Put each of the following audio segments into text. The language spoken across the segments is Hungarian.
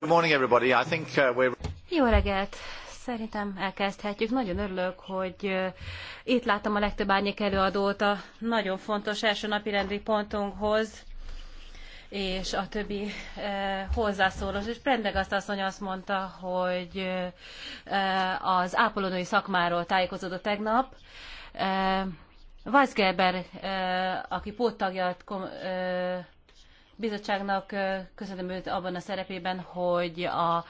Uh, Jó reggelt! Szerintem elkezdhetjük. Nagyon örülök, hogy uh, itt láttam a legtöbb árnyék előadót a nagyon fontos első napi rendi pontunkhoz, és a többi eh, hozzászólós. És Prendegaszt asszony azt mondta, hogy az ápolónői szakmáról tájékozódott tegnap. Eh, aki póttagja, bizottságnak köszönöm őt abban a szerepében, hogy a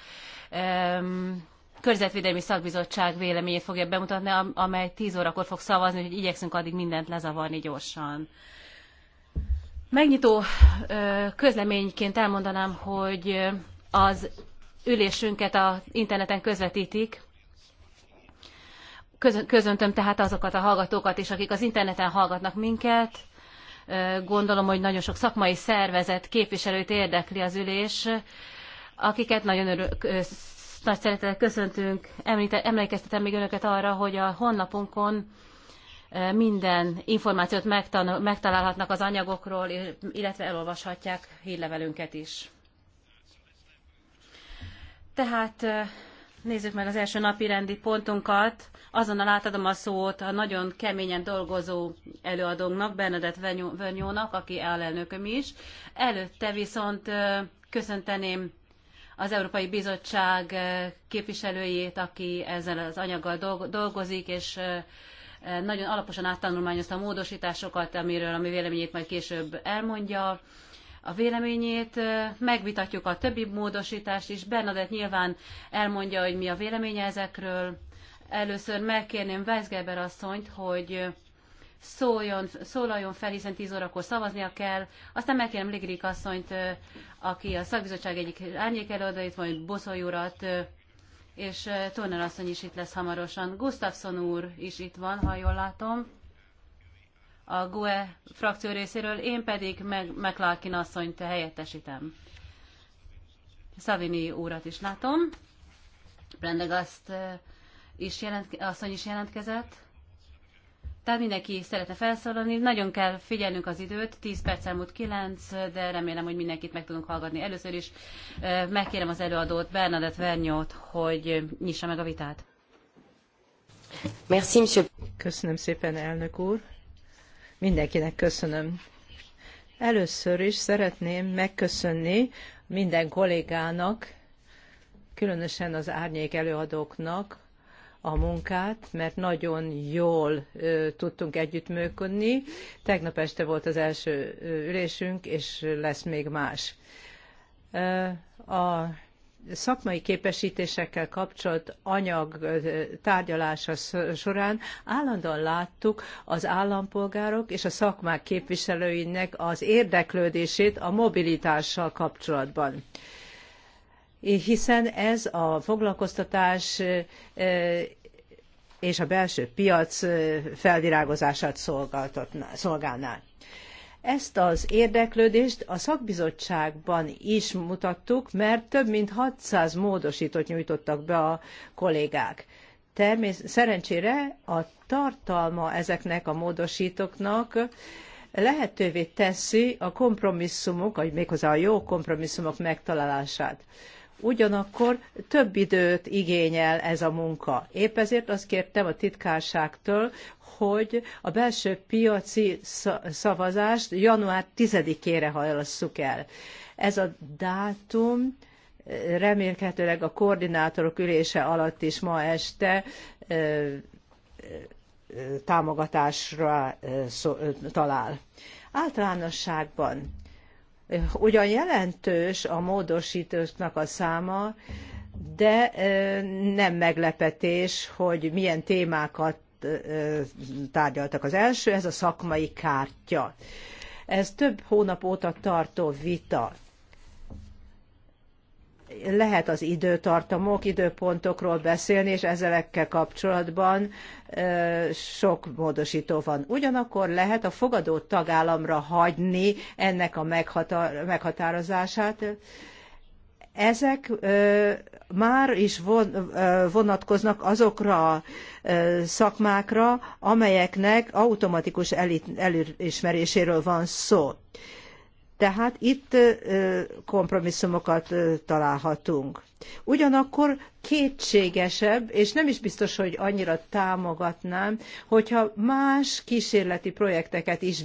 um, Körzetvédelmi Szakbizottság véleményét fogja bemutatni, amely 10 órakor fog szavazni, hogy igyekszünk addig mindent lezavarni gyorsan. Megnyitó közleményként elmondanám, hogy az ülésünket a interneten közvetítik. Közöntöm tehát azokat a hallgatókat is, akik az interneten hallgatnak minket gondolom, hogy nagyon sok szakmai szervezet képviselőt érdekli az ülés, akiket nagyon örök, nagy szeretettel köszöntünk. emlékeztetem még önöket arra, hogy a honlapunkon minden információt megtalálhatnak az anyagokról, illetve elolvashatják hírlevelünket is. Tehát Nézzük meg az első napi rendi pontunkat. Azonnal átadom a szót a nagyon keményen dolgozó előadónknak, Bernadett Vernyónak, aki elnököm is. Előtte viszont köszönteném az Európai Bizottság képviselőjét, aki ezzel az anyaggal dolgozik, és nagyon alaposan áttanulmányozta a módosításokat, amiről a mi véleményét majd később elmondja a véleményét, megvitatjuk a többi módosítást is. Bernadett nyilván elmondja, hogy mi a véleménye ezekről. Először megkérném Weisgeber asszonyt, hogy szóljon, szólaljon fel, hiszen 10 órakor szavaznia kell. Aztán megkérem Ligrik asszonyt, aki a szakbizottság egyik árnyék előadóit, majd Boszoly urat, és Tornel asszony is itt lesz hamarosan. Gustafsson úr is itt van, ha jól látom a GUE frakció részéről, én pedig meg McLarkin asszonyt helyettesítem. Szavini úrat is látom. Prendegaszt is jelent, asszony is jelentkezett. Tehát mindenki szeretne felszólalni. Nagyon kell figyelnünk az időt, 10 perc elmúlt 9, de remélem, hogy mindenkit meg tudunk hallgatni. Először is megkérem az előadót, Bernadett Vernyót, hogy nyissa meg a vitát. Merci, monsieur. Köszönöm szépen, elnök úr. Mindenkinek köszönöm. Először is szeretném megköszönni minden kollégának, különösen az árnyék előadóknak a munkát, mert nagyon jól ö, tudtunk együttműködni. Tegnap este volt az első ülésünk, és lesz még más. Ö, a szakmai képesítésekkel kapcsolt anyag tárgyalása során állandóan láttuk az állampolgárok és a szakmák képviselőinek az érdeklődését a mobilitással kapcsolatban hiszen ez a foglalkoztatás és a belső piac felvirágozását szolgálná. Ezt az érdeklődést a szakbizottságban is mutattuk, mert több mint 600 módosítót nyújtottak be a kollégák. Termész, szerencsére a tartalma ezeknek a módosítóknak lehetővé teszi a kompromisszumok, vagy méghozzá a jó kompromisszumok megtalálását. Ugyanakkor több időt igényel ez a munka. Épp ezért azt kértem a titkárságtól, hogy a belső piaci szavazást január 10-ére hajlasszuk el. Ez a dátum remélhetőleg a koordinátorok ülése alatt is ma este támogatásra talál. Általánosságban ugyan jelentős a módosítóknak a száma, de nem meglepetés, hogy milyen témákat tárgyaltak. Az első, ez a szakmai kártya. Ez több hónap óta tartó vita lehet az időtartamok, időpontokról beszélni, és ezekkel kapcsolatban sok módosító van. Ugyanakkor lehet a fogadó tagállamra hagyni ennek a meghatározását, ezek már is vonatkoznak azokra a szakmákra, amelyeknek automatikus elismeréséről van szó. Tehát itt kompromisszumokat találhatunk. Ugyanakkor kétségesebb, és nem is biztos, hogy annyira támogatnám, hogyha más kísérleti projekteket is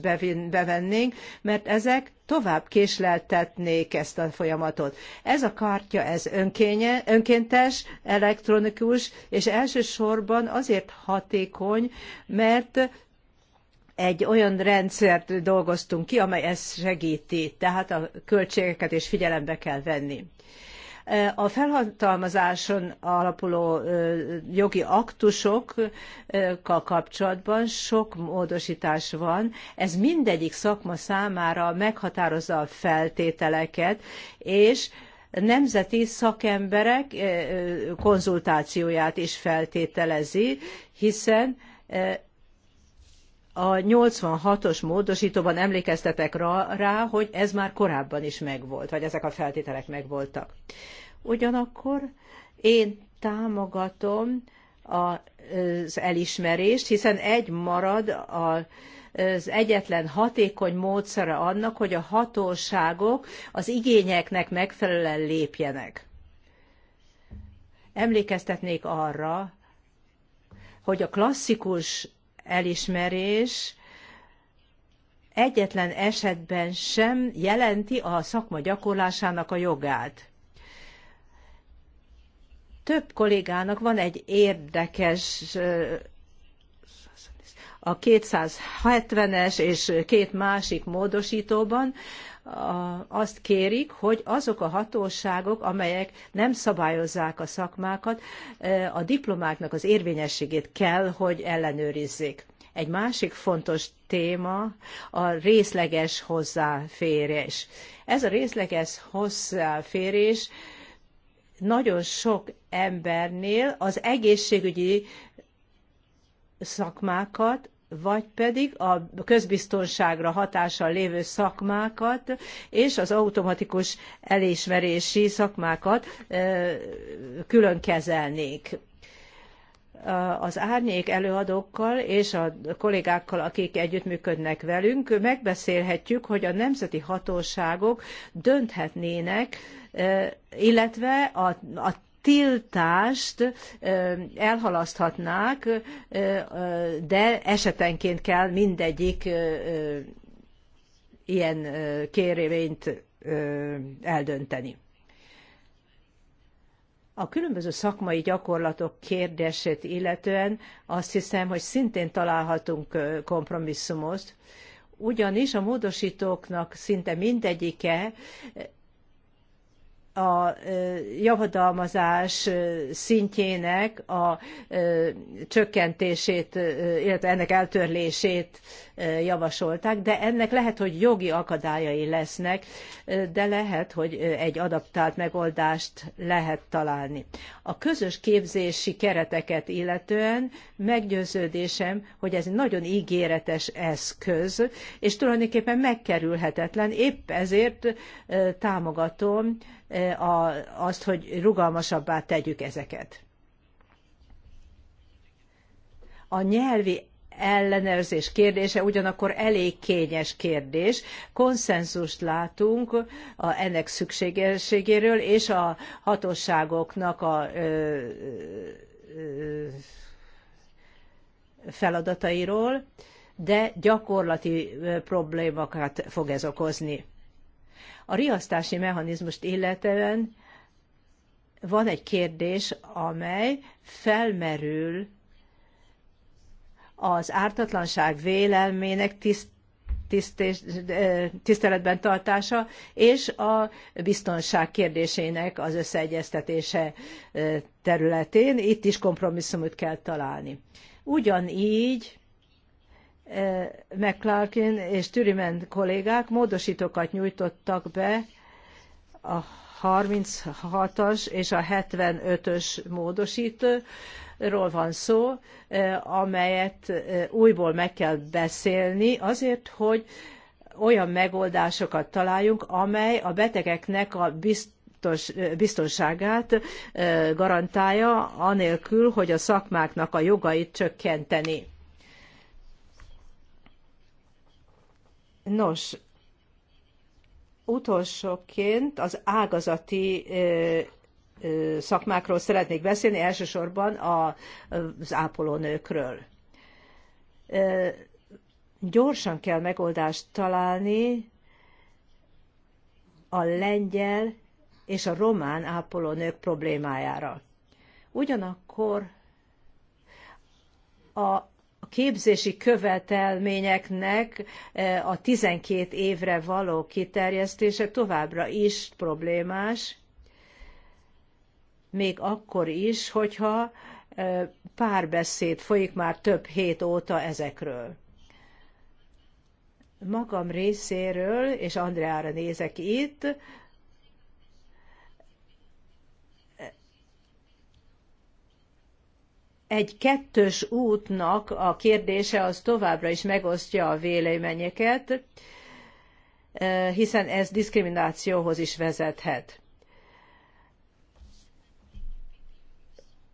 bevennénk, mert ezek tovább késleltetnék ezt a folyamatot. Ez a kártya, ez önkénye, önkéntes, elektronikus, és elsősorban azért hatékony, mert egy olyan rendszert dolgoztunk ki, amely ezt segíti, tehát a költségeket is figyelembe kell venni. A felhatalmazáson alapuló jogi aktusokkal kapcsolatban sok módosítás van. Ez mindegyik szakma számára meghatározza a feltételeket, és nemzeti szakemberek konzultációját is feltételezi, hiszen a 86-os módosítóban emlékeztetek rá, hogy ez már korábban is megvolt, vagy ezek a feltételek megvoltak. Ugyanakkor én támogatom az elismerést, hiszen egy marad a, az egyetlen hatékony módszere annak, hogy a hatóságok az igényeknek megfelelően lépjenek. Emlékeztetnék arra, hogy a klasszikus elismerés egyetlen esetben sem jelenti a szakma gyakorlásának a jogát. Több kollégának van egy érdekes a 270-es és két másik módosítóban, azt kérik, hogy azok a hatóságok, amelyek nem szabályozzák a szakmákat, e, a diplomáknak az érvényességét kell, hogy ellenőrizzék. Egy másik fontos téma a részleges hozzáférés. Ez a részleges hozzáférés nagyon sok embernél az egészségügyi szakmákat vagy pedig a közbiztonságra hatással lévő szakmákat és az automatikus elismerési szakmákat külön kezelnék az árnyék előadókkal és a kollégákkal, akik együttműködnek velünk, megbeszélhetjük, hogy a nemzeti hatóságok dönthetnének, illetve a, a tiltást elhalaszthatnák, de esetenként kell mindegyik ilyen kérvényt eldönteni. A különböző szakmai gyakorlatok kérdését illetően azt hiszem, hogy szintén találhatunk kompromisszumot, ugyanis a módosítóknak szinte mindegyike a javadalmazás szintjének a csökkentését, illetve ennek eltörlését javasolták, de ennek lehet, hogy jogi akadályai lesznek, de lehet, hogy egy adaptált megoldást lehet találni. A közös képzési kereteket illetően meggyőződésem, hogy ez nagyon ígéretes eszköz, és tulajdonképpen megkerülhetetlen, épp ezért támogatom azt, hogy rugalmasabbá tegyük ezeket. A nyelvi ellenőrzés kérdése ugyanakkor elég kényes kérdés. Konszenzust látunk a, ennek szükségességéről és a hatóságoknak a ö, ö, feladatairól, de gyakorlati problémákat fog ez okozni. A riasztási mechanizmust illetően van egy kérdés, amely felmerül az ártatlanság vélelmének tiszt tiszteletben tartása és a biztonság kérdésének az összeegyeztetése területén. Itt is kompromisszumot kell találni. Ugyanígy McClarkin és Türimen kollégák módosítókat nyújtottak be a 36-as és a 75-ös módosítóról van szó, amelyet újból meg kell beszélni azért, hogy olyan megoldásokat találjunk, amely a betegeknek a biztonságát garantálja, anélkül, hogy a szakmáknak a jogait csökkenteni Nos, utolsóként az ágazati szakmákról szeretnék beszélni, elsősorban az ápolónőkről. Gyorsan kell megoldást találni a lengyel és a román ápolónők problémájára. Ugyanakkor a a képzési követelményeknek eh, a 12 évre való kiterjesztése továbbra is problémás, még akkor is, hogyha eh, párbeszéd folyik már több hét óta ezekről. Magam részéről, és Andreára nézek itt, egy kettős útnak a kérdése az továbbra is megosztja a véleményeket, eh, hiszen ez diszkriminációhoz is vezethet.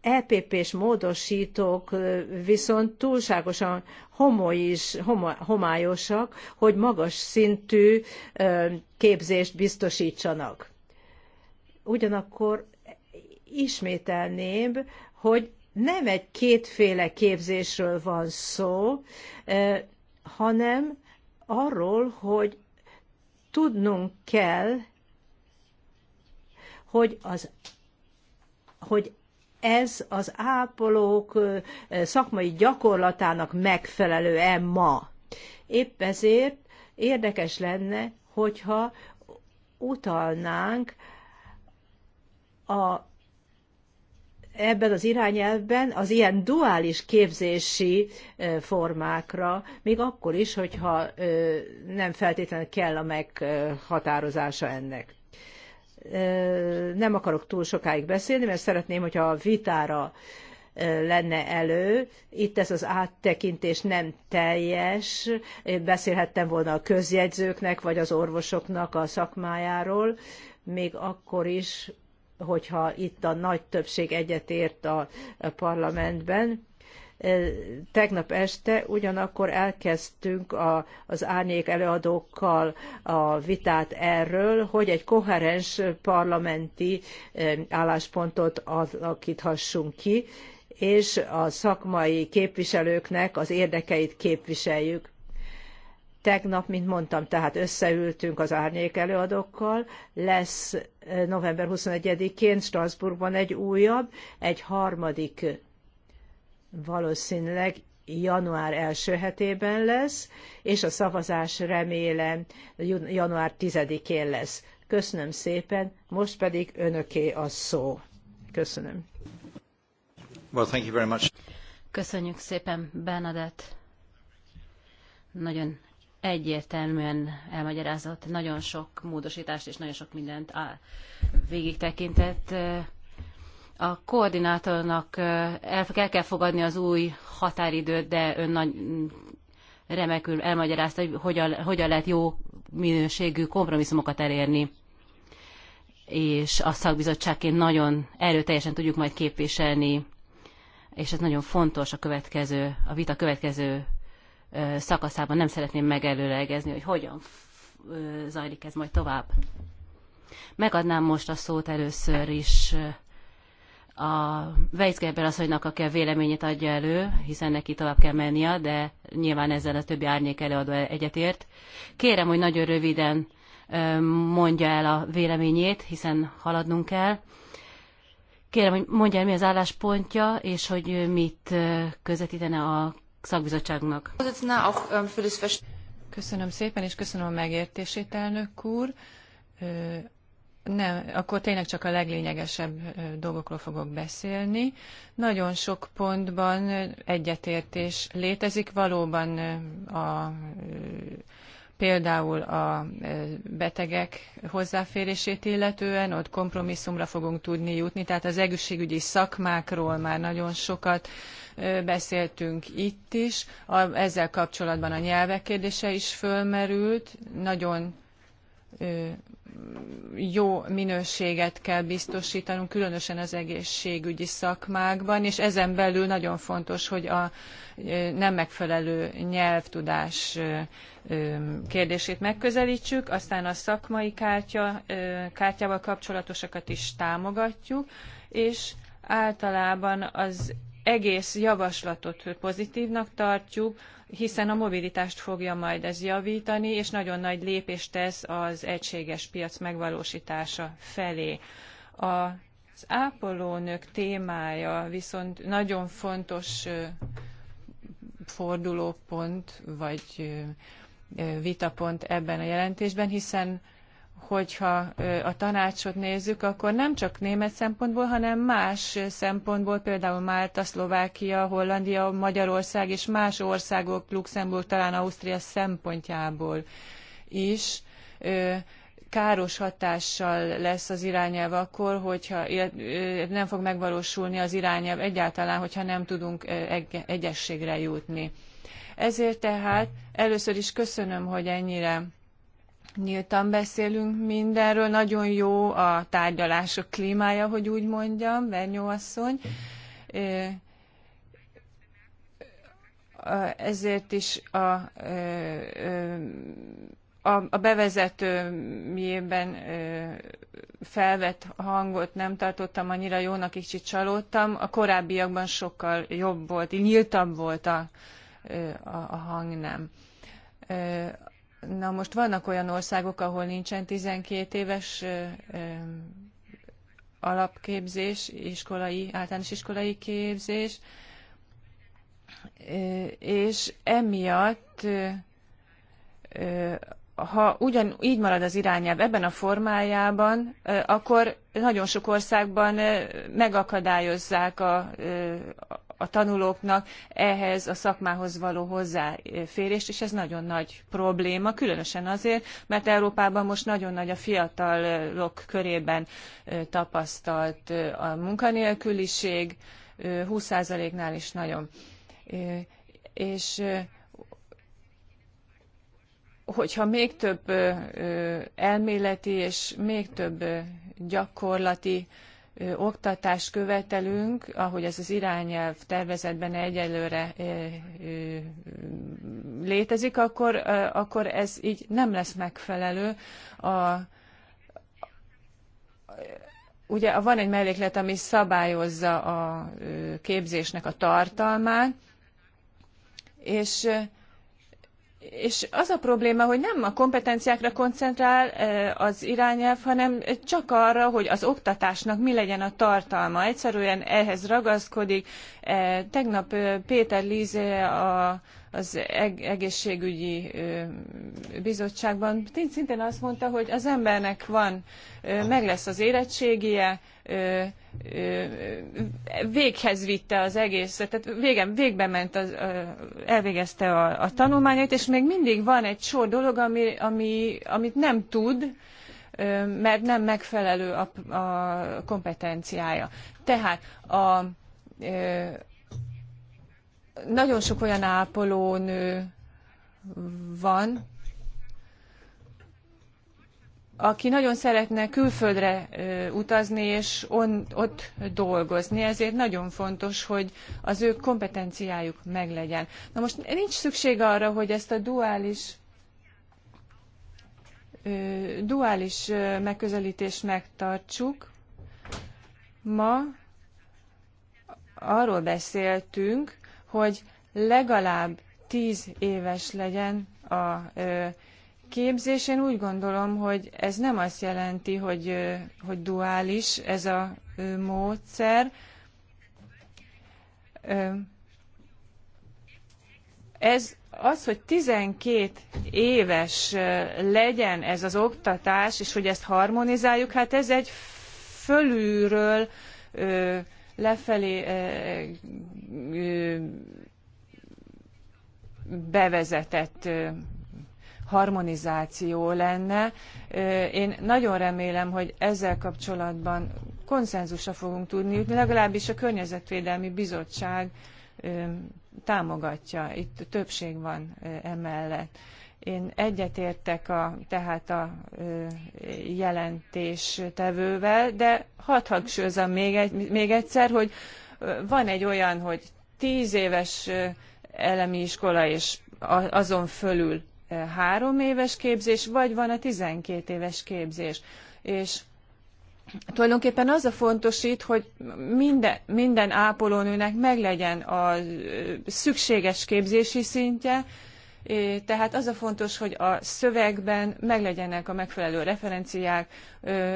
EPP-s módosítók eh, viszont túlságosan homois, homályosak, hogy magas szintű eh, képzést biztosítsanak. Ugyanakkor ismételném, hogy nem egy kétféle képzésről van szó, eh, hanem arról, hogy tudnunk kell, hogy, az, hogy ez az ápolók eh, szakmai gyakorlatának megfelelő-e ma. Épp ezért érdekes lenne, hogyha utalnánk a ebben az irányelvben az ilyen duális képzési formákra, még akkor is, hogyha nem feltétlenül kell a meghatározása ennek. Nem akarok túl sokáig beszélni, mert szeretném, hogyha a vitára lenne elő. Itt ez az áttekintés nem teljes. Én beszélhettem volna a közjegyzőknek, vagy az orvosoknak a szakmájáról, még akkor is, hogyha itt a nagy többség egyetért a parlamentben. E, tegnap este ugyanakkor elkezdtünk a, az árnyék előadókkal a vitát erről, hogy egy koherens parlamenti e, álláspontot alakíthassunk ki, és a szakmai képviselőknek az érdekeit képviseljük Tegnap, mint mondtam, tehát összeültünk az árnyék előadókkal, lesz eh, november 21-én Strasbourgban egy újabb, egy harmadik valószínűleg január első hetében lesz, és a szavazás remélem január 10-én lesz. Köszönöm szépen, most pedig önöké a szó. Köszönöm. Well, thank you very much. Köszönjük szépen, Bernadett. Nagyon egyértelműen elmagyarázott, nagyon sok módosítást és nagyon sok mindent á, végig tekintett. A koordinátornak el, el kell fogadni az új határidőt, de ön nagy, remekül elmagyarázta, hogy hogyan, hogyan lehet jó minőségű kompromisszumokat elérni és a szakbizottságként nagyon erőteljesen tudjuk majd képviselni, és ez nagyon fontos a következő, a vita következő szakaszában nem szeretném megelőlegezni, hogy hogyan zajlik ez majd tovább. Megadnám most a szót először is a Weizgerber asszonynak, aki a véleményét adja elő, hiszen neki tovább kell mennie, de nyilván ezzel a többi árnyék előadó egyetért. Kérem, hogy nagyon röviden mondja el a véleményét, hiszen haladnunk kell. Kérem, hogy mondja el, mi az álláspontja, és hogy mit közvetítene a szakbizottságnak. Köszönöm szépen, és köszönöm a megértését, elnök úr. Nem, akkor tényleg csak a leglényegesebb dolgokról fogok beszélni. Nagyon sok pontban egyetértés létezik, valóban a például a e, betegek hozzáférését illetően, ott kompromisszumra fogunk tudni jutni, tehát az egészségügyi szakmákról már nagyon sokat e, beszéltünk itt is, a, ezzel kapcsolatban a nyelvek kérdése is fölmerült, nagyon e, jó minőséget kell biztosítanunk, különösen az egészségügyi szakmákban, és ezen belül nagyon fontos, hogy a nem megfelelő nyelvtudás kérdését megközelítsük, aztán a szakmai kártya, kártyával kapcsolatosakat is támogatjuk, és általában az egész javaslatot pozitívnak tartjuk, hiszen a mobilitást fogja majd ez javítani, és nagyon nagy lépést tesz az egységes piac megvalósítása felé. Az ápolónők témája viszont nagyon fontos fordulópont, vagy vitapont ebben a jelentésben, hiszen hogyha a tanácsot nézzük, akkor nem csak német szempontból, hanem más szempontból, például Málta, Szlovákia, Hollandia, Magyarország és más országok, Luxemburg, talán Ausztria szempontjából is káros hatással lesz az irányelv akkor, hogyha nem fog megvalósulni az irányelv egyáltalán, hogyha nem tudunk egyességre jutni. Ezért tehát először is köszönöm, hogy ennyire nyíltan beszélünk mindenről. Nagyon jó a tárgyalások klímája, hogy úgy mondjam, Bernyó asszony. Ezért is a, a, a bevezetőjében felvett hangot nem tartottam annyira jónak, kicsit csalódtam. A korábbiakban sokkal jobb volt, nyíltabb volt a, a, a nem. Na most vannak olyan országok, ahol nincsen 12 éves alapképzés, iskolai, általános iskolai képzés, és emiatt ha ugyan így marad az irányelv ebben a formájában, akkor nagyon sok országban megakadályozzák a, a tanulóknak ehhez a szakmához való hozzáférést, és ez nagyon nagy probléma, különösen azért, mert Európában most nagyon nagy a fiatalok körében tapasztalt a munkanélküliség, 20%-nál is nagyon. És hogyha még több elméleti és még több gyakorlati oktatást követelünk, ahogy ez az irányelv tervezetben egyelőre létezik, akkor, akkor ez így nem lesz megfelelő. A, ugye van egy melléklet, ami szabályozza a képzésnek a tartalmát, és és az a probléma, hogy nem a kompetenciákra koncentrál eh, az irányelv, hanem csak arra, hogy az oktatásnak mi legyen a tartalma. Egyszerűen ehhez ragaszkodik. Eh, tegnap eh, Péter Líze a az egészségügyi bizottságban szintén azt mondta, hogy az embernek van, meg lesz az érettségie, véghez vitte az egészet, tehát végen, végbe ment, az, elvégezte a, a tanulmányait, és még mindig van egy sor dolog, ami, ami, amit nem tud, mert nem megfelelő a, a kompetenciája. Tehát a, nagyon sok olyan ápolónő van, aki nagyon szeretne külföldre utazni és on, ott dolgozni, ezért nagyon fontos, hogy az ő kompetenciájuk meglegyen. Na most nincs szükség arra, hogy ezt a duális duális megközelítést megtartsuk. Ma arról beszéltünk, hogy legalább tíz éves legyen a képzés. Én úgy gondolom, hogy ez nem azt jelenti, hogy, hogy duális ez a módszer. Ez az, hogy 12 éves legyen ez az oktatás, és hogy ezt harmonizáljuk, hát ez egy fölülről lefelé bevezetett harmonizáció lenne. Én nagyon remélem, hogy ezzel kapcsolatban konszenzusra fogunk tudni jutni, legalábbis a Környezetvédelmi Bizottság támogatja, itt többség van emellett. Én egyetértek a, tehát a jelentéstevővel, de hadd hangsúlyozom még, egy, még egyszer, hogy van egy olyan, hogy tíz éves elemi iskola és azon fölül három éves képzés, vagy van a 12 éves képzés. És tulajdonképpen az a fontos itt, hogy minden, minden ápolónőnek meglegyen a szükséges képzési szintje, tehát az a fontos, hogy a szövegben meglegyenek a megfelelő referenciák,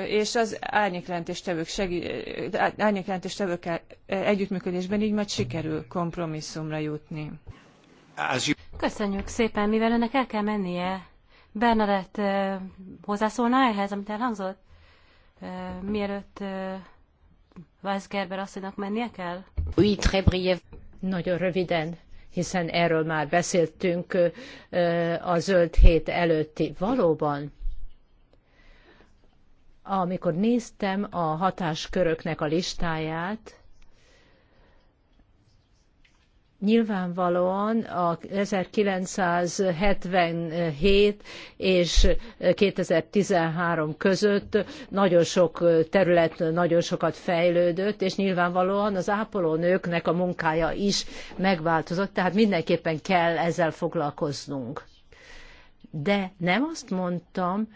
és az árnyékjelentéstevők segí- árnyékjelentéstevőkkel együttműködésben így majd sikerül kompromisszumra jutni. Köszönjük szépen, mivel önnek el kell mennie. Bernadett hozzászólna ehhez, amit elhangzott? Mielőtt Weisgerber asszonynak mennie kell? Oui, très briève. Nagyon röviden hiszen erről már beszéltünk a zöld hét előtti. Valóban, amikor néztem a hatásköröknek a listáját, Nyilvánvalóan a 1977 és 2013 között nagyon sok terület nagyon sokat fejlődött, és nyilvánvalóan az ápolónőknek a munkája is megváltozott, tehát mindenképpen kell ezzel foglalkoznunk. De nem azt mondtam,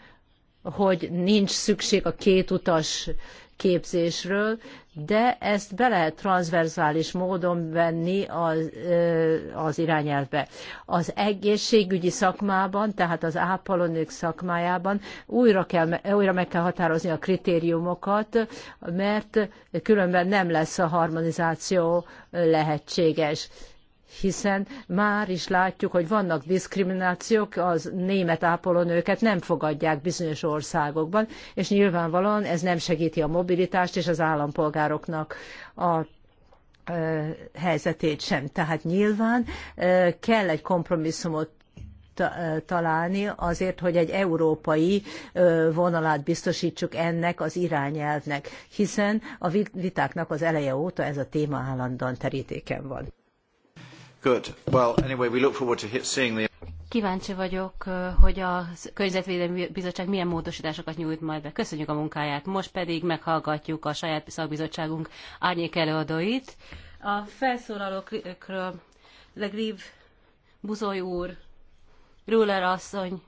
hogy nincs szükség a kétutas képzésről, de ezt be lehet transzverzális módon venni az, az irányelvbe. Az egészségügyi szakmában, tehát az ápolónők szakmájában újra, kell, újra meg kell határozni a kritériumokat, mert különben nem lesz a harmonizáció lehetséges hiszen már is látjuk, hogy vannak diszkriminációk, az német ápolónőket nem fogadják bizonyos országokban, és nyilvánvalóan ez nem segíti a mobilitást és az állampolgároknak a helyzetét sem. Tehát nyilván kell egy kompromisszumot találni azért, hogy egy európai vonalát biztosítsuk ennek az irányelvnek, hiszen a vitáknak az eleje óta ez a téma állandóan terítéken van. Good. Well, anyway, we look forward to seeing the... Kíváncsi vagyok, hogy a Környezetvédelmi Bizottság milyen módosításokat nyújt majd be. Köszönjük a munkáját. Most pedig meghallgatjuk a saját szakbizottságunk árnyék előadóit. A felszólalókról Legrív Buzoly úr, Ruller asszony,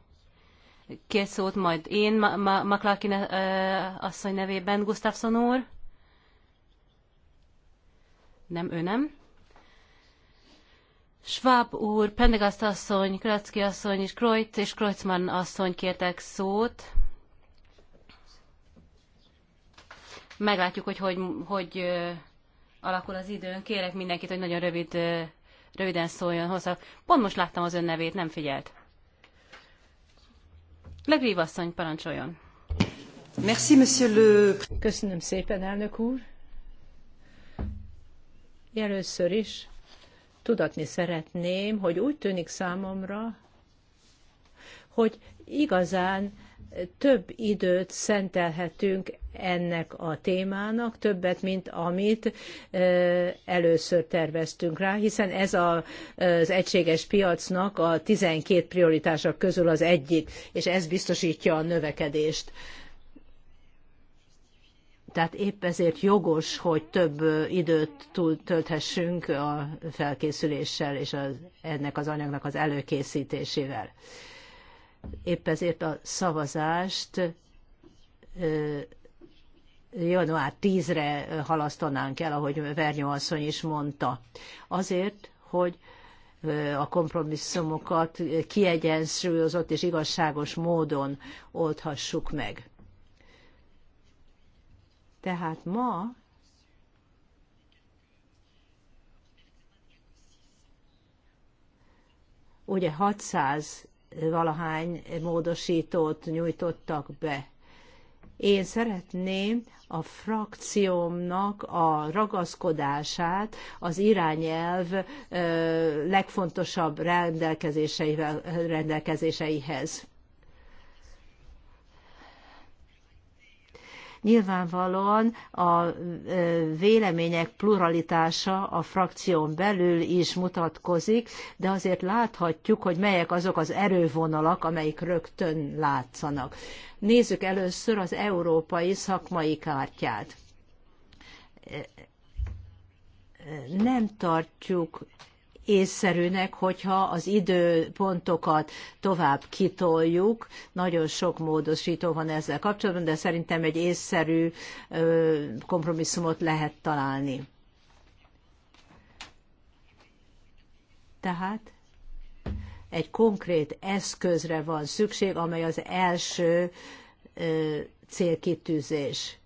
két szót majd én, McLarkin Ma asszony nevében, Gustafsson úr. Nem, ő nem. Schwab úr, Pendegaszt asszony, Kracki asszony és Kreutz és Kreutzmann asszony kértek szót. Meglátjuk, hogy hogy, hogy alakul az időn. Kérek mindenkit, hogy nagyon rövid, röviden szóljon hozzá. Pont most láttam az ön nevét, nem figyelt. Legrív asszony, parancsoljon. Merci, monsieur le... Köszönöm szépen, elnök úr. Először is tudatni szeretném, hogy úgy tűnik számomra, hogy igazán több időt szentelhetünk ennek a témának, többet, mint amit először terveztünk rá, hiszen ez a, az egységes piacnak a 12 prioritása közül az egyik, és ez biztosítja a növekedést. Tehát épp ezért jogos, hogy több időt tölthessünk a felkészüléssel és az, ennek az anyagnak az előkészítésével. Épp ezért a szavazást január 10-re halasztanánk el, ahogy Vernyó asszony is mondta. Azért, hogy a kompromisszumokat kiegyensúlyozott és igazságos módon oldhassuk meg. Tehát ma ugye 600 valahány módosítót nyújtottak be. Én szeretném a frakciómnak a ragaszkodását az irányelv legfontosabb rendelkezéseivel, rendelkezéseihez. Nyilvánvalóan a vélemények pluralitása a frakción belül is mutatkozik, de azért láthatjuk, hogy melyek azok az erővonalak, amelyik rögtön látszanak. Nézzük először az európai szakmai kártyát. Nem tartjuk észszerűnek, hogyha az időpontokat tovább kitoljuk. Nagyon sok módosító van ezzel kapcsolatban, de szerintem egy észszerű kompromisszumot lehet találni. Tehát egy konkrét eszközre van szükség, amely az első célkitűzés.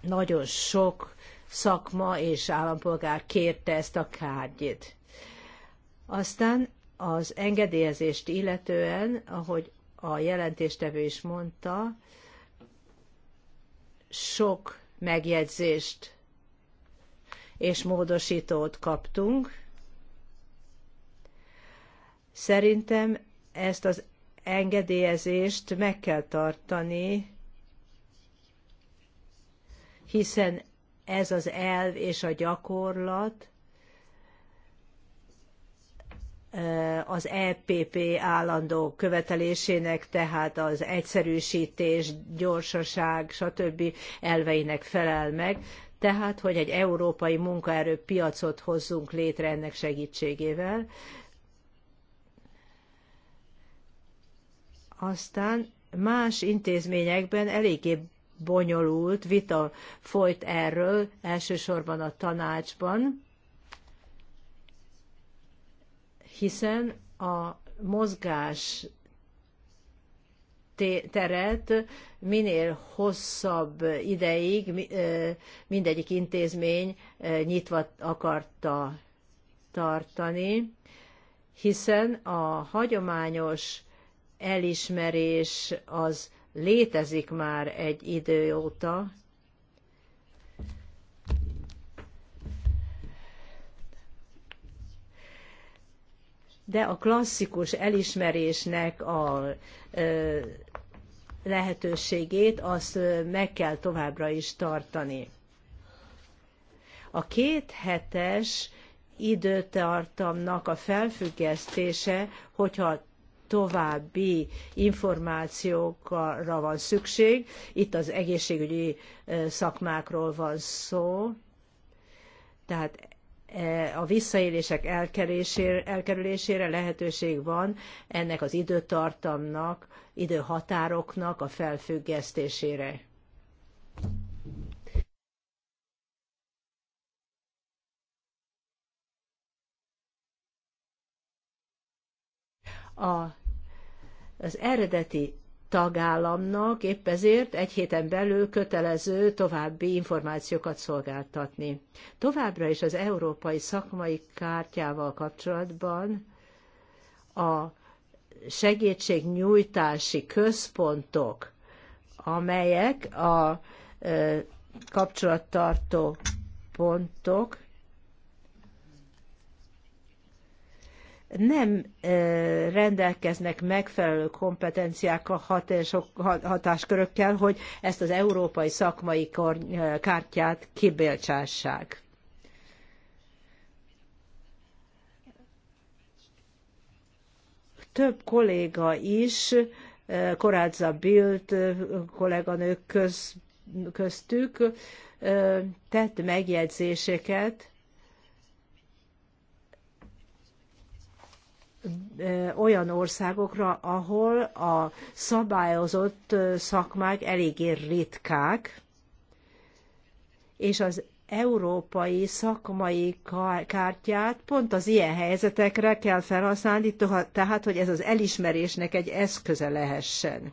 Nagyon sok szakma és állampolgár kérte ezt a kártyét. Aztán az engedélyezést illetően, ahogy a jelentéstevő is mondta, sok megjegyzést és módosítót kaptunk. Szerintem ezt az engedélyezést meg kell tartani, hiszen ez az elv és a gyakorlat az EPP állandó követelésének, tehát az egyszerűsítés, gyorsaság, stb. elveinek felel meg, tehát hogy egy európai munkaerőpiacot hozzunk létre ennek segítségével. Aztán más intézményekben eléggé bonyolult vita folyt erről, elsősorban a tanácsban, hiszen a mozgás teret minél hosszabb ideig mindegyik intézmény nyitva akarta tartani, hiszen a hagyományos elismerés az létezik már egy idő óta, de a klasszikus elismerésnek a lehetőségét azt meg kell továbbra is tartani. A két hetes időtartamnak a felfüggesztése, hogyha további információkra van szükség. Itt az egészségügyi szakmákról van szó. Tehát e, a visszaélések elkerülésére lehetőség van ennek az időtartamnak, időhatároknak a felfüggesztésére. a az eredeti tagállamnak épp ezért egy héten belül kötelező további információkat szolgáltatni. Továbbra is az európai szakmai kártyával kapcsolatban a segítségnyújtási központok, amelyek a kapcsolattartó pontok, nem rendelkeznek megfelelő kompetenciákkal, hatáskörökkel, hogy ezt az európai szakmai kártyát kibélcsássák. Több kolléga is, Korádza Bild kolléganők köz, köztük tett megjegyzéseket, olyan országokra, ahol a szabályozott szakmák eléggé ritkák, és az európai szakmai kártyát pont az ilyen helyzetekre kell felhasználni, tehát hogy ez az elismerésnek egy eszköze lehessen.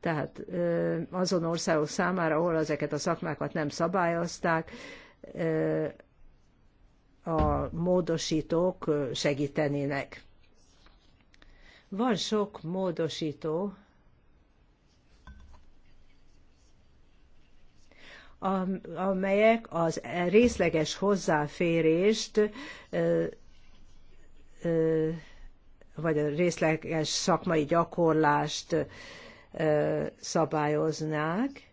tehát azon országok számára, ahol ezeket a szakmákat nem szabályozták, a módosítók segítenének. Van sok módosító, amelyek az részleges hozzáférést vagy a részleges szakmai gyakorlást szabályoznák,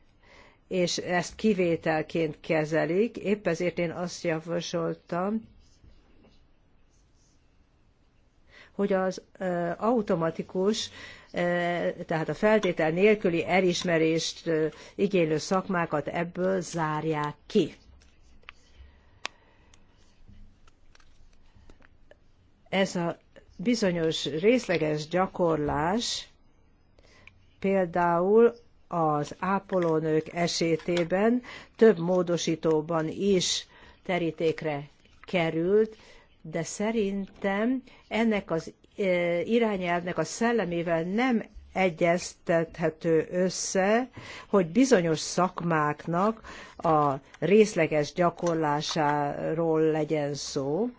és ezt kivételként kezelik. Épp ezért én azt javasoltam, hogy az automatikus, tehát a feltétel nélküli elismerést igénylő szakmákat ebből zárják ki. Ez a bizonyos részleges gyakorlás Például az ápolónők esetében több módosítóban is terítékre került, de szerintem ennek az e, irányelvnek a szellemével nem egyeztethető össze, hogy bizonyos szakmáknak a részleges gyakorlásáról legyen szó,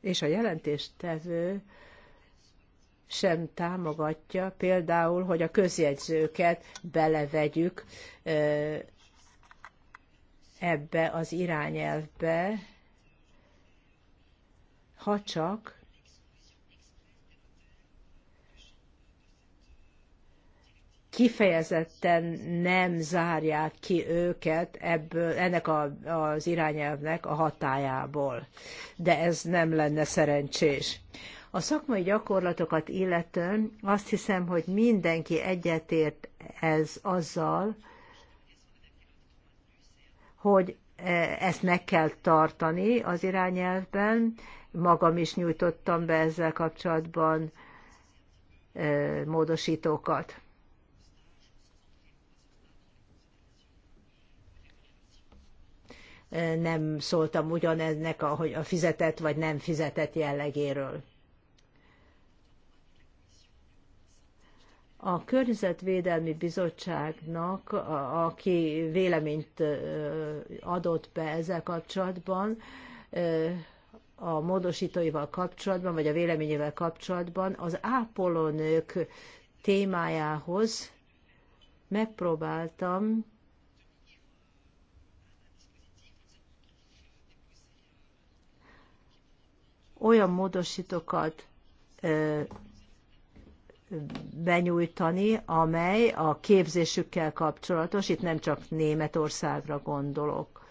és a jelentéstevő sem támogatja például, hogy a közjegyzőket belevegyük ebbe az irányelvbe, ha csak kifejezetten nem zárják ki őket ebből, ennek a, az irányelvnek a hatájából. De ez nem lenne szerencsés. A szakmai gyakorlatokat illetően azt hiszem, hogy mindenki egyetért ez azzal, hogy e, ezt meg kell tartani az irányelvben. Magam is nyújtottam be ezzel kapcsolatban e, módosítókat. nem szóltam ugyaneznek a, hogy a fizetett vagy nem fizetett jellegéről. A Környezetvédelmi Bizottságnak, aki véleményt adott be ezzel kapcsolatban, a módosítóival kapcsolatban, vagy a véleményével kapcsolatban az ápolónők témájához megpróbáltam olyan módosítókat benyújtani, amely a képzésükkel kapcsolatos, itt nem csak Németországra gondolok.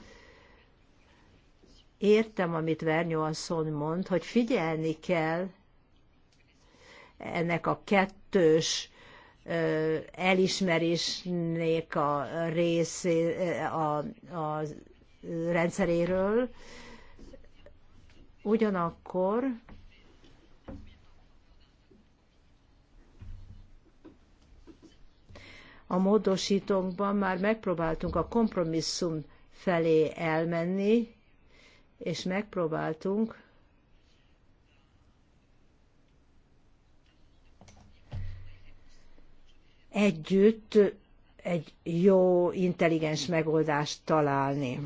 Értem, amit Vernyó asszony mond, hogy figyelni kell ennek a kettős elismerésnek a részé, a, a rendszeréről, Ugyanakkor a módosítónkban már megpróbáltunk a kompromisszum felé elmenni, és megpróbáltunk együtt egy jó, intelligens megoldást találni.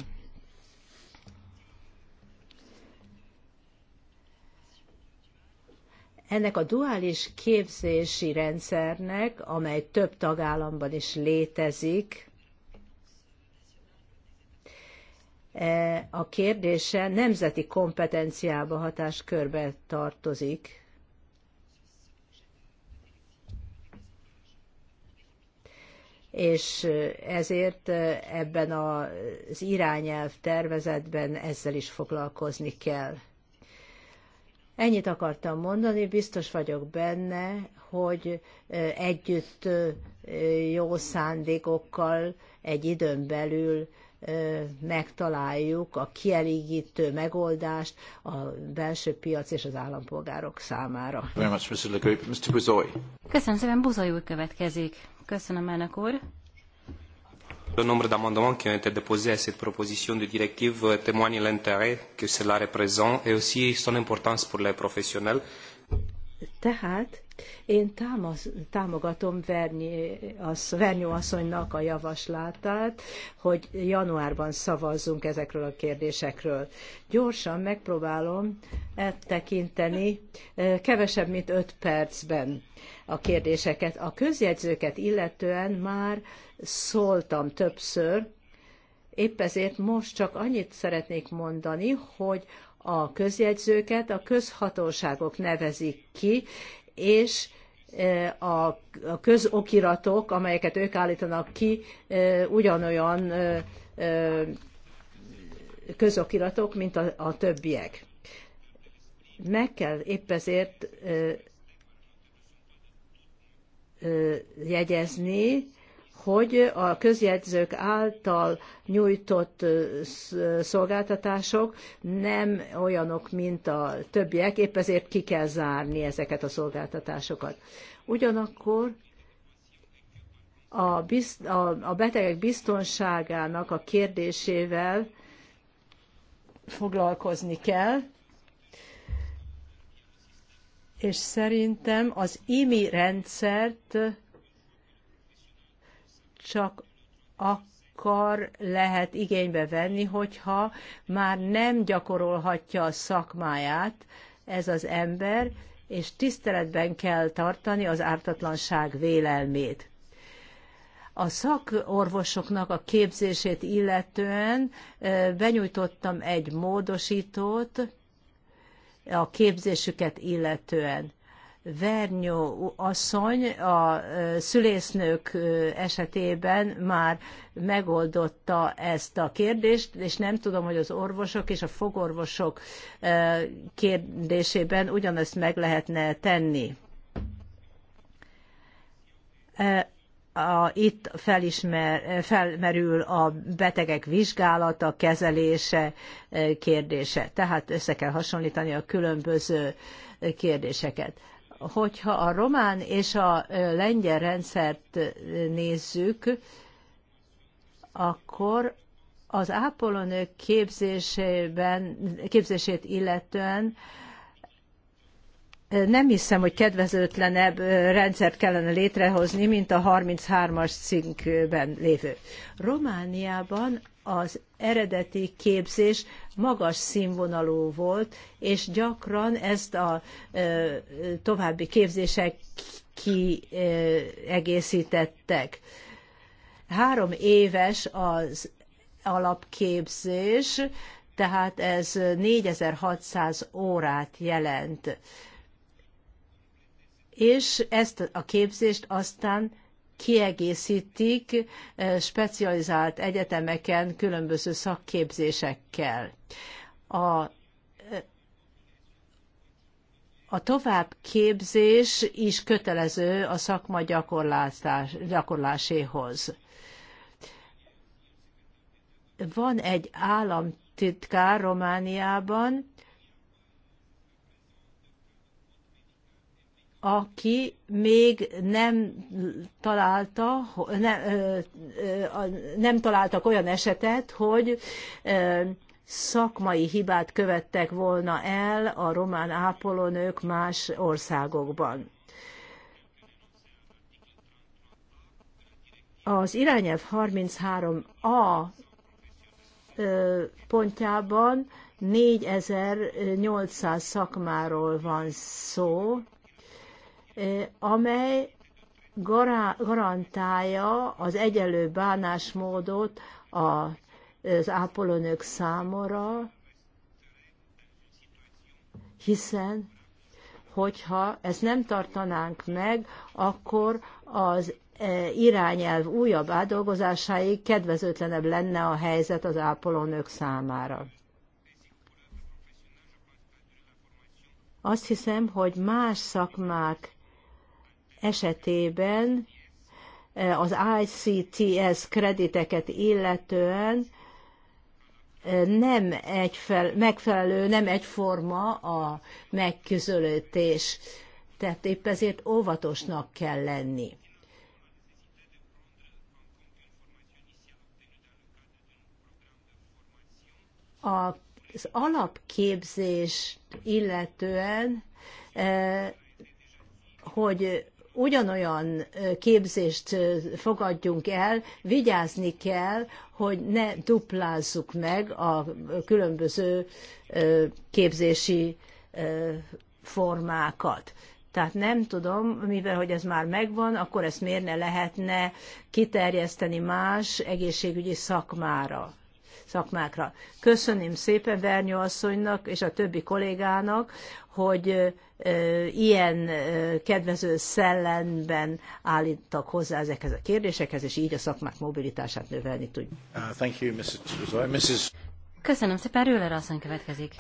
Ennek a duális képzési rendszernek, amely több tagállamban is létezik, e, a kérdése nemzeti kompetenciába hatáskörbe tartozik. és ezért ebben az irányelv tervezetben ezzel is foglalkozni kell. Ennyit akartam mondani, biztos vagyok benne, hogy együtt jó szándékokkal egy időn belül megtaláljuk a kielégítő megoldást a belső piac és az állampolgárok számára. Köszönöm szépen, Buzoly úr következik. Köszönöm, elnök úr. Le nombre d'amendements qui ont été déposés à cette proposition de directive euh, témoigne l'intérêt que cela représente et aussi son importance pour les professionnels tehát én támasz, támogatom Verny, az, Vernyó asszonynak a javaslatát, hogy januárban szavazzunk ezekről a kérdésekről. Gyorsan megpróbálom tekinteni kevesebb, mint öt percben a kérdéseket. A közjegyzőket illetően már szóltam többször, épp ezért most csak annyit szeretnék mondani, hogy a közjegyzőket a közhatóságok nevezik ki, és e, a közokiratok, amelyeket ők állítanak ki, e, ugyanolyan e, közokiratok, mint a, a többiek. Meg kell épp ezért jegyezni, hogy a közjegyzők által nyújtott szolgáltatások nem olyanok, mint a többiek, épp ezért ki kell zárni ezeket a szolgáltatásokat. Ugyanakkor a, bizt, a, a betegek biztonságának a kérdésével foglalkozni kell, és szerintem az IMI rendszert csak akkor lehet igénybe venni, hogyha már nem gyakorolhatja a szakmáját ez az ember, és tiszteletben kell tartani az ártatlanság vélelmét. A szakorvosoknak a képzését illetően benyújtottam egy módosítót a képzésüket illetően. Vernyó asszony a szülésznők esetében már megoldotta ezt a kérdést, és nem tudom, hogy az orvosok és a fogorvosok kérdésében ugyanezt meg lehetne tenni. A, itt felismer, felmerül a betegek vizsgálata, kezelése kérdése. Tehát össze kell hasonlítani a különböző kérdéseket. Hogyha a román és a lengyel rendszert nézzük, akkor az ápolónők képzésében, képzését illetően nem hiszem, hogy kedvezőtlenebb rendszert kellene létrehozni, mint a 33-as cinkben lévő. Romániában az eredeti képzés magas színvonalú volt, és gyakran ezt a további képzések kiegészítettek. Három éves az alapképzés, tehát ez 4600 órát jelent. És ezt a képzést aztán kiegészítik eh, specializált egyetemeken különböző szakképzésekkel. A eh, a továbbképzés is kötelező a szakma gyakorláséhoz. Van egy államtitkár Romániában, aki még nem találta, nem, nem találtak olyan esetet, hogy szakmai hibát követtek volna el a román ápolónők más országokban. Az irányelv 33a pontjában 4800 szakmáról van szó, amely garantálja az egyenlő bánásmódot az ápolónők számára, hiszen hogyha ezt nem tartanánk meg, akkor az e, irányelv újabb átdolgozásáig kedvezőtlenebb lenne a helyzet az ápolónők számára. Azt hiszem, hogy más szakmák esetében eh, az ICTS krediteket illetően eh, nem egyfel, megfelelő, nem egyforma a megküzelítés. Tehát épp ezért óvatosnak kell lenni. Az alapképzést illetően, eh, hogy ugyanolyan képzést fogadjunk el, vigyázni kell, hogy ne duplázzuk meg a különböző képzési formákat. Tehát nem tudom, mivel hogy ez már megvan, akkor ezt miért ne lehetne kiterjeszteni más egészségügyi szakmára szakmákra. Köszönöm szépen Vernyó asszonynak és a többi kollégának, hogy ilyen kedvező szellemben állítak hozzá ezekhez a kérdésekhez, és így a szakmák mobilitását növelni tudjuk. Uh, thank you, Mrs. Köszönöm szépen, Rőler asszony következik.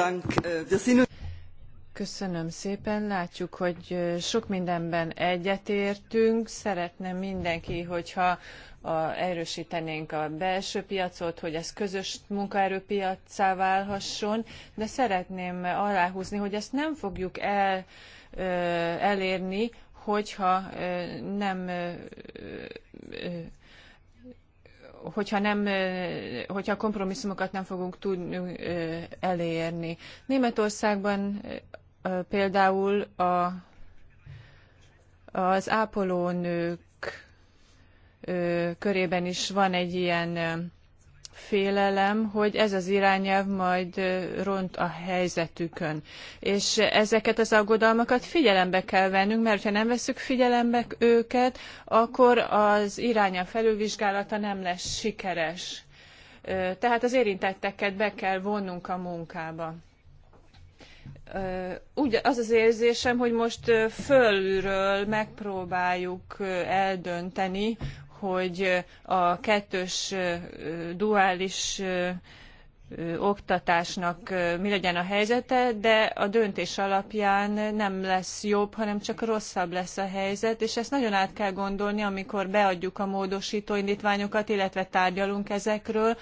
Köszönöm szépen, látjuk, hogy sok mindenben egyetértünk. Szeretném mindenki, hogyha a, erősítenénk a belső piacot, hogy ez közös munkaerőpiacá válhasson, de szeretném aláhúzni, hogy ezt nem fogjuk el, elérni, hogyha nem hogyha nem, hogyha kompromisszumokat nem fogunk tudni elérni. Németországban például a, az ápolónők körében is van egy ilyen félelem, hogy ez az irányelv majd ront a helyzetükön. És ezeket az aggodalmakat figyelembe kell vennünk, mert ha nem veszük figyelembe őket, akkor az irányelv felülvizsgálata nem lesz sikeres. Tehát az érintetteket be kell vonnunk a munkába úgy, az az érzésem, hogy most fölülről megpróbáljuk eldönteni, hogy a kettős duális oktatásnak mi legyen a helyzete, de a döntés alapján nem lesz jobb, hanem csak rosszabb lesz a helyzet, és ezt nagyon át kell gondolni, amikor beadjuk a módosító indítványokat, illetve tárgyalunk ezekről,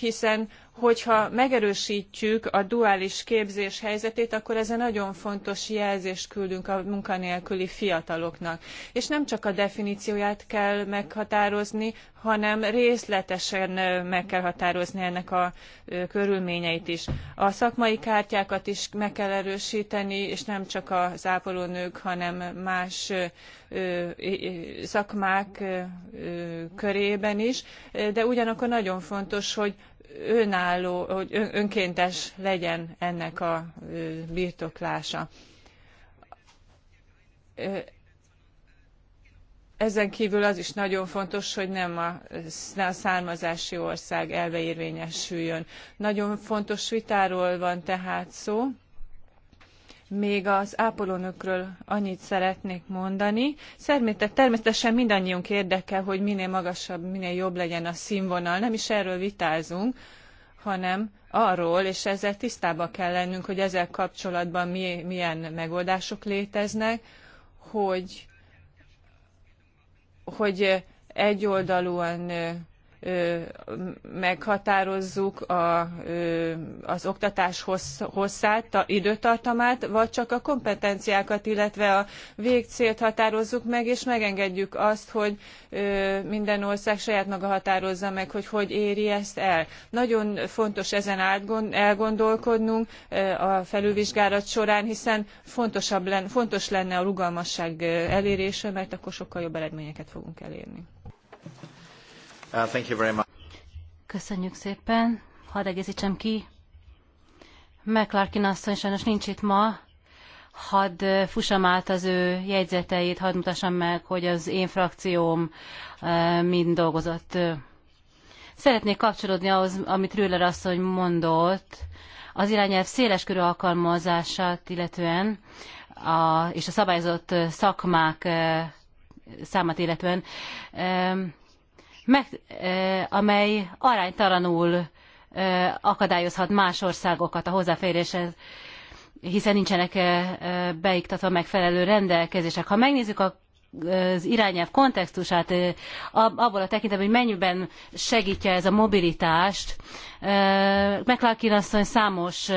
hiszen hogyha megerősítjük a duális képzés helyzetét, akkor ezzel nagyon fontos jelzést küldünk a munkanélküli fiataloknak. És nem csak a definícióját kell meghatározni, hanem részletesen meg kell határozni ennek a körülményeit is. A szakmai kártyákat is meg kell erősíteni, és nem csak az ápolónők, hanem más szakmák körében is, de ugyanakkor nagyon fontos, hogy önálló, hogy önkéntes legyen ennek a birtoklása. Ezen kívül az is nagyon fontos, hogy nem a származási ország elve érvényesüljön. Nagyon fontos vitáról van tehát szó még az ápolónőkről annyit szeretnék mondani. Szerintem természetesen mindannyiunk érdeke, hogy minél magasabb, minél jobb legyen a színvonal. Nem is erről vitázunk, hanem arról, és ezzel tisztában kell lennünk, hogy ezzel kapcsolatban mi, milyen megoldások léteznek, hogy, hogy egyoldalúan meghatározzuk a, az oktatás hosszát, hosszát, időtartamát, vagy csak a kompetenciákat, illetve a végcélt határozzuk meg, és megengedjük azt, hogy minden ország saját maga határozza meg, hogy hogy éri ezt el. Nagyon fontos ezen átgond, elgondolkodnunk a felülvizsgálat során, hiszen fontosabb lenne, fontos lenne a rugalmasság elérése, mert akkor sokkal jobb eredményeket fogunk elérni. Uh, Köszönjük szépen. Hadd egészítsem ki. McClarkin asszony sajnos nincs itt ma. Hadd uh, fussam át az ő jegyzeteit, hadd mutassam meg, hogy az én frakcióm uh, mind dolgozott. Szeretnék kapcsolódni ahhoz, amit Rüller asszony mondott, az irányelv körű alkalmazását illetően, a, és a szabályozott szakmák számát illetően. Um, meg, amely aránytalanul akadályozhat más országokat a hozzáféréshez, hiszen nincsenek beiktatva megfelelő rendelkezések. Ha megnézzük a az irányelv kontextusát abból a tekintetben, hogy mennyiben segítje ez a mobilitást. McLarkin asszony számos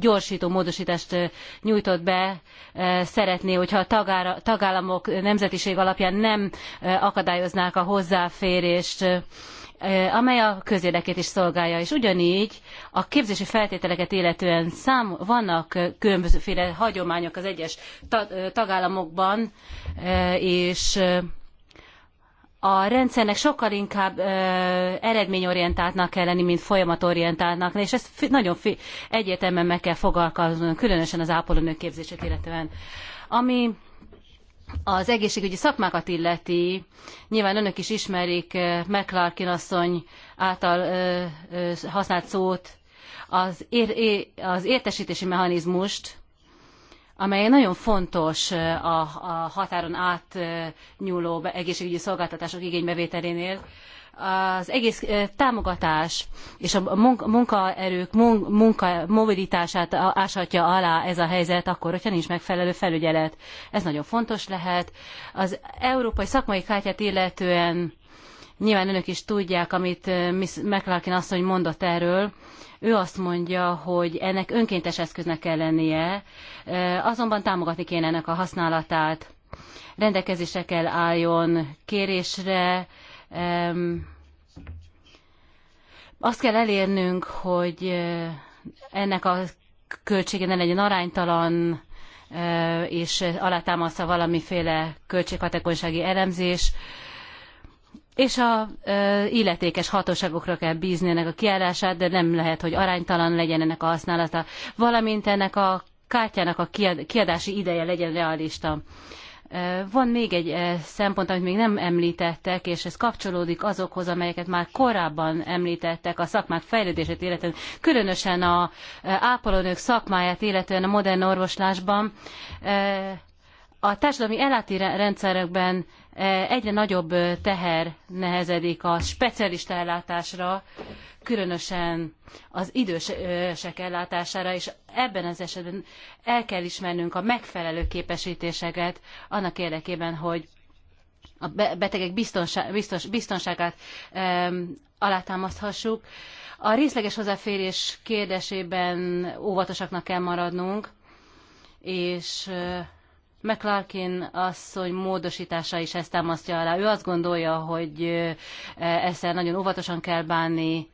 gyorsító módosítást nyújtott be, szeretné, hogyha a tagállamok nemzetiség alapján nem akadályoznák a hozzáférést amely a közérdekét is szolgálja. És ugyanígy a képzési feltételeket illetően szám, vannak különbözőféle hagyományok az egyes tagállamokban, és a rendszernek sokkal inkább ö, eredményorientáltnak kell lenni, mint folyamatorientáltnak, és ezt nagyon fi- egyértelműen meg kell fogalmaznunk, különösen az ápolónők képzését illetően. Ami az egészségügyi szakmákat illeti, nyilván önök is ismerik eh, McClarkin asszony által eh, eh, használt szót, az, ér, az értesítési mechanizmust, amely nagyon fontos a, a határon átnyúló egészségügyi szolgáltatások igénybevételénél az egész támogatás és a munkaerők munka mobilitását áshatja alá ez a helyzet, akkor, hogyha nincs megfelelő felügyelet. Ez nagyon fontos lehet. Az európai szakmai kártyát illetően nyilván önök is tudják, amit Miss McClarkin asszony mondott erről, ő azt mondja, hogy ennek önkéntes eszköznek kell lennie, azonban támogatni kéne ennek a használatát. Rendelkezésre kell álljon kérésre, azt kell elérnünk, hogy eh, ennek a költsége ne legyen aránytalan, eh, és alátámasztva valamiféle költséghatékonysági elemzés, és a eh, illetékes hatóságokra kell bízni ennek a kiállását, de nem lehet, hogy aránytalan legyen ennek a használata, valamint ennek a kártyának a kiadási ideje legyen realista. Van még egy szempont, amit még nem említettek, és ez kapcsolódik azokhoz, amelyeket már korábban említettek a szakmák fejlődését illetően, különösen a ápolónők szakmáját illetően a modern orvoslásban. A társadalmi elláti rendszerekben egyre nagyobb teher nehezedik a specialista ellátásra, különösen az idősek ellátására, és ebben az esetben el kell ismernünk a megfelelő képesítéseket annak érdekében, hogy a betegek biztonsá, biztos, biztonságát um, alátámaszthassuk. A részleges hozzáférés kérdésében óvatosaknak kell maradnunk, és uh, McClarkin asszony módosítása is ezt támasztja alá. Ő azt gondolja, hogy e, ezzel nagyon óvatosan kell bánni,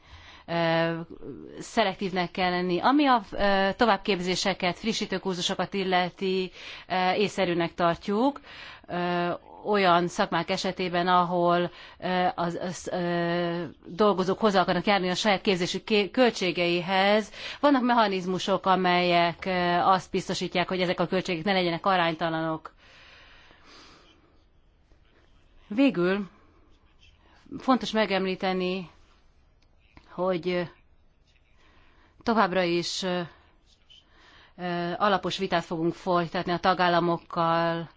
szelektívnek kell lenni. Ami a továbbképzéseket, frissítő kurzusokat illeti, észszerűnek tartjuk olyan szakmák esetében, ahol az, az, dolgozók hozzá akarnak járni a saját képzésük költségeihez. Vannak mechanizmusok, amelyek azt biztosítják, hogy ezek a költségek ne legyenek aránytalanok. Végül fontos megemlíteni hogy továbbra is alapos vitát fogunk folytatni a tagállamokkal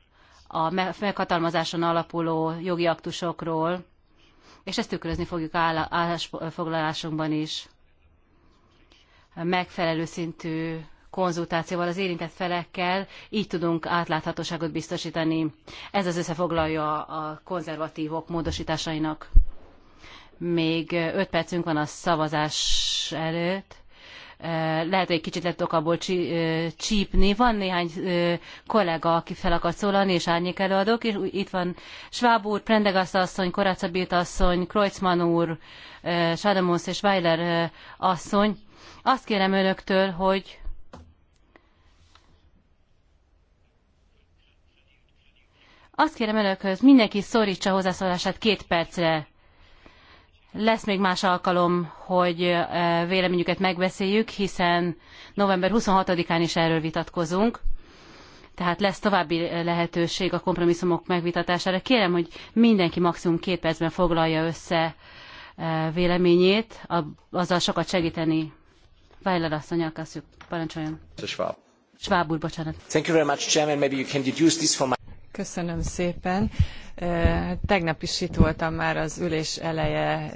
a meghatalmazáson alapuló jogi aktusokról, és ezt tükrözni fogjuk állásfoglalásunkban is megfelelő szintű konzultációval az érintett felekkel, így tudunk átláthatóságot biztosítani. Ez az összefoglalja a konzervatívok módosításainak még 5 percünk van a szavazás előtt. Lehet, hogy egy kicsit lettok abból csípni. Van néhány kollega, aki fel akar szólalni, és árnyék előadók, és itt van Schwab úr, Prendegaszt asszony, Koracabét asszony, Kreuzmann úr, Sadamonsz és Weiler asszony. Azt kérem önöktől, hogy Azt kérem önökhöz, mindenki szorítsa hozzászólását két percre. Lesz még más alkalom, hogy véleményüket megbeszéljük, hiszen november 26-án is erről vitatkozunk, tehát lesz további lehetőség a kompromisszumok megvitatására. Kérem, hogy mindenki maximum két percben foglalja össze véleményét, azzal sokat segíteni. Weiler asszony, elkezdjük. Parancsoljon. Schwab. Schwab úr, bocsánat. Thank you very much, Chairman. Maybe you can deduce this from my... Köszönöm szépen. Tegnap is itt voltam már az ülés eleje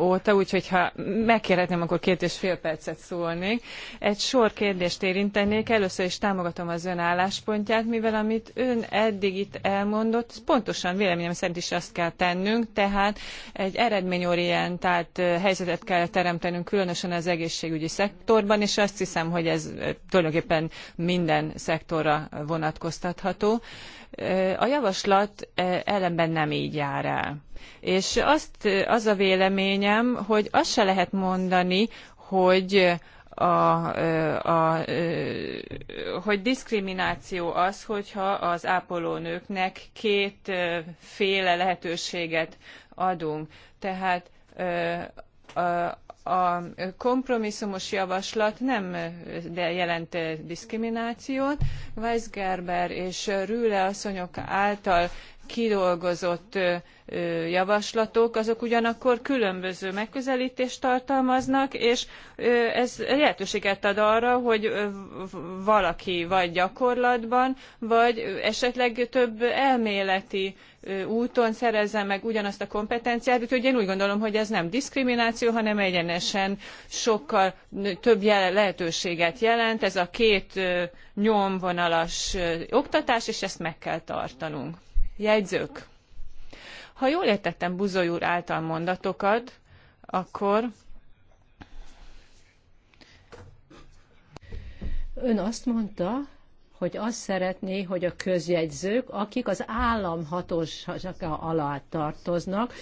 óta, úgyhogy ha megkérhetném, akkor két és fél percet szólnék. Egy sor kérdést érintenék. Először is támogatom az ön álláspontját, mivel amit ön eddig itt elmondott, pontosan véleményem szerint is azt kell tennünk, tehát egy eredményorientált helyzetet kell teremtenünk, különösen az egészségügyi szektorban, és azt hiszem, hogy ez tulajdonképpen minden szektorra vonatkoztatható. A javaslat ellenben nem így jár el. És azt, az a véleményem, hogy azt se lehet mondani, hogy a, a, a, hogy diszkrimináció az, hogyha az ápolónőknek féle lehetőséget adunk. Tehát a, a kompromisszumos javaslat nem jelent diszkriminációt. Weisgerber és Rühle asszonyok által kidolgozott javaslatok, azok ugyanakkor különböző megközelítést tartalmaznak, és ez lehetőséget ad arra, hogy valaki vagy gyakorlatban, vagy esetleg több elméleti úton szerezze meg ugyanazt a kompetenciát, úgyhogy én úgy gondolom, hogy ez nem diszkrimináció, hanem egyenesen sokkal több lehetőséget jelent. Ez a két nyomvonalas oktatás, és ezt meg kell tartanunk jegyzők. Ha jól értettem Buzoly úr által mondatokat, akkor Ön azt mondta, hogy azt szeretné, hogy a közjegyzők, akik az állam hatósága alá tartoznak,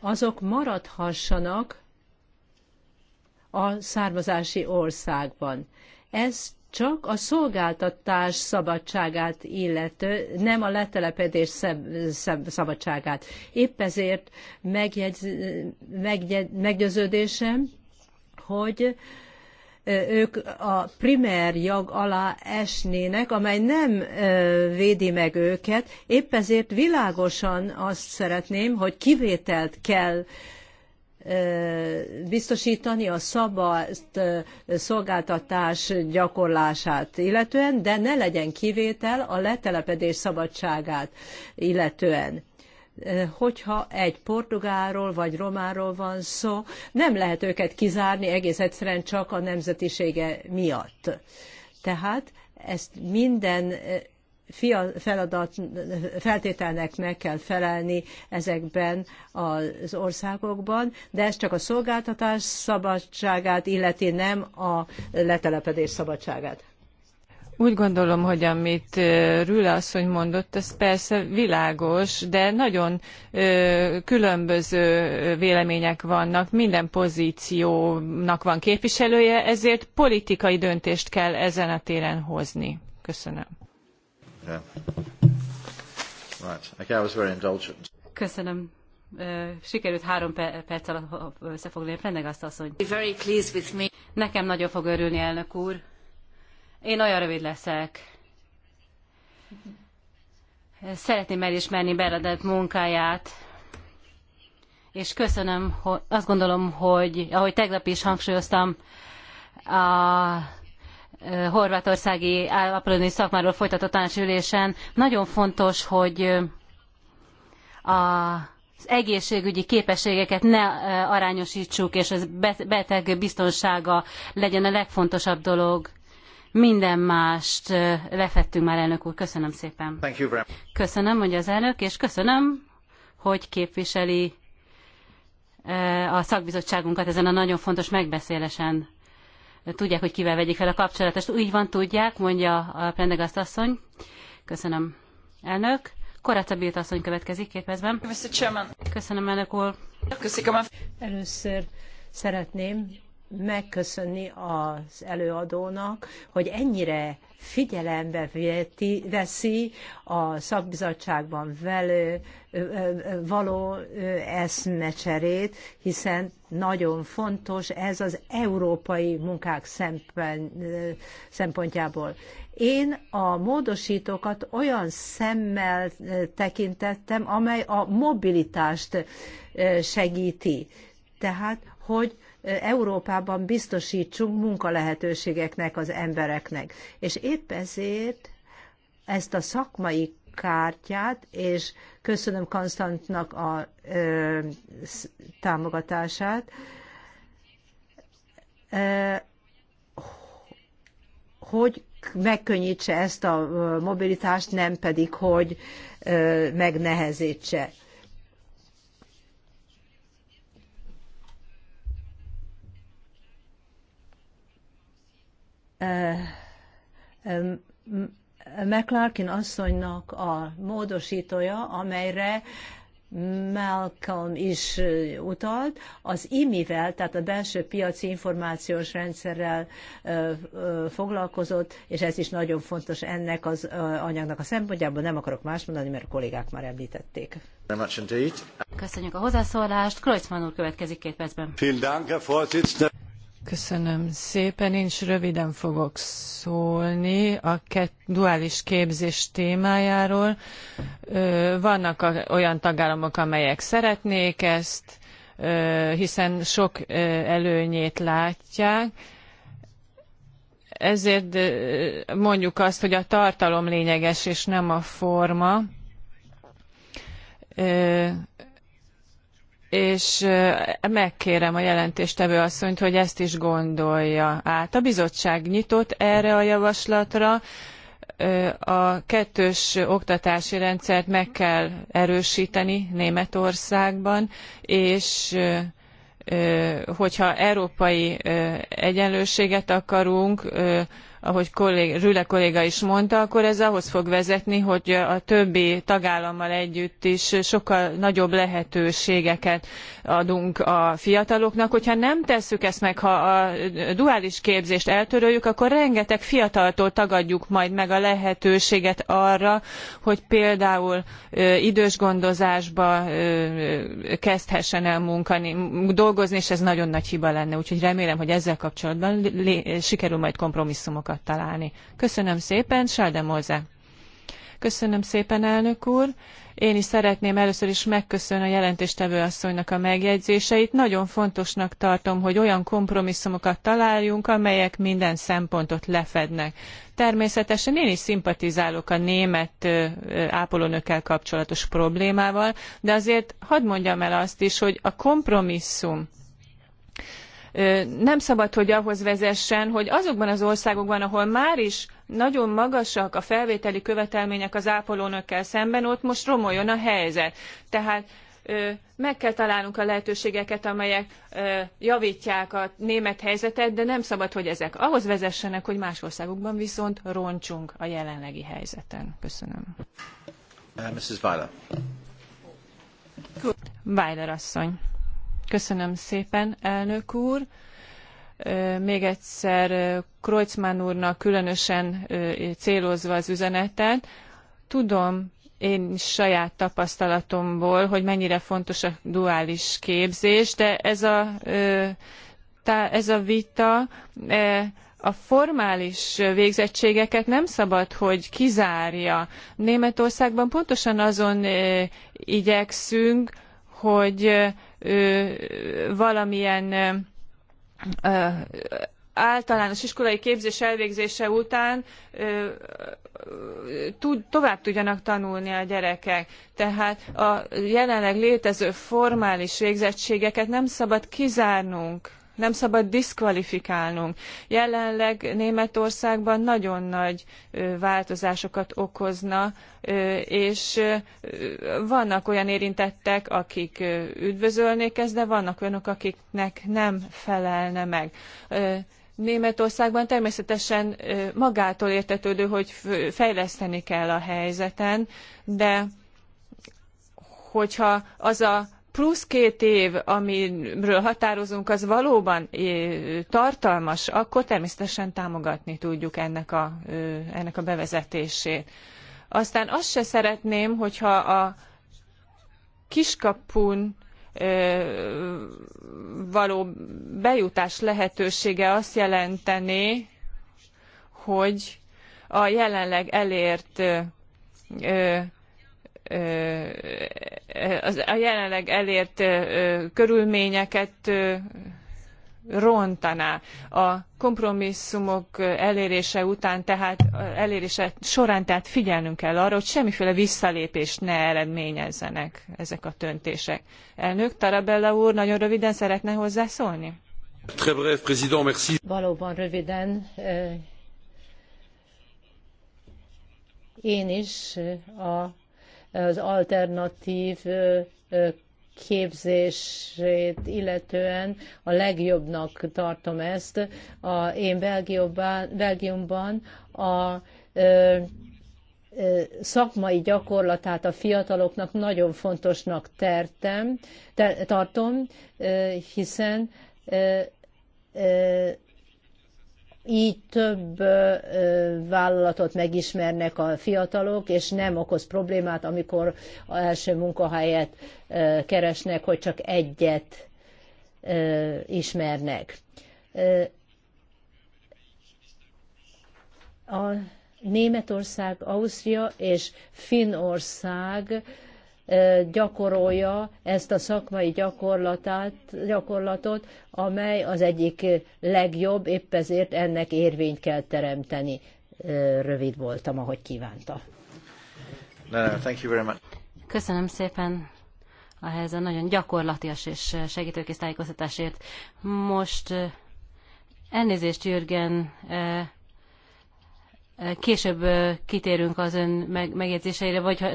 azok maradhassanak a származási országban. Ez csak a szolgáltatás szabadságát illető, nem a letelepedés szabadságát. Épp ezért megjegyz, megjegy, meggyőződésem, hogy ők a primer jog alá esnének, amely nem védi meg őket. Épp ezért világosan azt szeretném, hogy kivételt kell biztosítani a szabad szolgáltatás gyakorlását illetően, de ne legyen kivétel a letelepedés szabadságát illetően hogyha egy portugáról vagy romáról van szó, nem lehet őket kizárni egész egyszerűen csak a nemzetisége miatt. Tehát ezt minden feladat feltételnek meg kell felelni ezekben az országokban, de ez csak a szolgáltatás szabadságát illeti, nem a letelepedés szabadságát. Úgy gondolom, hogy amit Rüle asszony mondott, az persze világos, de nagyon különböző vélemények vannak, minden pozíciónak van képviselője, ezért politikai döntést kell ezen a téren hozni. Köszönöm. Right. Okay, I was very indulgent. Köszönöm. Sikerült három perc alatt összefoglalni. Prendegaszt asszony. Very pleased with me. Nekem nagyon fog örülni, elnök úr. Én olyan rövid leszek. Szeretném elismerni beradett munkáját, és köszönöm, hogy azt gondolom, hogy ahogy tegnap is hangsúlyoztam, a horvátországi állapotlani szakmáról folytatott tanácsülésen nagyon fontos, hogy az egészségügyi képességeket ne arányosítsuk, és az beteg biztonsága legyen a legfontosabb dolog. Minden mást lefettünk már, elnök úr. Köszönöm szépen. Köszönöm, hogy az elnök, és köszönöm, hogy képviseli a szakbizottságunkat ezen a nagyon fontos megbeszélésen tudják, hogy kivel vegyék fel a kapcsolatot. Úgy van, tudják, mondja a Prendegaszt asszony. Köszönöm, elnök. Koráca Bilt asszony következik két percben. Köszönöm, elnök úr. Először szeretném megköszönni az előadónak, hogy ennyire figyelembe veszi a szakbizottságban velő, való eszmecserét, hiszen nagyon fontos ez az európai munkák szempontjából. Én a módosítókat olyan szemmel tekintettem, amely a mobilitást segíti. Tehát, hogy Európában biztosítsunk munkalehetőségeknek az embereknek. És épp ezért ezt a szakmai kártyát, és köszönöm Konstantnak a ö, támogatását, ö, hogy megkönnyítse ezt a mobilitást, nem pedig, hogy megnehezítse. McClarkin asszonynak a módosítója, amelyre Malcolm is utalt, az IMI-vel, tehát a belső piaci információs rendszerrel foglalkozott, és ez is nagyon fontos ennek az anyagnak a szempontjából. Nem akarok más mondani, mert a kollégák már említették. Köszönjük a hozzászólást. Kreuzmann úr következik két percben. Köszönöm szépen, én is röviden fogok szólni a duális képzés témájáról. Vannak olyan tagállamok, amelyek szeretnék ezt, hiszen sok előnyét látják. Ezért mondjuk azt, hogy a tartalom lényeges, és nem a forma és megkérem a jelentéstevő asszonyt, hogy ezt is gondolja át. A bizottság nyitott erre a javaslatra, a kettős oktatási rendszert meg kell erősíteni Németországban, és hogyha európai egyenlőséget akarunk, ahogy kollég, Rüle kolléga is mondta, akkor ez ahhoz fog vezetni, hogy a többi tagállammal együtt is sokkal nagyobb lehetőségeket adunk a fiataloknak. Hogyha nem tesszük ezt meg, ha a duális képzést eltöröljük, akkor rengeteg fiataltól tagadjuk majd meg a lehetőséget arra, hogy például idős gondozásba kezdhessen el munkani, dolgozni, és ez nagyon nagy hiba lenne. Úgyhogy remélem, hogy ezzel kapcsolatban sikerül majd kompromisszumokat megoldásokat találni. Köszönöm szépen, Moze. Köszönöm szépen, elnök úr! Én is szeretném először is megköszönni a jelentéstevő asszonynak a megjegyzéseit. Nagyon fontosnak tartom, hogy olyan kompromisszumokat találjunk, amelyek minden szempontot lefednek. Természetesen én is szimpatizálok a német ápolónőkkel kapcsolatos problémával, de azért hadd mondjam el azt is, hogy a kompromisszum nem szabad, hogy ahhoz vezessen, hogy azokban az országokban, ahol már is nagyon magasak a felvételi követelmények az ápolónőkkel szemben, ott most romoljon a helyzet. Tehát meg kell találnunk a lehetőségeket, amelyek javítják a német helyzetet, de nem szabad, hogy ezek ahhoz vezessenek, hogy más országokban viszont roncsunk a jelenlegi helyzeten. Köszönöm. Uh, Mrs. Weiler. Weiler asszony. Köszönöm szépen, elnök úr. Még egyszer Kreutzmann úrnak különösen célozva az üzenetet. Tudom, én saját tapasztalatomból, hogy mennyire fontos a duális képzés, de ez a, ez a vita a formális végzettségeket nem szabad, hogy kizárja. Németországban pontosan azon igyekszünk, hogy valamilyen általános iskolai képzés elvégzése után tovább tudjanak tanulni a gyerekek. Tehát a jelenleg létező formális végzettségeket nem szabad kizárnunk nem szabad diszkvalifikálnunk. Jelenleg Németországban nagyon nagy változásokat okozna, és vannak olyan érintettek, akik üdvözölnék ezt, de vannak olyanok, akiknek nem felelne meg. Németországban természetesen magától értetődő, hogy fejleszteni kell a helyzeten, de hogyha az a plusz két év, amiről határozunk, az valóban tartalmas, akkor természetesen támogatni tudjuk ennek a, ennek a bevezetését. Aztán azt se szeretném, hogyha a kiskapun való bejutás lehetősége azt jelentené, hogy a jelenleg elért a jelenleg elért körülményeket rontaná. A kompromisszumok elérése után, tehát elérése során tehát figyelnünk kell arra, hogy semmiféle visszalépést ne eredményezzenek ezek a döntések. Elnök Tarabella úr, nagyon röviden szeretne hozzászólni? Très bref, président, merci. Valóban röviden. Én is a az alternatív képzését illetően a legjobbnak tartom ezt. A, én Belgiumban, a ö, ö, szakmai gyakorlatát a fiataloknak nagyon fontosnak tertem, te, tartom, ö, hiszen ö, ö, így több vállalatot megismernek a fiatalok, és nem okoz problémát, amikor a első munkahelyet keresnek, hogy csak egyet ismernek. A Németország, Ausztria és Finnország gyakorolja ezt a szakmai gyakorlatát, gyakorlatot, amely az egyik legjobb, épp ezért ennek érvényt kell teremteni. Rövid voltam, ahogy kívánta. No, no, thank you very much. Köszönöm szépen a a nagyon gyakorlatias és segítőkész tájékoztatásért. Most elnézést, Jürgen, Később kitérünk az ön megjegyzéseire, vagy ha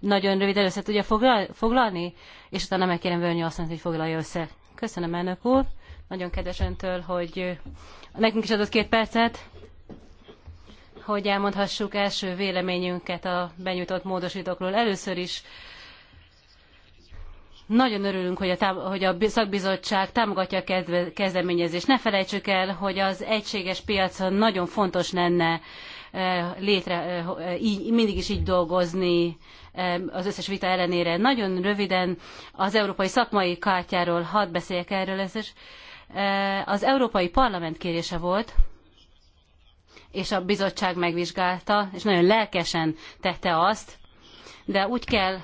nagyon röviden össze tudja foglalni, és utána megkérem Vörnyi azt, hogy foglalja össze. Köszönöm, elnök úr. Nagyon kedves öntől, hogy nekünk is adott két percet, hogy elmondhassuk első véleményünket a benyújtott módosítókról. Először is nagyon örülünk, hogy a, tám- hogy a szakbizottság támogatja a kezdeményezést. Ne felejtsük el, hogy az egységes piacon nagyon fontos lenne létre, így, mindig is így dolgozni az összes vita ellenére. Nagyon röviden az európai szakmai kártyáról hadd beszéljek erről is. Az Európai Parlament kérése volt, és a bizottság megvizsgálta, és nagyon lelkesen tette azt, de úgy kell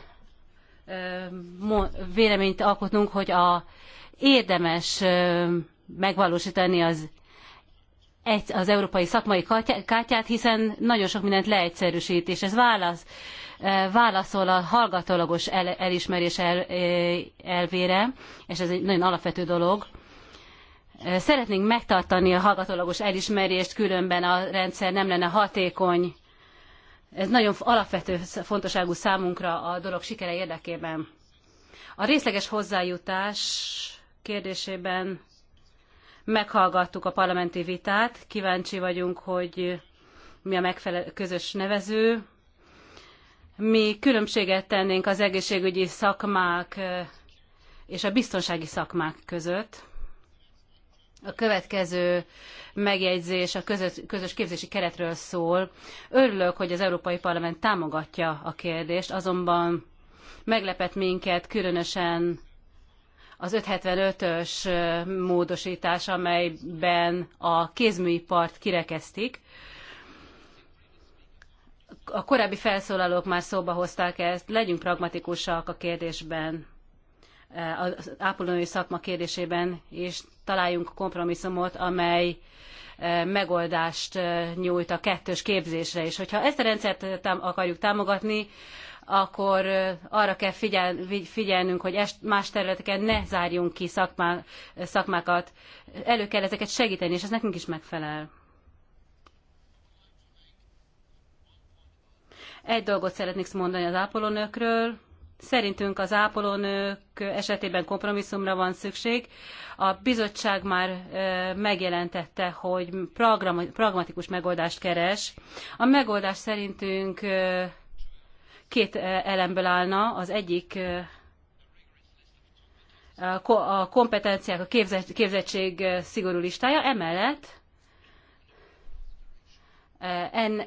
véleményt alkotnunk, hogy a érdemes megvalósítani az az európai szakmai kártyát, hiszen nagyon sok mindent leegyszerűsít, és ez válasz, e, válaszol a hallgatólagos el, elismerés el, e, elvére, és ez egy nagyon alapvető dolog. E, szeretnénk megtartani a hallgatólagos elismerést, különben a rendszer nem lenne hatékony. Ez nagyon alapvető fontosságú számunkra a dolog sikere érdekében. A részleges hozzájutás kérdésében meghallgattuk a parlamenti vitát, kíváncsi vagyunk, hogy mi a megfelelő közös nevező. Mi különbséget tennénk az egészségügyi szakmák és a biztonsági szakmák között. A következő megjegyzés a közös, közös képzési keretről szól. Örülök, hogy az Európai Parlament támogatja a kérdést, azonban meglepett minket különösen az 575-ös módosítás, amelyben a kézműipart kirekeztik. A korábbi felszólalók már szóba hozták ezt, legyünk pragmatikusak a kérdésben, az ápolónői szakma kérdésében, és találjunk kompromisszumot, amely megoldást nyújt a kettős képzésre is. Hogyha ezt a rendszert akarjuk támogatni, akkor arra kell figyel, figyelnünk, hogy más területeken ne zárjunk ki szakmá, szakmákat. Elő kell ezeket segíteni, és ez nekünk is megfelel. Egy dolgot szeretnék mondani az ápolónőkről. Szerintünk az ápolónők esetében kompromisszumra van szükség. A bizottság már megjelentette, hogy pragmatikus megoldást keres. A megoldás szerintünk két eh, elemből állna. Az egyik eh, a kompetenciák, a képzettség eh, szigorú listája, emellett en,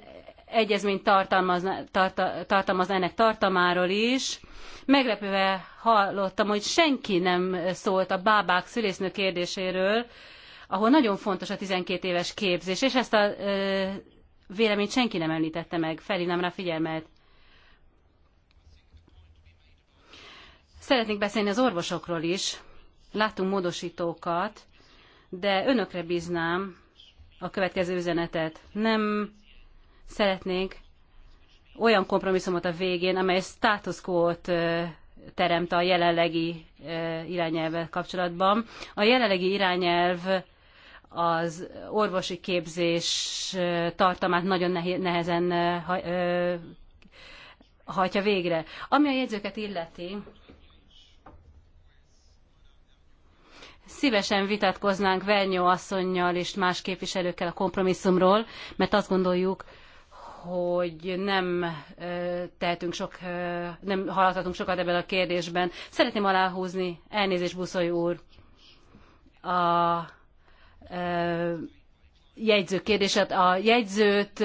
egyezményt tartalmaz, tarta, tartalmaz ennek tartamáról is. Meglepőve hallottam, hogy senki nem szólt a bábák szülésznő kérdéséről, ahol nagyon fontos a 12 éves képzés, és ezt a ö, véleményt senki nem említette meg, felhívnám rá figyelmet. Szeretnék beszélni az orvosokról is. Láttunk módosítókat, de önökre bíznám a következő üzenetet. Nem szeretnénk olyan kompromisszumot a végén, amely státuszkót teremt a jelenlegi irányelvvel kapcsolatban. A jelenlegi irányelv az orvosi képzés tartalmát nagyon nehezen hajtja végre. Ami a jegyzőket illeti, szívesen vitatkoznánk Vernyó asszonynal és más képviselőkkel a kompromisszumról, mert azt gondoljuk, hogy nem tehetünk sok, nem haladhatunk sokat ebben a kérdésben. Szeretném aláhúzni, elnézést Buszoly úr, a, a jegyző kérdését. A jegyzőt,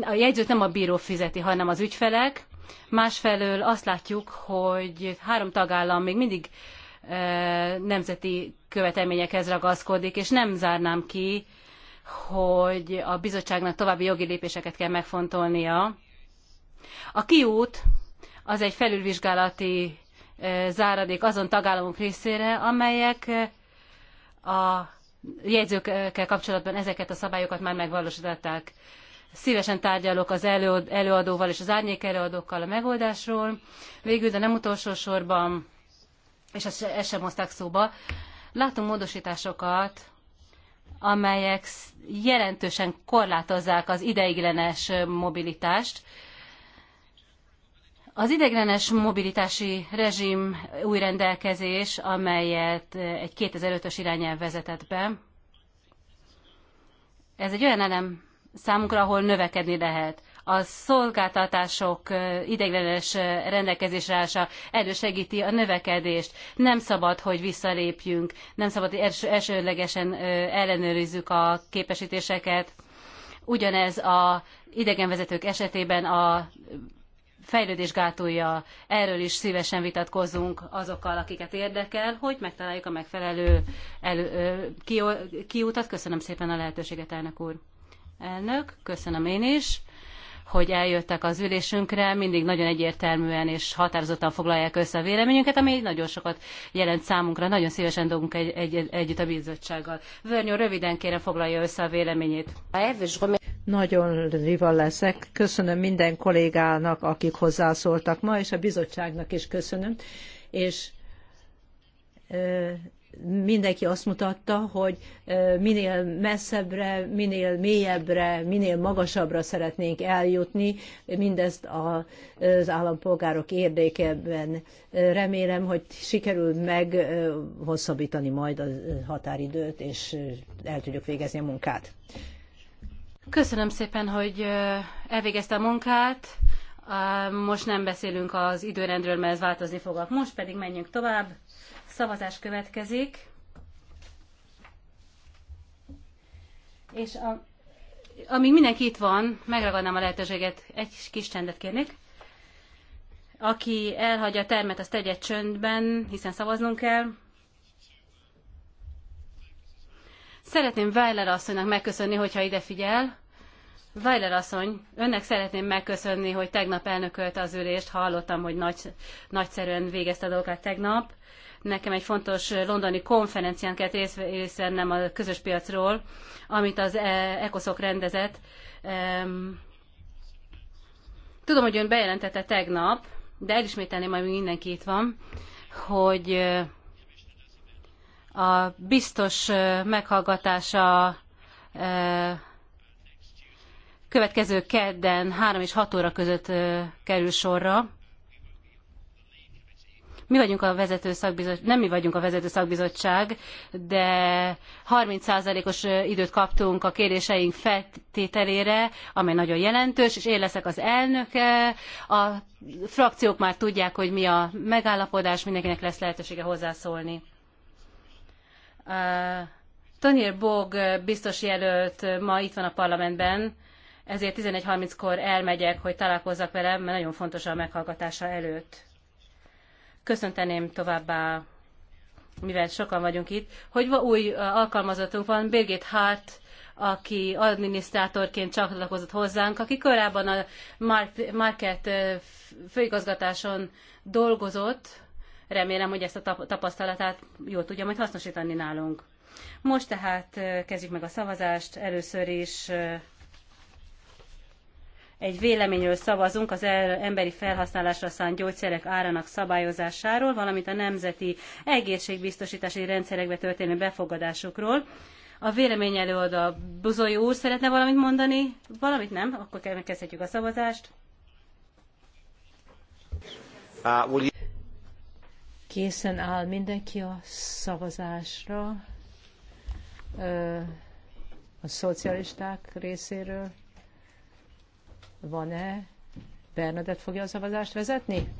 a jegyzőt nem a bíró fizeti, hanem az ügyfelek. Másfelől azt látjuk, hogy három tagállam még mindig nemzeti követelményekhez ragaszkodik, és nem zárnám ki, hogy a bizottságnak további jogi lépéseket kell megfontolnia. A kiút az egy felülvizsgálati záradék azon tagállamok részére, amelyek a jegyzőkkel kapcsolatban ezeket a szabályokat már megvalósították. Szívesen tárgyalok az előadóval és az árnyék előadókkal a megoldásról. Végül, de nem utolsó sorban és ezt, ezt sem hozták szóba, látunk módosításokat, amelyek jelentősen korlátozzák az ideiglenes mobilitást. Az ideiglenes mobilitási rezsim új rendelkezés, amelyet egy 2005-ös irányelv vezetett be, ez egy olyan elem számunkra, ahol növekedni lehet a szolgáltatások ideiglenes rendelkezésre állása elősegíti a növekedést. Nem szabad, hogy visszalépjünk, nem szabad, hogy els elsődlegesen ellenőrizzük a képesítéseket. Ugyanez a idegenvezetők esetében a fejlődés gátolja, erről is szívesen vitatkozunk azokkal, akiket érdekel, hogy megtaláljuk a megfelelő elő, kiutat. Köszönöm szépen a lehetőséget, elnök úr. Elnök, köszönöm én is hogy eljöttek az ülésünkre, mindig nagyon egyértelműen és határozottan foglalják össze a véleményünket, ami nagyon sokat jelent számunkra. Nagyon szívesen dolgunk egy, egy, együtt a bizottsággal. Vörnyó, röviden kérem foglalja össze a véleményét. Nagyon rival leszek. Köszönöm minden kollégának, akik hozzászóltak ma, és a bizottságnak is köszönöm. És mindenki azt mutatta, hogy minél messzebbre, minél mélyebbre, minél magasabbra szeretnénk eljutni, mindezt az állampolgárok érdekében. Remélem, hogy sikerül meghosszabbítani majd a határidőt, és el tudjuk végezni a munkát. Köszönöm szépen, hogy elvégezte a munkát. Most nem beszélünk az időrendről, mert ez változni fog. Most pedig menjünk tovább. Szavazás következik. És a, amíg mindenki itt van, megragadnám a lehetőséget, egy kis csendet kérnék. Aki elhagyja a termet, az tegye csöndben, hiszen szavaznunk kell. Szeretném Weiler asszonynak megköszönni, hogyha ide figyel. Weiler asszony, önnek szeretném megköszönni, hogy tegnap elnökölte az ülést, hallottam, hogy nagy, nagyszerűen végezte a dolgát tegnap. Nekem egy fontos londoni konferencián kellett részt, vennem a közös piacról, amit az e- ECOSZOK rendezett. Tudom, hogy ön bejelentette tegnap, de elismételném, majd mindenki itt van, hogy a biztos meghallgatása következő kedden 3 és 6 óra között kerül sorra mi vagyunk a vezető szakbizottság, nem mi vagyunk a vezető szakbizottság, de 30%-os időt kaptunk a kéréseink feltételére, amely nagyon jelentős, és én leszek az elnöke. A frakciók már tudják, hogy mi a megállapodás, mindenkinek lesz lehetősége hozzászólni. Uh, Tonyér Bog biztos jelölt ma itt van a parlamentben, ezért 11.30-kor elmegyek, hogy találkozzak velem, mert nagyon fontos a meghallgatása előtt. Köszönteném továbbá, mivel sokan vagyunk itt, hogy új alkalmazottunk van, Birgit Hart, aki adminisztrátorként csatlakozott hozzánk, aki korábban a Market főigazgatáson dolgozott, remélem, hogy ezt a tapasztalatát jól tudja majd hasznosítani nálunk. Most tehát kezdjük meg a szavazást, először is egy véleményről szavazunk az emberi felhasználásra szánt gyógyszerek árának szabályozásáról, valamint a nemzeti egészségbiztosítási rendszerekbe történő befogadásokról. A vélemény előadó a Buzoly úr szeretne valamit mondani? Valamit nem? Akkor kezdhetjük a szavazást. Készen áll mindenki a szavazásra a szocialisták részéről. Van-e? Bernadett fogja a szavazást vezetni?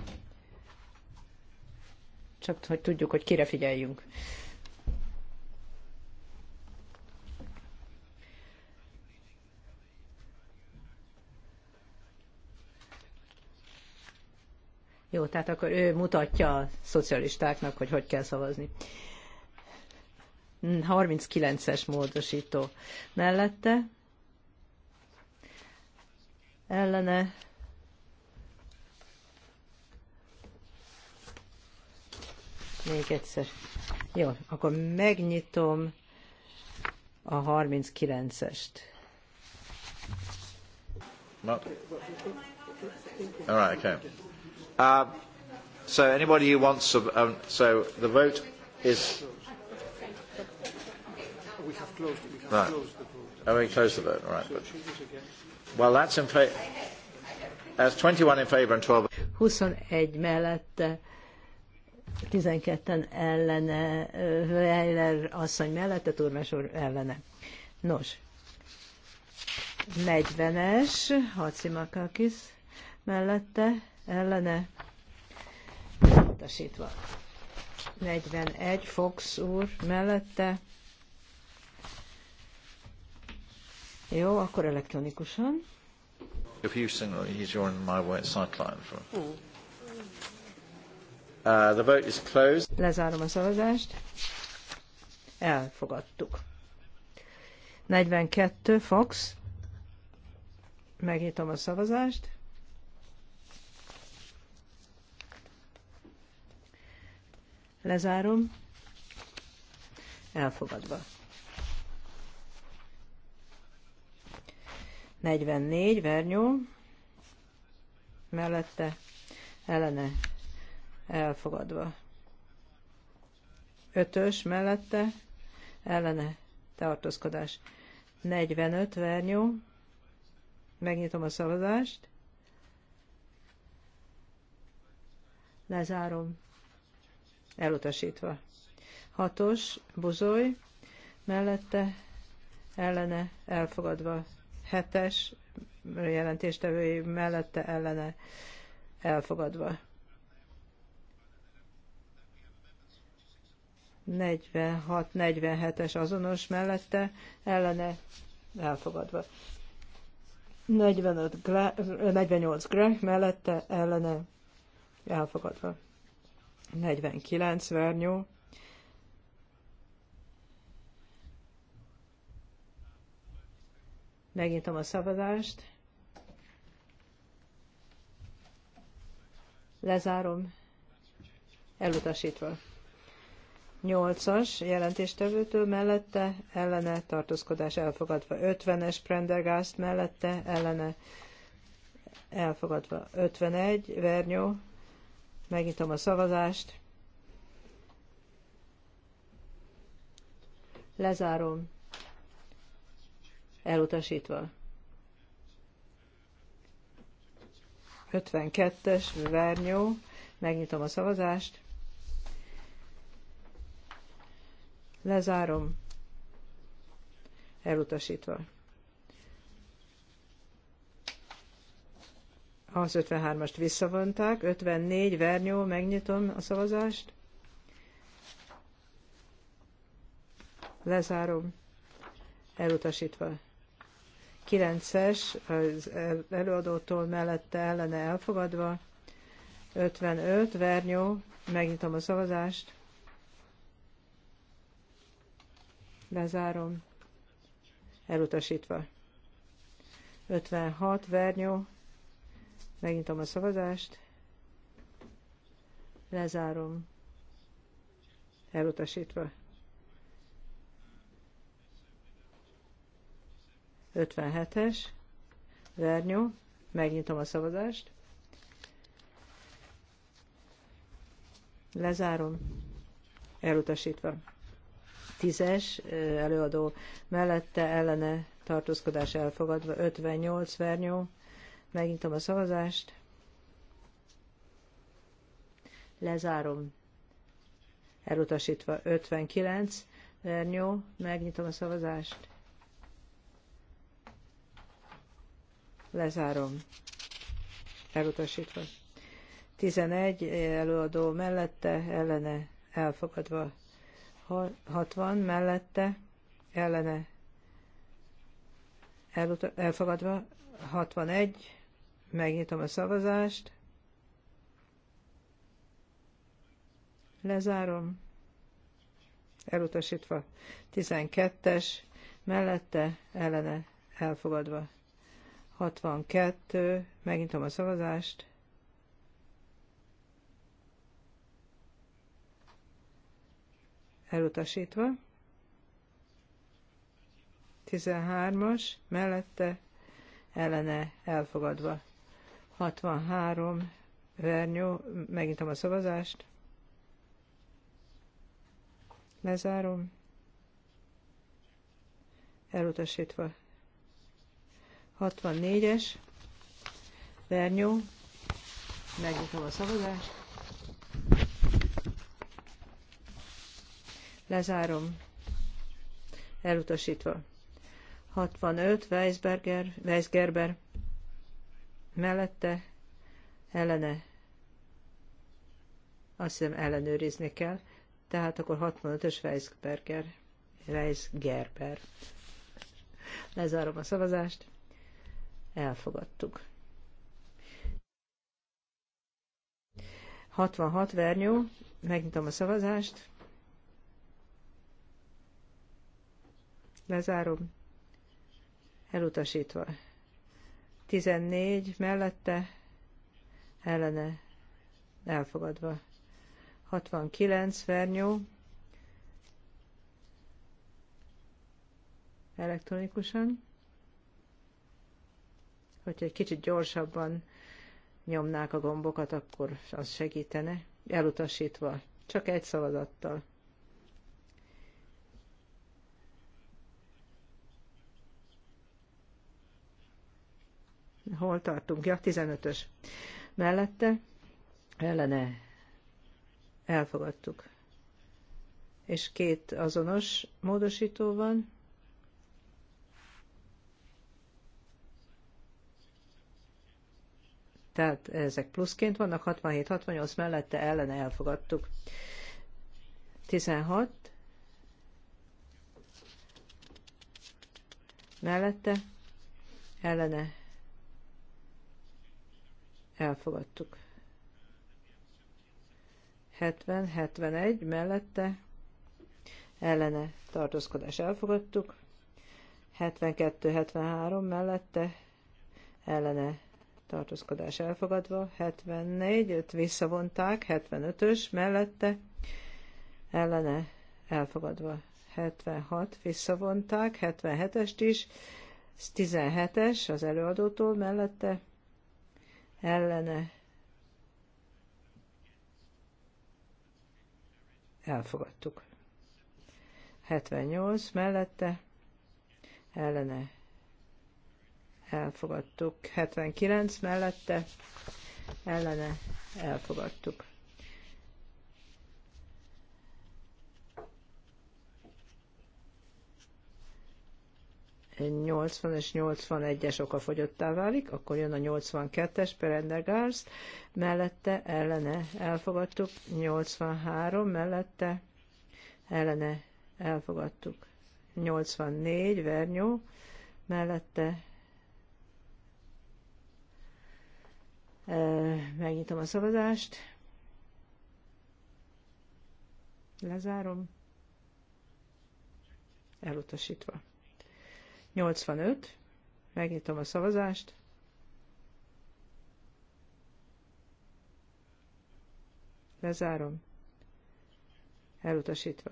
Csak hogy tudjuk, hogy kire figyeljünk. Jó, tehát akkor ő mutatja a szocialistáknak, hogy hogy kell szavazni. 39-es hm, módosító mellette ellene még egyszer. Jó, akkor megnyitom a 39-est. All right, okay. Uh, so anybody who wants to, um, so the vote is. We have closed. We have right. closed the vote. Oh, we closed the vote. All right. So but... Well, that's in fa- 21 in favor and 12. 21 mellette, 12-en ellene, Weiler asszony mellette, Turmes úr ellene. Nos, 40-es, Hacimakakis mellette, ellene, utasítva. 41 Fox úr mellette, Jó, akkor elektronikusan. If you sing, use your my way sideline for. Mm. Uh, the vote is closed. Lezárom a szavazást. Elfogadtuk. 42 Fox. Megnyitom a szavazást. Lezárom. Elfogadva. 44, vernyó, mellette ellene elfogadva. 5-ös mellette ellene tartózkodás. 45, vernyó, megnyitom a szavazást, lezárom, elutasítva. 6-os, buzoly, mellette ellene elfogadva hetes jelentéstevői mellette ellene elfogadva. 46-47-es azonos mellette ellene elfogadva. 45 Gle 48 Greg mellette ellene elfogadva. 49 Vernyó Megnyitom a szavazást. Lezárom. Elutasítva. 8-as jelentéstevőtől mellette ellene tartózkodás elfogadva. 50-es Prendergast mellette ellene elfogadva. 51 Vernyó. Megnyitom a szavazást. Lezárom elutasítva. 52-es vernyó, megnyitom a szavazást, lezárom, elutasítva. Az 53-ast visszavonták, 54 vernyó, megnyitom a szavazást, lezárom, elutasítva. 9-es az előadótól mellette ellene elfogadva, 55, Vernyó, megnyitom a szavazást, lezárom, elutasítva. 56, Vernyó, megnyitom a szavazást, lezárom, elutasítva. 57-es, Vernyó, megnyitom a szavazást. Lezárom, elutasítva. 10-es előadó mellette ellene tartózkodás elfogadva, 58 vernyó, megnyitom a szavazást. Lezárom, elutasítva, 59 vernyó, megnyitom a szavazást. Lezárom. Elutasítva. 11 előadó mellette, ellene elfogadva. 60 mellette, ellene elfogadva. 61. Megnyitom a szavazást. Lezárom. Elutasítva. 12-es mellette, ellene elfogadva. 62, megnyitom a szavazást. Elutasítva. 13-as, mellette, ellene elfogadva. 63, Vernyó, megnyitom a szavazást. Lezárom. Elutasítva. 64-es, Vernyó, megnyitom a szavazást, lezárom, elutasítva. 65, Weisberger, Weisgerber, mellette, ellene, azt hiszem ellenőrizni kell, tehát akkor 65-ös Weisberger, Weisgerber. Lezárom a szavazást elfogadtuk. 66 vernyó, megnyitom a szavazást, lezárom, elutasítva. 14 mellette, ellene, elfogadva. 69 vernyó, elektronikusan hogyha egy kicsit gyorsabban nyomnák a gombokat, akkor az segítene, elutasítva, csak egy szavazattal. Hol tartunk? Ja, 15-ös. Mellette ellene elfogadtuk. És két azonos módosító van, tehát ezek pluszként vannak, 67-68 mellette ellene elfogadtuk. 16 mellette ellene elfogadtuk. 70-71 mellette ellene tartózkodás elfogadtuk, 72-73 mellette ellene tartózkodás elfogadva, 74, öt visszavonták, 75-ös mellette, ellene elfogadva, 76 visszavonták, 77-est is, 17-es az előadótól mellette, ellene elfogadtuk. 78 mellette, ellene elfogadtuk. 79 mellette ellene elfogadtuk. Egy ...80 és 81-es oka fogyottá válik, akkor jön a 82-es Perendergast, mellette ellene elfogadtuk, 83 mellette ellene elfogadtuk, 84 Vernyó, mellette Megnyitom a szavazást. Lezárom. Elutasítva. 85. Megnyitom a szavazást. Lezárom. Elutasítva.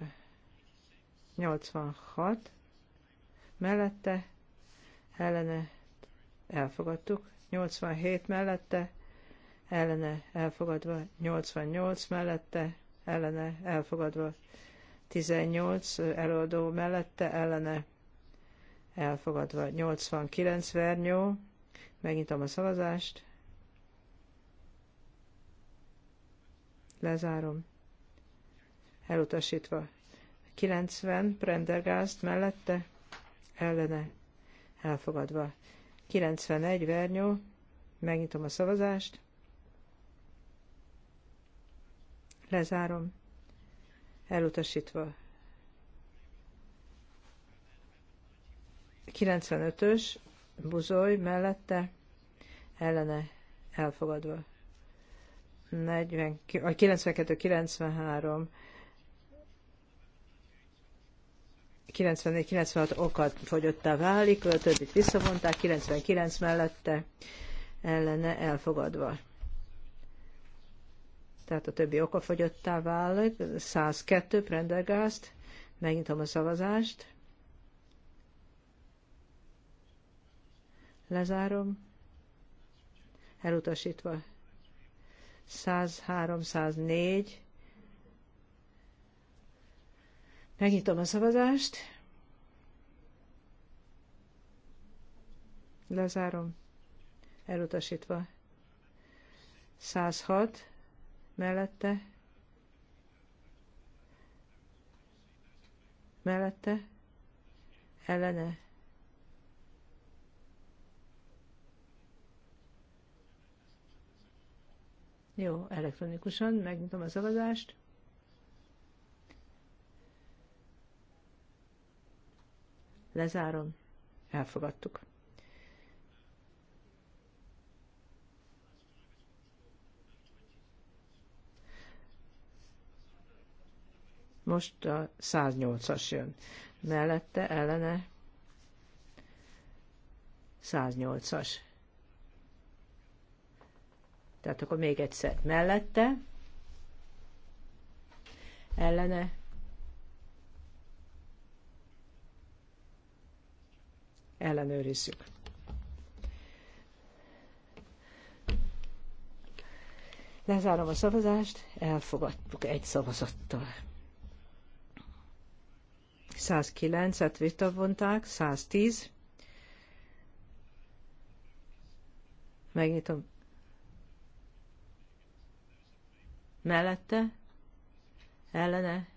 86. Mellette, ellene, elfogadtuk. 87 mellette, ellene elfogadva 88 mellette, ellene elfogadva 18 előadó mellette, ellene elfogadva 89 vernyó. Megnyitom a szavazást. Lezárom. Elutasítva 90 Prendergast mellette, ellene elfogadva 91 vernyó. Megnyitom a szavazást. Lezárom. Elutasítva. 95-ös, buzoly mellette, ellene elfogadva. a 92-93 94-96 okat fogyottá válik, a többit visszavonták, 99 mellette ellene elfogadva tehát a többi okafogyottá válik. 102 Prendergast, megnyitom a szavazást. Lezárom. Elutasítva. 103, 104. Megnyitom a szavazást. Lezárom. Elutasítva. 106 mellette, mellette, ellene. Jó, elektronikusan megnyitom a szavazást. Lezárom. Elfogadtuk. Most a 108-as jön. Mellette ellene 108-as. Tehát akkor még egyszer mellette, ellene, ellenőrizzük. Lezárom a szavazást, elfogadtuk egy szavazattal. 109-et visszavonták, 110. Megnyitom. Mellette, ellene,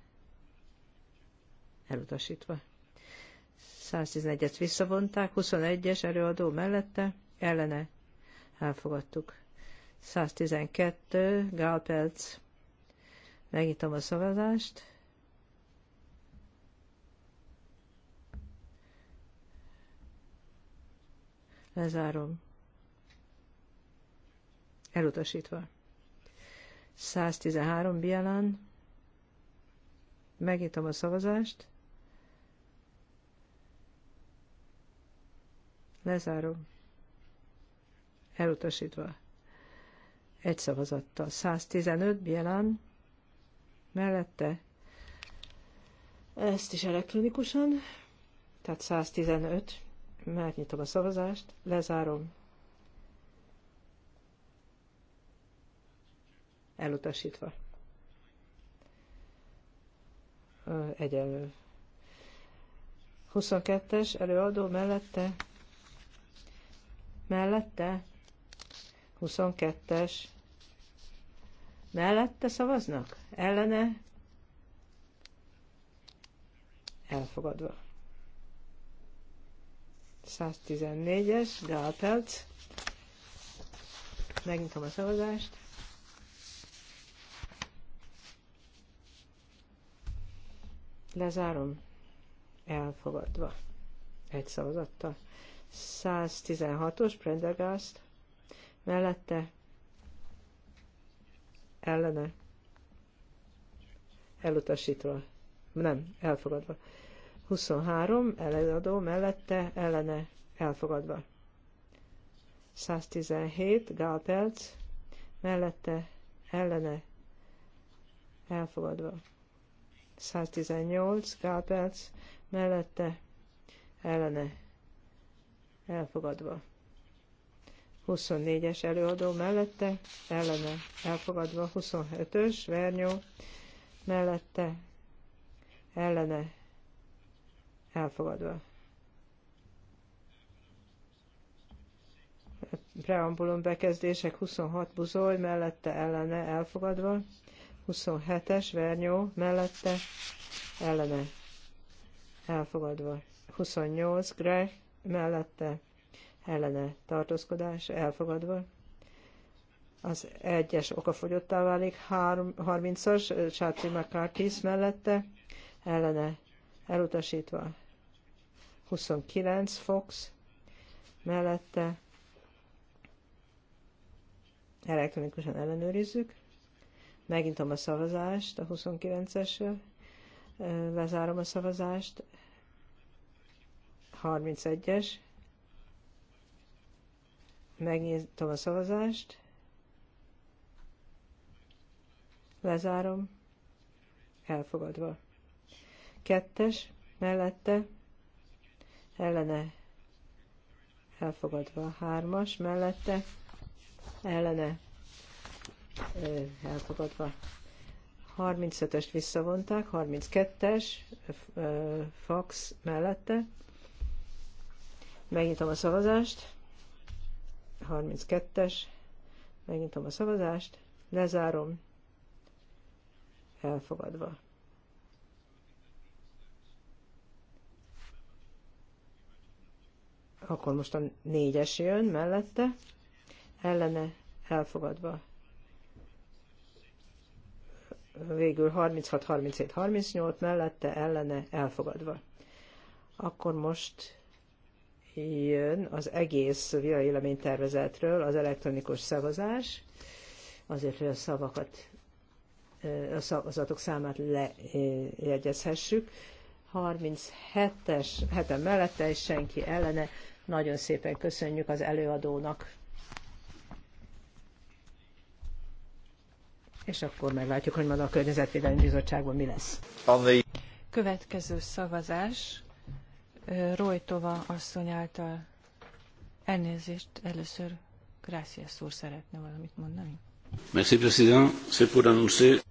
elutasítva. 111-et visszavonták, 21-es előadó mellette, ellene, elfogadtuk. 112, Gálperc, megnyitom a szavazást. Lezárom. Elutasítva. 113 Bielán. Megnyitom a szavazást. Lezárom. Elutasítva. Egy szavazattal. 115 Bielán. Mellette. Ezt is elektronikusan. Tehát 115 nyitom a szavazást, lezárom, elutasítva. Egyenlő. 22-es előadó mellette, mellette, 22-es, mellette szavaznak, ellene, elfogadva. 114-es, Gálpelc. Megnyitom a szavazást. Lezárom. Elfogadva. Egy szavazattal. 116-os Prendergast. Mellette. Ellene. Elutasítva. Nem, elfogadva. 23 előadó mellette ellene elfogadva. 117 Gálperc mellette ellene elfogadva. 118 Gálperc mellette ellene elfogadva. 24-es előadó mellette ellene elfogadva. 25-ös Vernyó mellette ellene elfogadva. Preambulum bekezdések 26 buzoly mellette ellene elfogadva, 27-es vernyó mellette ellene elfogadva, 28 gre mellette ellene tartózkodás elfogadva, az egyes okafogyottá válik, 30-as Sátri mellette ellene elutasítva. 29 Fox mellette elektronikusan ellenőrizzük. Megintom a szavazást, a 29 es Lezárom a szavazást. 31-es. Megnyitom a szavazást. Lezárom. Elfogadva. Kettes mellette ellene elfogadva. Hármas mellette ellene elfogadva. 35-est visszavonták, 32-es fax mellette. Megnyitom a szavazást. 32-es. Megnyitom a szavazást. Lezárom. Elfogadva. Akkor most a négyes jön mellette, ellene elfogadva. Végül 36, 37, 38 mellette, ellene elfogadva. Akkor most jön az egész tervezetről az elektronikus szavazás, azért, hogy a szavakat, a szavazatok számát lejegyezhessük. 37-es, heten mellette és senki ellene nagyon szépen köszönjük az előadónak. És akkor meglátjuk, hogy maga a Környezetvédelmi Bizottságban mi lesz. Következő szavazás Rojtova asszony által elnézést először Gracias úr szeretne valamit mondani. Merci, Président. C'est pour annoncer...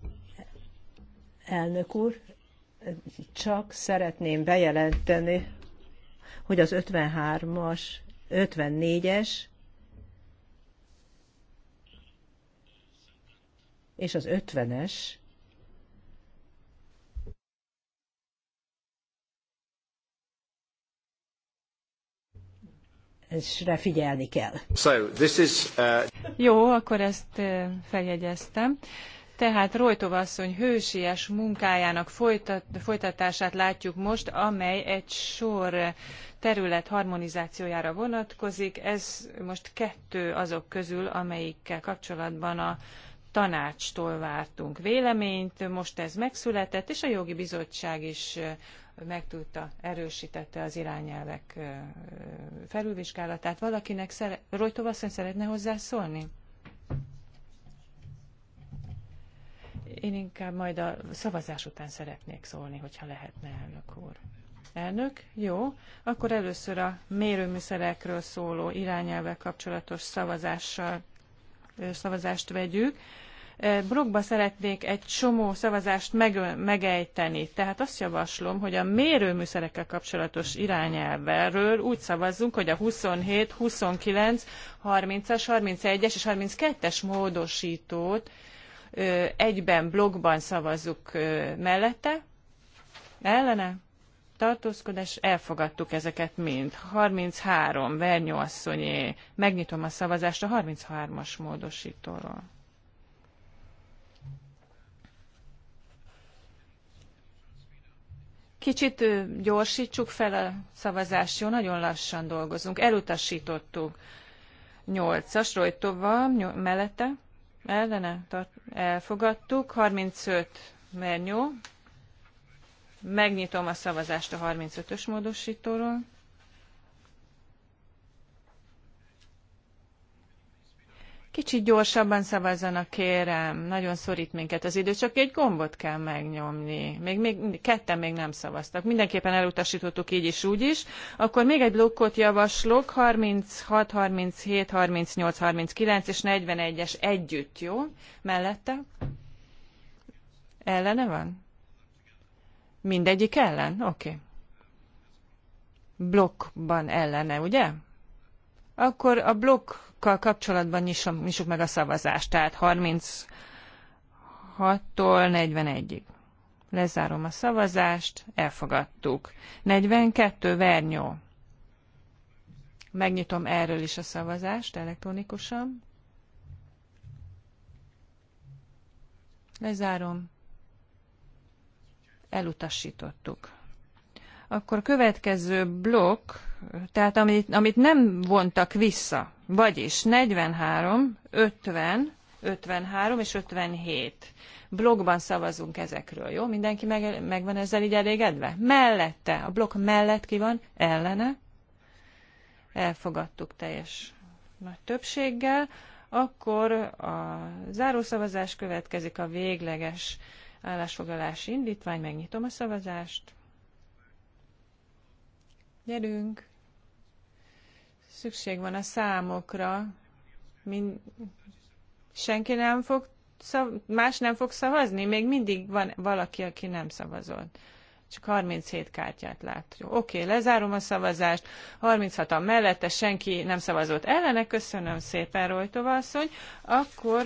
Elnök úr, csak szeretném bejelenteni, hogy az 53-as, 54-es és az 50-es ezre figyelni kell. So, this is, uh... Jó, akkor ezt uh, feljegyeztem. Tehát Rojtov asszony hősies munkájának folytat, folytatását látjuk most, amely egy sor terület harmonizációjára vonatkozik. Ez most kettő azok közül, amelyikkel kapcsolatban a tanácstól vártunk véleményt, most ez megszületett, és a jogi bizottság is meg tudta, erősítette az irányelvek felülvizsgálatát. Valakinek szere... Rojtov asszony szeretne hozzászólni? Én inkább majd a szavazás után szeretnék szólni, hogyha lehetne, elnök úr. Elnök, jó. Akkor először a mérőműszerekről szóló irányelvvel kapcsolatos szavazással, szavazást vegyük. Blokkba szeretnék egy csomó szavazást meg, megejteni. Tehát azt javaslom, hogy a mérőműszerekkel kapcsolatos irányelvről úgy szavazzunk, hogy a 27, 29, 30-as, 31-es és 32-es módosítót egyben blokkban szavazzuk mellette, ellene, tartózkodás, elfogadtuk ezeket mind. 33, Vernyó asszonyé, megnyitom a szavazást a 33-as módosítóról. Kicsit gyorsítsuk fel a szavazást, jó, nagyon lassan dolgozunk. Elutasítottuk 8-as, Rojtova, mellette, ellene, tart, elfogadtuk, 35, Vernyó, Megnyitom a szavazást a 35-ös módosítóról. Kicsit gyorsabban szavazzanak, kérem. Nagyon szorít minket az idő, csak egy gombot kell megnyomni. Még, még ketten még nem szavaztak. Mindenképpen elutasítottuk így is, úgy is. Akkor még egy blokkot javaslok, 36, 37, 38, 39 és 41-es együtt, jó? Mellette? Ellene van? Mindegyik ellen? Oké. Okay. Blokkban ellene, ugye? Akkor a blokkkal kapcsolatban nyissuk, nyissuk meg a szavazást, tehát 36-tól 41-ig. Lezárom a szavazást, elfogadtuk. 42 vernyó. Megnyitom erről is a szavazást elektronikusan. Lezárom elutasítottuk. Akkor következő blokk, tehát amit, amit nem vontak vissza, vagyis 43, 50, 53 és 57. Blogban szavazunk ezekről, jó? Mindenki meg, meg van ezzel így elégedve? Mellette, a blokk mellett ki van? Ellene? Elfogadtuk teljes nagy többséggel. Akkor a zárószavazás következik a végleges állásfoglalási indítvány, megnyitom a szavazást. Gyerünk! Szükség van a számokra. Min... Senki nem fog szav... más nem fog szavazni? Még mindig van valaki, aki nem szavazott. Csak 37 kártyát lát. Jó, oké, lezárom a szavazást. 36 a mellette senki nem szavazott ellene. Köszönöm szépen, Rojtova asszony. Akkor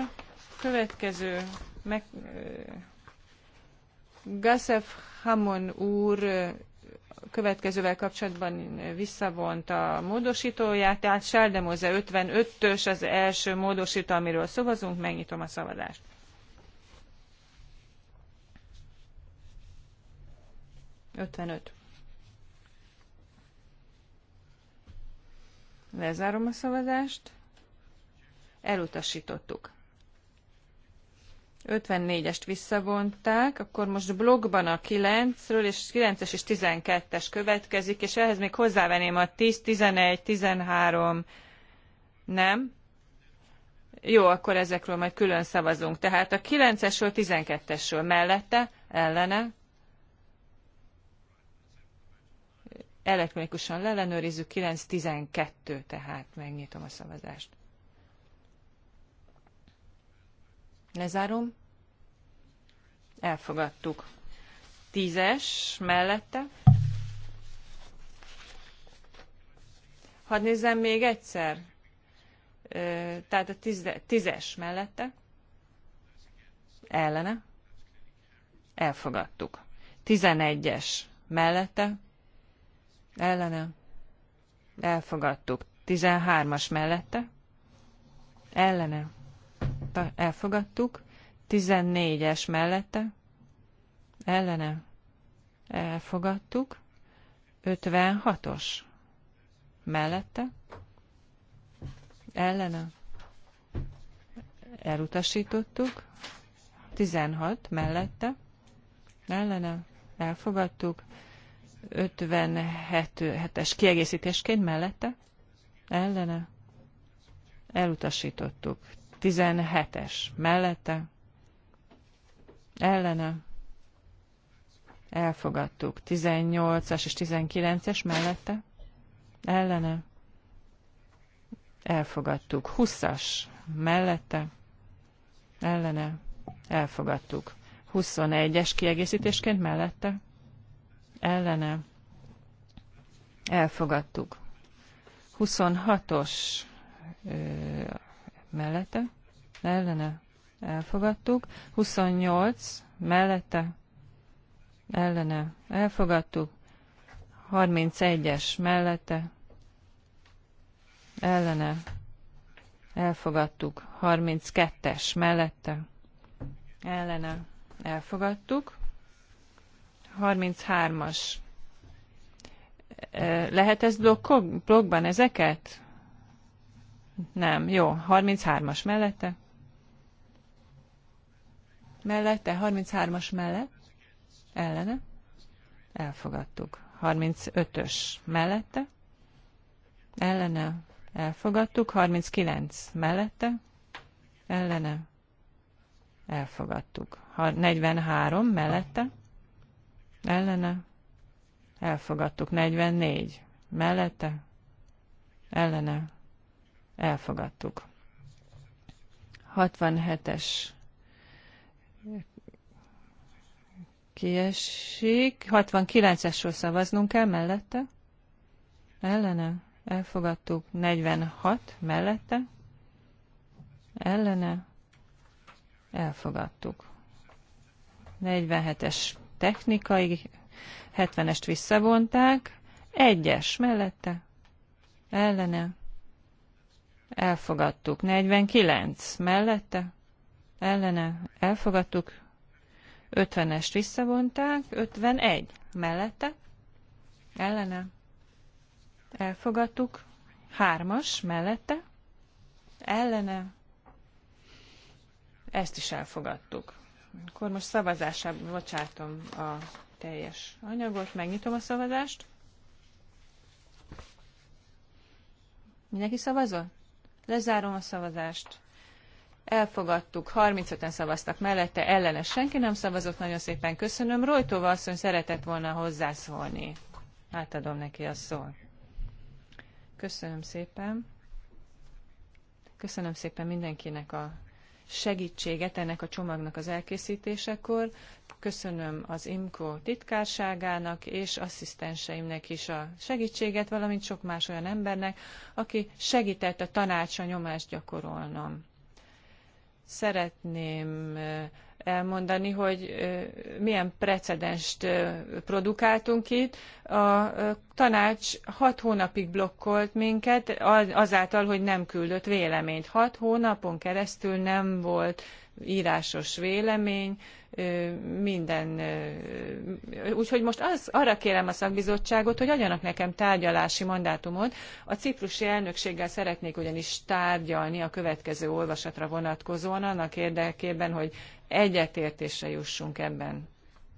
következő meg, Gassef Hamon úr következővel kapcsolatban visszavonta a módosítóját, tehát Sáldemoze 55-ös az első módosító, amiről szavazunk, megnyitom a szavazást. Ötvenöt. Lezárom a szavazást. Elutasítottuk. 54-est visszavonták, akkor most blogban a 9-ről, és 9-es és 12-es következik, és ehhez még hozzávenném a 10, 11, 13, nem? Jó, akkor ezekről majd külön szavazunk. Tehát a 9-esről, 12-esről mellette, ellene, elektronikusan leellenőrizzük, 9-12, tehát megnyitom a szavazást. Lezárom. Elfogadtuk. Tízes mellette. Hadd nézzem még egyszer. Tehát a tízde, tízes mellette. Ellene. Elfogadtuk. Tizenegyes mellette. Ellene. Elfogadtuk. Tizenhármas mellette. Ellene tarta, elfogadtuk. 14-es mellette, ellene, elfogadtuk. 56-os mellette, ellene, elutasítottuk. 16 mellette, ellene, elfogadtuk. 57-es kiegészítésként mellette, ellene, elutasítottuk. 17-es mellette, ellene, elfogadtuk. 18-as és 19-es mellette, ellene, elfogadtuk. 20-as mellette, ellene, elfogadtuk. 21-es kiegészítésként mellette, ellene, elfogadtuk. 26-os mellette, ellene elfogadtuk, 28 mellette, ellene elfogadtuk, 31-es mellette, ellene elfogadtuk, 32-es mellette, ellene elfogadtuk, 33-as. Lehet ez blokkok, blokkban ezeket? Nem, jó, 33-as mellette. Mellette, 33-as mellett. Ellene. Elfogadtuk. 35-ös mellette. Ellene. Elfogadtuk. 39 mellette. Ellene. Elfogadtuk. 43 mellette. Ellene. Elfogadtuk. 44 mellette. Ellene elfogadtuk. 67-es kiesik. 69-esről szavaznunk kell mellette. Ellene. Elfogadtuk. 46 mellette. Ellene. Elfogadtuk. 47-es technikai. 70-est visszavonták. Egyes mellette. Ellene elfogadtuk. 49 mellette, ellene, elfogadtuk. 50-est visszavonták, 51 mellette, ellene, elfogadtuk. 3-as mellette, ellene, ezt is elfogadtuk. Akkor most szavazásában bocsátom a teljes anyagot, megnyitom a szavazást. Mindenki szavazott? Lezárom a szavazást. Elfogadtuk, 35-en szavaztak mellette, ellene senki nem szavazott, nagyon szépen köszönöm. Rojtova asszony szeretett volna hozzászólni. Átadom neki a szót. Köszönöm szépen. Köszönöm szépen mindenkinek a segítséget ennek a csomagnak az elkészítésekor. Köszönöm az IMCO titkárságának és asszisztenseimnek is a segítséget, valamint sok más olyan embernek, aki segített a tanácsa nyomást gyakorolnom. Szeretném elmondani, hogy milyen precedenst produkáltunk itt. A tanács hat hónapig blokkolt minket azáltal, hogy nem küldött véleményt. Hat hónapon keresztül nem volt írásos vélemény, minden. Úgyhogy most az, arra kérem a szakbizottságot, hogy adjanak nekem tárgyalási mandátumot. A ciprusi elnökséggel szeretnék ugyanis tárgyalni a következő olvasatra vonatkozóan, annak érdekében, hogy egyetértésre jussunk ebben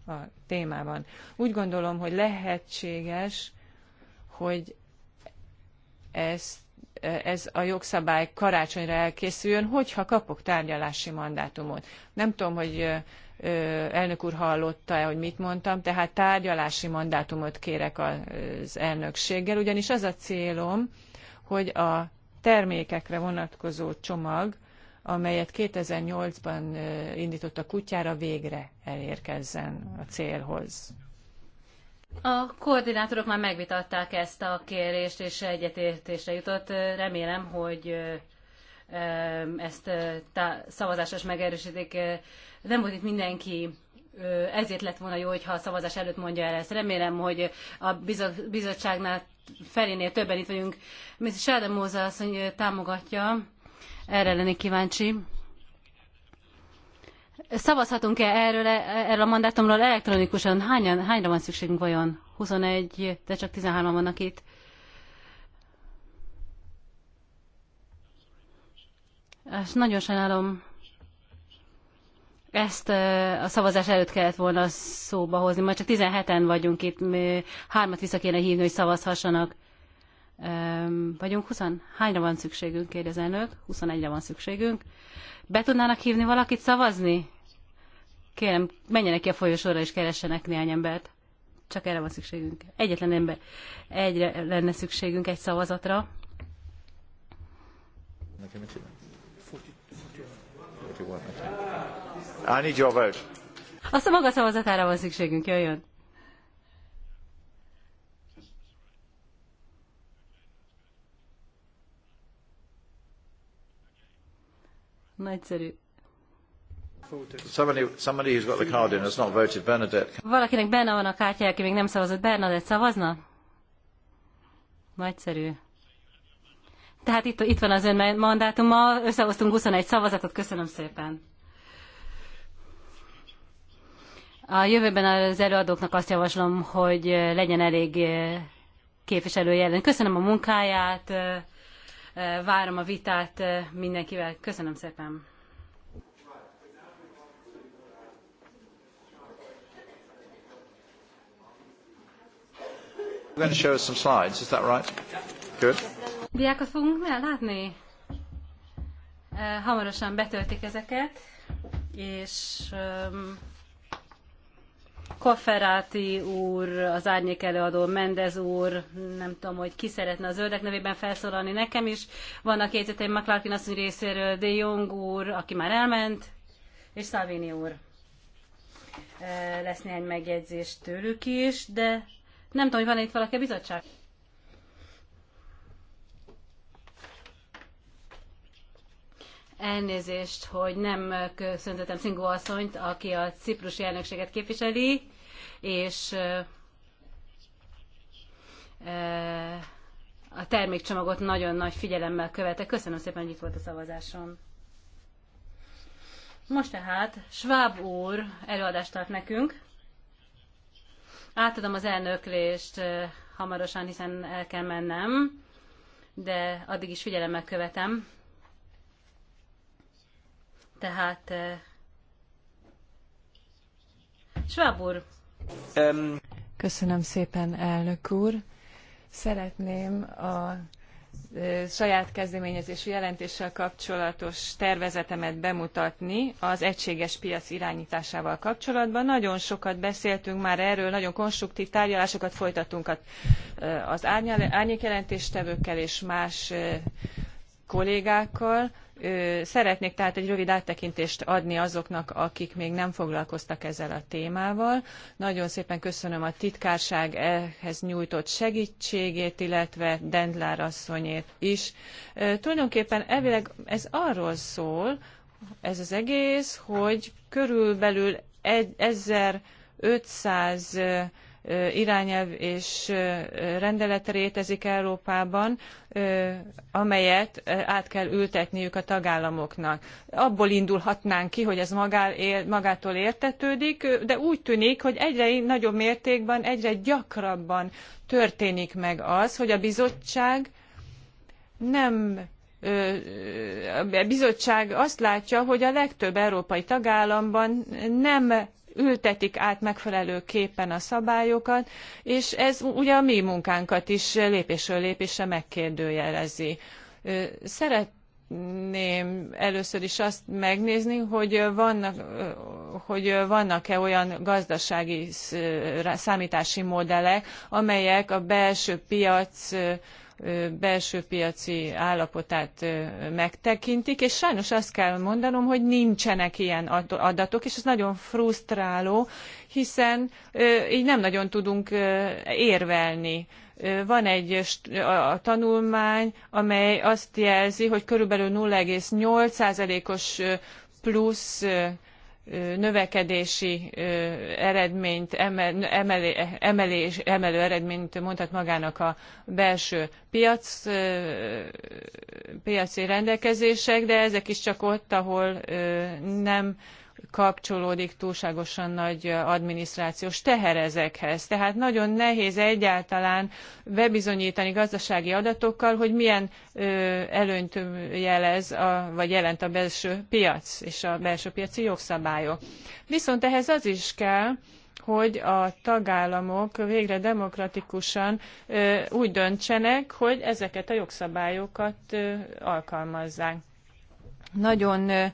a témában. Úgy gondolom, hogy lehetséges, hogy ez ez a jogszabály karácsonyra elkészüljön, hogyha kapok tárgyalási mandátumot. Nem tudom, hogy elnök úr hallotta-e, hogy mit mondtam, tehát tárgyalási mandátumot kérek az elnökséggel, ugyanis az a célom, hogy a termékekre vonatkozó csomag, amelyet 2008-ban indított a kutyára, végre elérkezzen a célhoz. A koordinátorok már megvitatták ezt a kérést, és egyetértésre jutott. Remélem, hogy ezt szavazásos megerősítik. Nem volt itt mindenki, ezért lett volna jó, hogyha a szavazás előtt mondja el ezt. Remélem, hogy a bizottságnál felénél többen itt vagyunk. Mrs. Sádemóza azt, hogy támogatja. Erre lennék kíváncsi. Szavazhatunk-e erről, e, erről a mandátumról elektronikusan? Hányan, hányra van szükségünk vajon? 21, de csak 13-an vannak itt. Ezt nagyon sajnálom, ezt e, a szavazás előtt kellett volna szóba hozni. majd csak 17-en vagyunk itt, hármat vissza kéne hívni, hogy szavazhassanak. Vagyunk 20 Hányra van szükségünk, kérdez elnök? 21-re van szükségünk. Be tudnának hívni valakit szavazni? Kérem, menjenek ki a folyosóra és keressenek néhány embert. Csak erre van szükségünk. Egyetlen ember. Egyre lenne szükségünk egy szavazatra. Nekem mit I need your vote. Azt a maga szavazatára van szükségünk, jöjjön. Nagyszerű. Somebody, somebody who's got the card in has not voted. Bernadette. Valakinek benne van a kártya, aki még nem szavazott. Bernadette szavazna? Nagyszerű. Tehát itt, itt van az ön mandátuma, összehoztunk 21 szavazatot, köszönöm szépen. A jövőben az előadóknak azt javaslom, hogy legyen elég eh, képviselő jelen. Köszönöm a munkáját, eh, eh, várom a vitát mindenkivel. Köszönöm szépen. We're going to show us some slides, is that right? Good. Diákat fogunk látni? Uh, hamarosan betöltik ezeket, és um, Kofferáti úr, az árnyék előadó Mendez úr, nem tudom, hogy ki szeretne a zöldek nevében felszólalni nekem is. Vannak jegyzeteim McLarkin asszony részéről, De Jong úr, aki már elment, és Salvini úr. Lesz néhány megjegyzés tőlük is, de nem tudom, hogy van itt valaki a bizottság? Elnézést, hogy nem köszöntetem Szingó asszonyt, aki a ciprusi elnökséget képviseli, és a termékcsomagot nagyon nagy figyelemmel követek. Köszönöm szépen, hogy itt volt a szavazásom. Most tehát Schwab úr előadást tart nekünk. Átadom az elnöklést hamarosan, hiszen el kell mennem, de addig is figyelemmel követem. Tehát Schwab úr. Köszönöm szépen, elnök úr. Szeretném a saját kezdeményezésű jelentéssel kapcsolatos tervezetemet bemutatni az egységes piac irányításával kapcsolatban. Nagyon sokat beszéltünk már erről, nagyon konstruktív tárgyalásokat folytattunk az árnyékjelentéstevőkkel és más kollégákkal. Szeretnék tehát egy rövid áttekintést adni azoknak, akik még nem foglalkoztak ezzel a témával. Nagyon szépen köszönöm a titkárság ehhez nyújtott segítségét, illetve Dendlár asszonyét is. Tulajdonképpen elvileg ez arról szól, ez az egész, hogy körülbelül 1500 irányelv és rendelet létezik Európában, amelyet át kell ültetniük a tagállamoknak. Abból indulhatnánk ki, hogy ez magától értetődik, de úgy tűnik, hogy egyre nagyobb mértékben, egyre gyakrabban történik meg az, hogy a bizottság nem a bizottság azt látja, hogy a legtöbb európai tagállamban nem ültetik át megfelelőképpen a szabályokat, és ez ugye a mi munkánkat is lépésről lépésre megkérdőjelezi. szeretném először is azt megnézni, hogy vannak, hogy vannak-e olyan gazdasági számítási modellek, amelyek a belső piac belső piaci állapotát megtekintik, és sajnos azt kell mondanom, hogy nincsenek ilyen adatok, és ez nagyon frusztráló, hiszen így nem nagyon tudunk érvelni van egy a tanulmány, amely azt jelzi, hogy körülbelül 0,8%-os plusz növekedési eredményt, emel, emelés, emelő eredményt mondhat magának a belső piac, piaci rendelkezések, de ezek is csak ott, ahol nem kapcsolódik túlságosan nagy adminisztrációs teher ezekhez. Tehát nagyon nehéz egyáltalán bebizonyítani gazdasági adatokkal, hogy milyen előnyt jelez, a, vagy jelent a belső piac és a belső piaci jogszabályok. Viszont ehhez az is kell, hogy a tagállamok végre demokratikusan úgy döntsenek, hogy ezeket a jogszabályokat alkalmazzák nagyon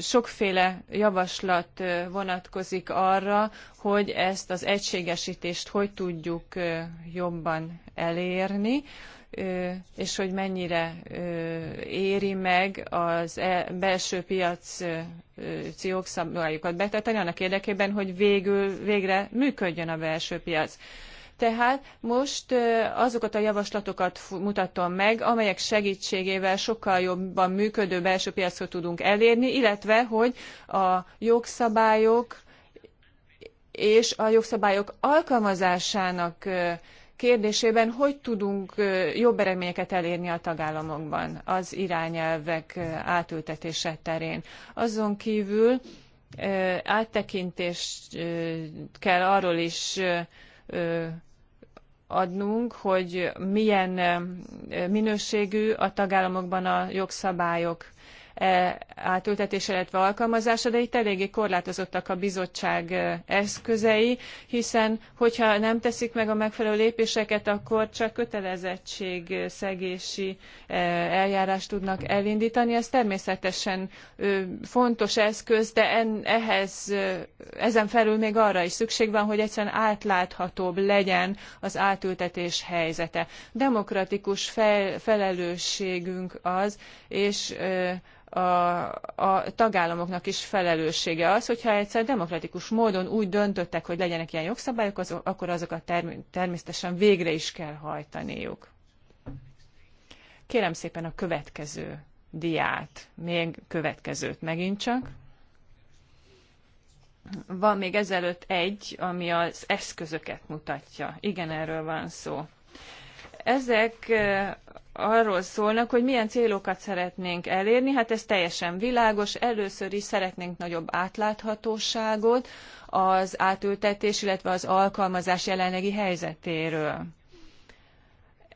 sokféle javaslat vonatkozik arra, hogy ezt az egységesítést hogy tudjuk jobban elérni, és hogy mennyire éri meg az e, belső piaci jogszabályokat betartani annak érdekében, hogy végül végre működjön a belső piac tehát most azokat a javaslatokat mutatom meg, amelyek segítségével sokkal jobban működő belső piacot tudunk elérni, illetve hogy a jogszabályok és a jogszabályok alkalmazásának kérdésében hogy tudunk jobb eredményeket elérni a tagállamokban az irányelvek átültetése terén. Azon kívül áttekintést kell arról is adnunk, hogy milyen eh, minőségű a tagállamokban a jogszabályok E, átültetése, illetve alkalmazása, de itt eléggé korlátozottak a bizottság e, eszközei, hiszen hogyha nem teszik meg a megfelelő lépéseket, akkor csak kötelezettségszegési e, eljárást tudnak elindítani. Ez természetesen fontos eszköz, de en, ehhez, ezen felül még arra is szükség van, hogy egyszerűen átláthatóbb legyen az átültetés helyzete. Demokratikus fel, felelősségünk az, és a, a tagállamoknak is felelőssége az, hogyha egyszer demokratikus módon úgy döntöttek, hogy legyenek ilyen jogszabályok, azok, akkor azokat term- természetesen végre is kell hajtaniuk. Kérem szépen a következő diát, még következőt megint csak. Van még ezelőtt egy, ami az eszközöket mutatja. Igen, erről van szó. Ezek arról szólnak, hogy milyen célokat szeretnénk elérni. Hát ez teljesen világos. Először is szeretnénk nagyobb átláthatóságot az átültetés, illetve az alkalmazás jelenlegi helyzetéről.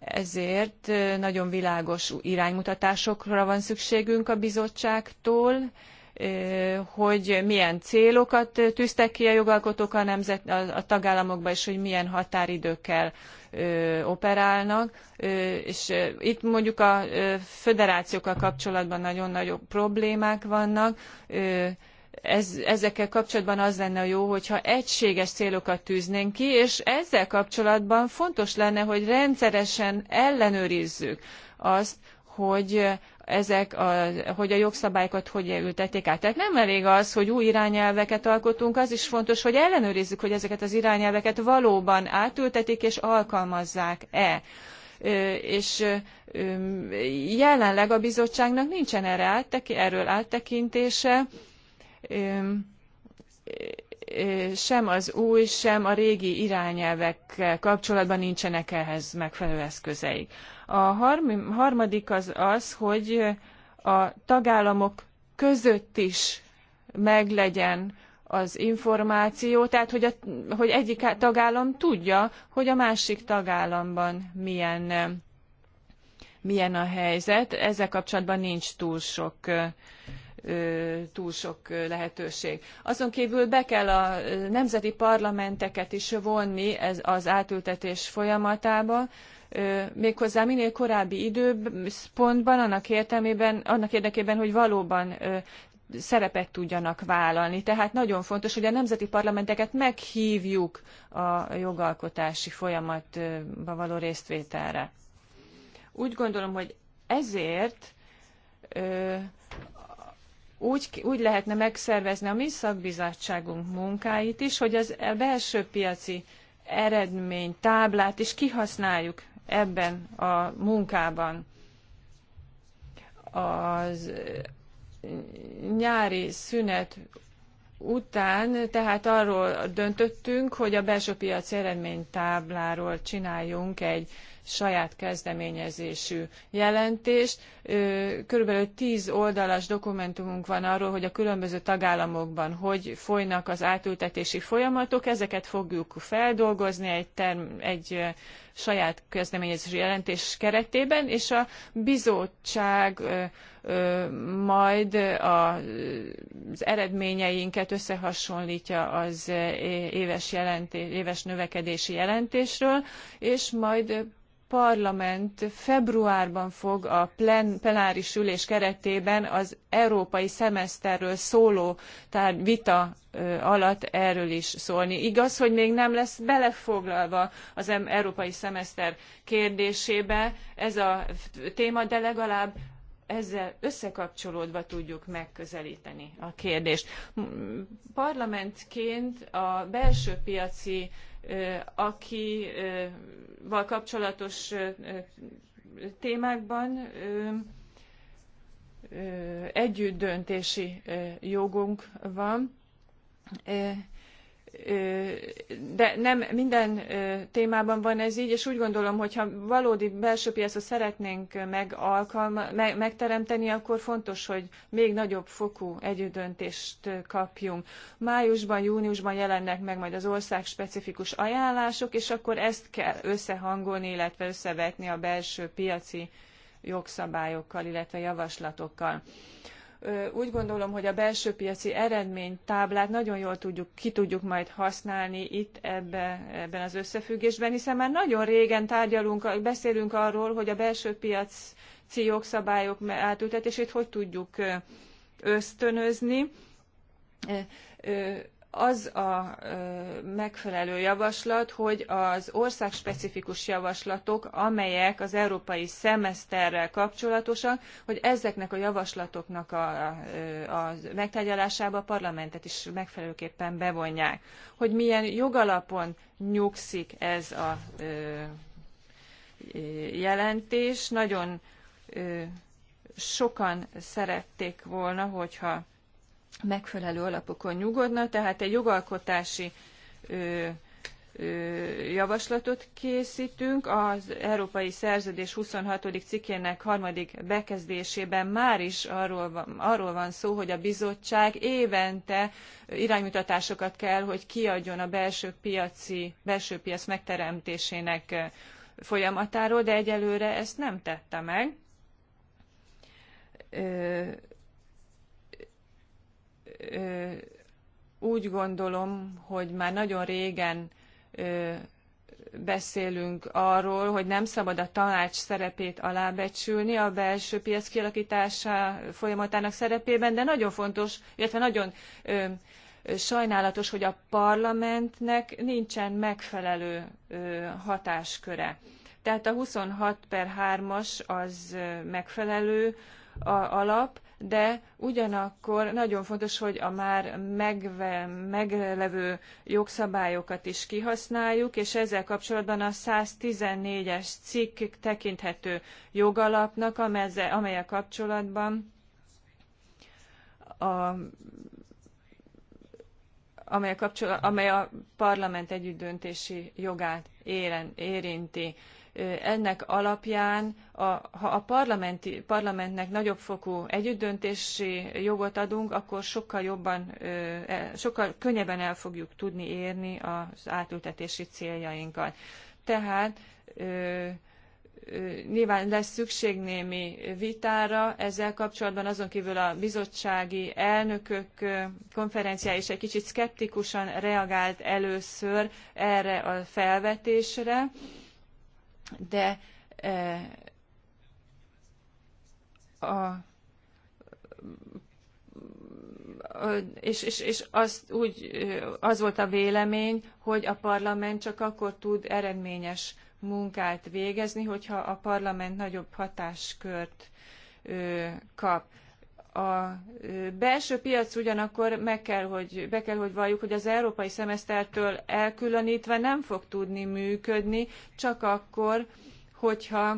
Ezért nagyon világos iránymutatásokra van szükségünk a bizottságtól, hogy milyen célokat tűztek ki a jogalkotók a, nemzet, a, tagállamokba, és hogy milyen határidőkkel operálnak. és itt mondjuk a föderációkkal kapcsolatban nagyon nagy problémák vannak. Ez, ezekkel kapcsolatban az lenne jó, hogyha egységes célokat tűznénk ki, és ezzel kapcsolatban fontos lenne, hogy rendszeresen ellenőrizzük azt, hogy ezek a, hogy a jogszabályokat hogy ültették át. Tehát nem elég az, hogy új irányelveket alkotunk, az is fontos, hogy ellenőrizzük, hogy ezeket az irányelveket valóban átültetik és alkalmazzák-e és jelenleg a bizottságnak nincsen erre áttek, erről áttekintése, sem az új, sem a régi irányelvek kapcsolatban nincsenek ehhez megfelelő eszközeik. A harmadik az az, hogy a tagállamok között is meglegyen az információ, tehát hogy, a, hogy egyik tagállam tudja, hogy a másik tagállamban milyen, milyen a helyzet. Ezzel kapcsolatban nincs túl sok túl sok lehetőség. Azon kívül be kell a nemzeti parlamenteket is vonni ez, az átültetés folyamatába, méghozzá minél korábbi időpontban, annak, értelmében, annak érdekében, hogy valóban szerepet tudjanak vállalni. Tehát nagyon fontos, hogy a nemzeti parlamenteket meghívjuk a jogalkotási folyamatba való résztvételre. Úgy gondolom, hogy ezért úgy, úgy lehetne megszervezni a mi szakbizottságunk munkáit is, hogy az belső piaci eredmény táblát is kihasználjuk ebben a munkában. Az nyári szünet után tehát arról döntöttünk, hogy a belső piac eredménytábláról csináljunk egy saját kezdeményezésű jelentést. Körülbelül tíz oldalas dokumentumunk van arról, hogy a különböző tagállamokban hogy folynak az átültetési folyamatok, ezeket fogjuk feldolgozni egy, term- egy saját kezdeményezési jelentés keretében, és a bizottság majd az eredményeinket összehasonlítja az éves, jelentés, éves növekedési jelentésről, és majd Parlament februárban fog a plen, plenáris ülés keretében az európai szemeszterről szóló tehát vita alatt erről is szólni. Igaz, hogy még nem lesz belefoglalva az európai szemeszter kérdésébe ez a téma, de legalább ezzel összekapcsolódva tudjuk megközelíteni a kérdést. Parlamentként a belső piaci akival kapcsolatos témákban együttdöntési jogunk van de nem minden témában van ez így, és úgy gondolom, hogy ha valódi belső piacot szeretnénk megalkalma, me, megteremteni, akkor fontos, hogy még nagyobb fokú együttdöntést kapjunk. Májusban, júniusban jelennek meg majd az ország specifikus ajánlások, és akkor ezt kell összehangolni, illetve összevetni a belső piaci jogszabályokkal, illetve javaslatokkal úgy gondolom, hogy a belső piaci eredménytáblát nagyon jól tudjuk, ki tudjuk majd használni itt ebbe, ebben az összefüggésben, hiszen már nagyon régen tárgyalunk, beszélünk arról, hogy a belső piaci jogszabályok átültetését hogy tudjuk ösztönözni az a megfelelő javaslat, hogy az országspecifikus javaslatok, amelyek az európai szemeszterrel kapcsolatosak, hogy ezeknek a javaslatoknak a, a megtárgyalásába a parlamentet is megfelelőképpen bevonják. Hogy milyen jogalapon nyugszik ez a jelentés, nagyon sokan szerették volna, hogyha megfelelő alapokon nyugodna, tehát egy jogalkotási ö, ö, javaslatot készítünk. Az Európai Szerződés 26. cikkének harmadik bekezdésében már is arról van, arról van szó, hogy a bizottság évente iránymutatásokat kell, hogy kiadjon a belső, piaci, belső piac megteremtésének folyamatáról, de egyelőre ezt nem tette meg. Ö, úgy gondolom, hogy már nagyon régen beszélünk arról, hogy nem szabad a tanács szerepét alábecsülni a belső piac kialakítása folyamatának szerepében, de nagyon fontos, illetve nagyon ö, sajnálatos, hogy a parlamentnek nincsen megfelelő ö, hatásköre. Tehát a 26 per 3-as az megfelelő a, alap, de ugyanakkor nagyon fontos, hogy a már megve, meglevő jogszabályokat is kihasználjuk, és ezzel kapcsolatban a 114-es cikk tekinthető jogalapnak, amelyel kapcsolatban a amely, kapcsol, amely a parlament együttdöntési jogát éren, érinti ennek alapján, a, ha a parlamenti, parlamentnek nagyobb fokú együttdöntési jogot adunk, akkor sokkal jobban, e, sokkal könnyebben el fogjuk tudni érni az átültetési céljainkat. Tehát nyilván lesz szükség némi vitára ezzel kapcsolatban, azon kívül a bizottsági elnökök konferenciája is egy kicsit szkeptikusan reagált először erre a felvetésre de a és, és, és azt úgy, az volt a vélemény, hogy a parlament csak akkor tud eredményes munkát végezni, hogyha a parlament nagyobb hatáskört kap a belső piac ugyanakkor meg kell, hogy, be kell, hogy valljuk, hogy az európai szemesztertől elkülönítve nem fog tudni működni, csak akkor, hogyha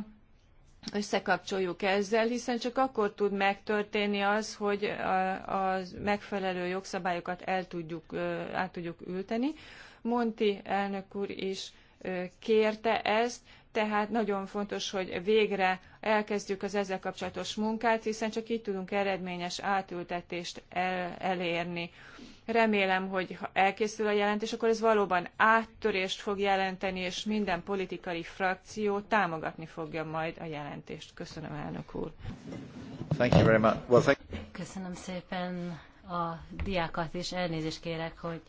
összekapcsoljuk ezzel, hiszen csak akkor tud megtörténni az, hogy a, a megfelelő jogszabályokat el tudjuk, át tudjuk ülteni. Monti elnök úr is kérte ezt, tehát nagyon fontos, hogy végre elkezdjük az ezzel kapcsolatos munkát, hiszen csak így tudunk eredményes átültetést el, elérni. Remélem, hogy ha elkészül a jelentés, akkor ez valóban áttörést fog jelenteni, és minden politikai frakció támogatni fogja majd a jelentést. Köszönöm, elnök úr. Thank you very much. Well, thank... Köszönöm szépen a diákat, és elnézést kérek, hogy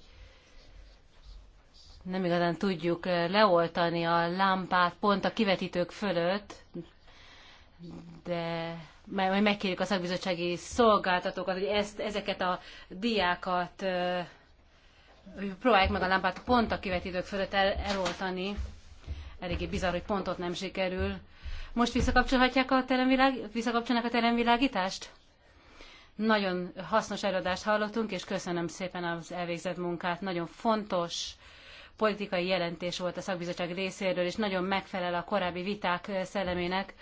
nem igazán tudjuk eh, leoltani a lámpát pont a kivetítők fölött, de majd megkérjük a szakbizottsági szolgáltatókat, hogy ezt, ezeket a diákat eh, próbálják meg a lámpát pont a kivetítők fölött el, eloltani. Eléggé bizarr, hogy pont ott nem sikerül. Most visszakapcsolhatják a teremvilág, visszakapcsolnak a teremvilágítást? Nagyon hasznos előadást hallottunk, és köszönöm szépen az elvégzett munkát. Nagyon fontos politikai jelentés volt a szakbizottság részéről, és nagyon megfelel a korábbi viták szellemének.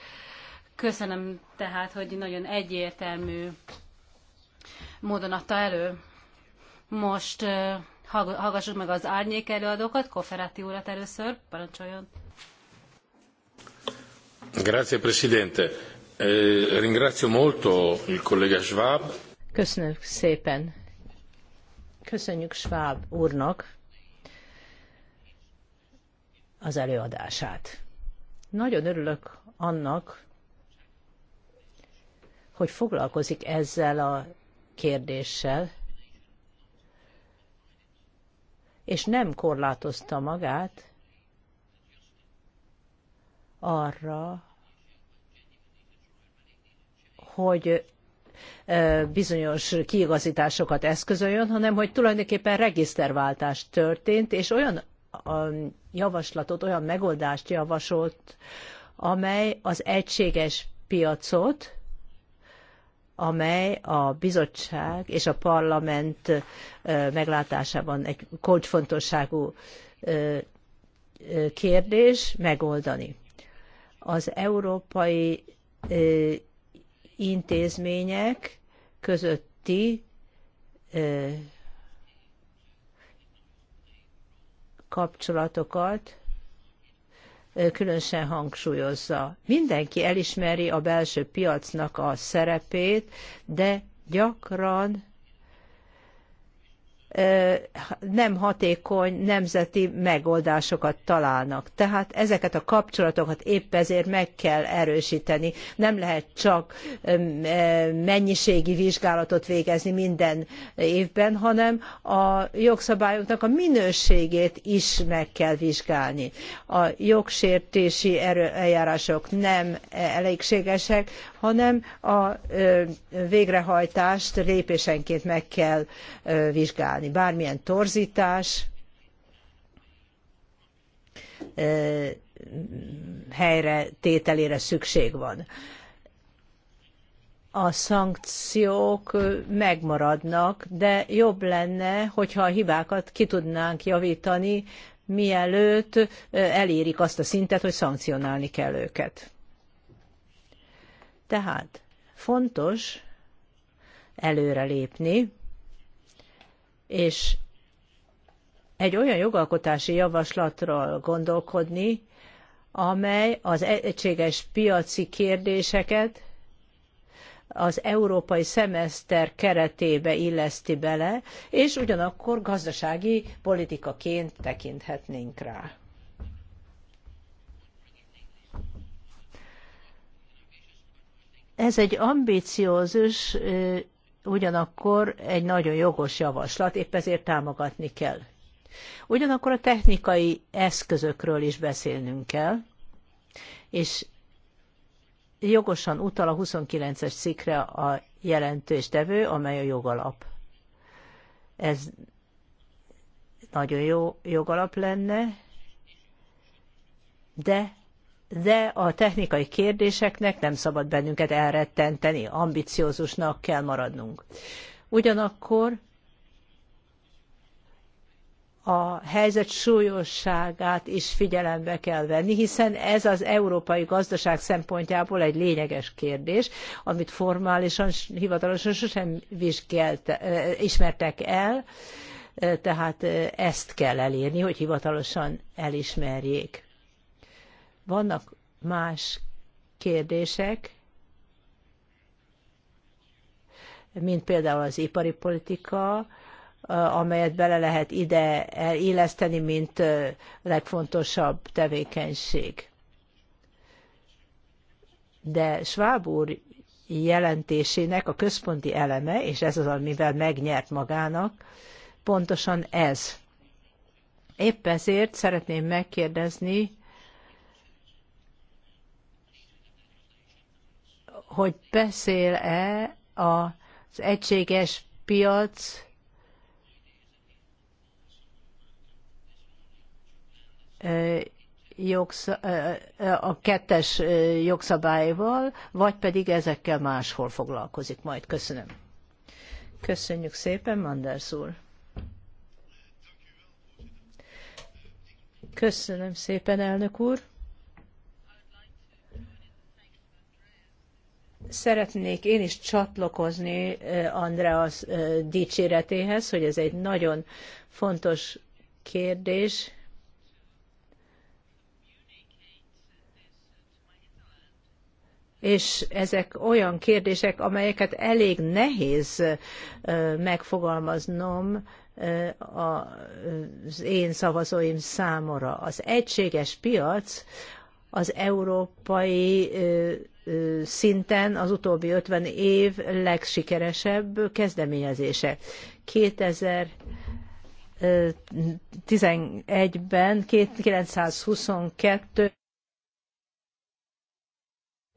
Köszönöm tehát, hogy nagyon egyértelmű módon adta elő. Most hallgassuk meg az árnyék előadókat, Koferáti úrat először, parancsoljon. Grazie Presidente. Eh, ringrazio molto il collega Schwab. Köszönjük szépen. Köszönjük Schwab úrnak az előadását. Nagyon örülök annak, hogy foglalkozik ezzel a kérdéssel, és nem korlátozta magát arra, hogy bizonyos kiigazításokat eszközöljön, hanem hogy tulajdonképpen regiszterváltás történt, és olyan javaslatot, olyan megoldást javasolt, amely az egységes piacot, amely a bizottság és a parlament meglátásában egy kulcsfontosságú kérdés megoldani. Az európai intézmények közötti kapcsolatokat különösen hangsúlyozza. Mindenki elismeri a belső piacnak a szerepét, de gyakran nem hatékony nemzeti megoldásokat találnak. Tehát ezeket a kapcsolatokat épp ezért meg kell erősíteni. Nem lehet csak mennyiségi vizsgálatot végezni minden évben, hanem a jogszabályoknak a minőségét is meg kell vizsgálni. A jogsértési eljárások nem elégségesek, hanem a végrehajtást lépésenként meg kell vizsgálni garantálni. Bármilyen torzítás helyre tételére szükség van. A szankciók megmaradnak, de jobb lenne, hogyha a hibákat ki tudnánk javítani, mielőtt elérik azt a szintet, hogy szankcionálni kell őket. Tehát fontos előrelépni, és egy olyan jogalkotási javaslatról gondolkodni, amely az egységes piaci kérdéseket az európai szemeszter keretébe illeszti bele, és ugyanakkor gazdasági politikaként tekinthetnénk rá. Ez egy ambíciózus ugyanakkor egy nagyon jogos javaslat, épp ezért támogatni kell. Ugyanakkor a technikai eszközökről is beszélnünk kell, és jogosan utal a 29-es szikre a jelentéstevő, amely a jogalap. Ez nagyon jó jogalap lenne, de de a technikai kérdéseknek nem szabad bennünket elrettenteni, ambiciózusnak kell maradnunk. Ugyanakkor a helyzet súlyosságát is figyelembe kell venni, hiszen ez az európai gazdaság szempontjából egy lényeges kérdés, amit formálisan, hivatalosan sosem vizsgált, eh, ismertek el, eh, tehát eh, ezt kell elérni, hogy hivatalosan elismerjék. Vannak más kérdések, mint például az ipari politika, amelyet bele lehet ide illeszteni, mint legfontosabb tevékenység. De Schwab úr jelentésének a központi eleme, és ez az, amivel megnyert magának, pontosan ez. Épp ezért szeretném megkérdezni, hogy beszél-e az egységes piac a kettes jogszabályval, vagy pedig ezekkel máshol foglalkozik majd. Köszönöm. Köszönjük szépen, Manders úr. Köszönöm szépen, elnök úr. Szeretnék én is csatlakozni Andreas dicséretéhez, hogy ez egy nagyon fontos kérdés. És ezek olyan kérdések, amelyeket elég nehéz megfogalmaznom, az én szavazóim számára Az egységes piac az európai szinten az utóbbi 50 év legsikeresebb kezdeményezése. 2000 11-ben 922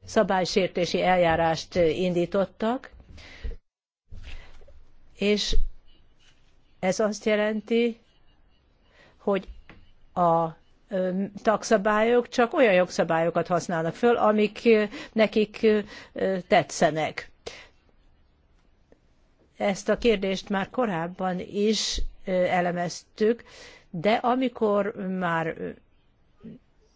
szabálysértési eljárást indítottak, és ez azt jelenti, hogy a tagszabályok csak olyan jogszabályokat használnak föl, amik nekik tetszenek. Ezt a kérdést már korábban is elemeztük, de amikor már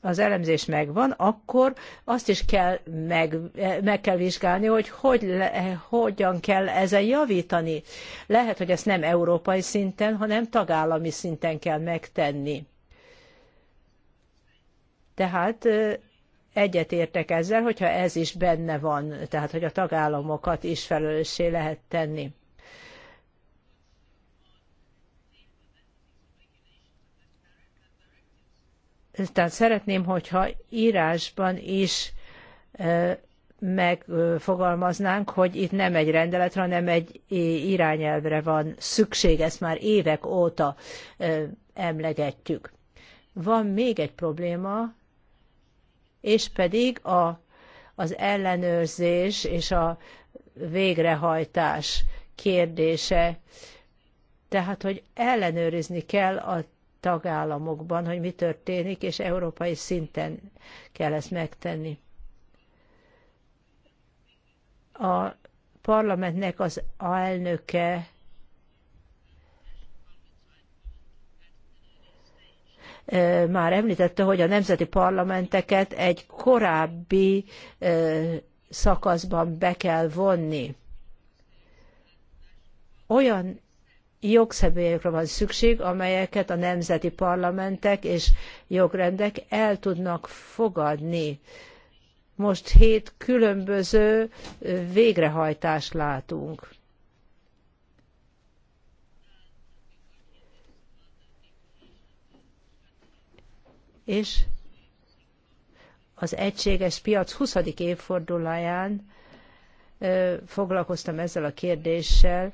az elemzés megvan, akkor azt is kell meg, meg kell vizsgálni, hogy, hogy le, hogyan kell ezen javítani. Lehet, hogy ezt nem európai szinten, hanem tagállami szinten kell megtenni tehát egyetértek ezzel, hogyha ez is benne van, tehát hogy a tagállamokat is felelőssé lehet tenni. Tehát szeretném, hogyha írásban is megfogalmaznánk, hogy itt nem egy rendeletre, hanem egy irányelvre van szükség, ezt már évek óta emlegetjük. Van még egy probléma, és pedig a, az ellenőrzés és a végrehajtás kérdése. Tehát, hogy ellenőrizni kell a tagállamokban, hogy mi történik, és európai szinten kell ezt megtenni. A parlamentnek az elnöke már említette, hogy a nemzeti parlamenteket egy korábbi szakaszban be kell vonni. Olyan jogszabályokra van szükség, amelyeket a nemzeti parlamentek és jogrendek el tudnak fogadni. Most hét különböző végrehajtást látunk. és az egységes piac 20. évfordulóján foglalkoztam ezzel a kérdéssel,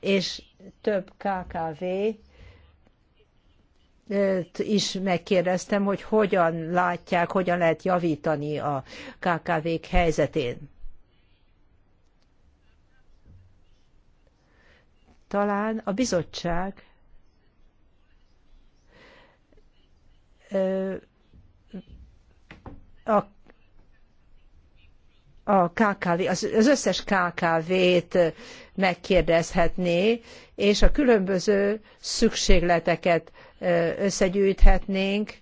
és több KKV is megkérdeztem, hogy hogyan látják, hogyan lehet javítani a KKV-k helyzetén. Talán a bizottság a a KKV, az összes KKV-t megkérdezhetné, és a különböző szükségleteket összegyűjthetnénk,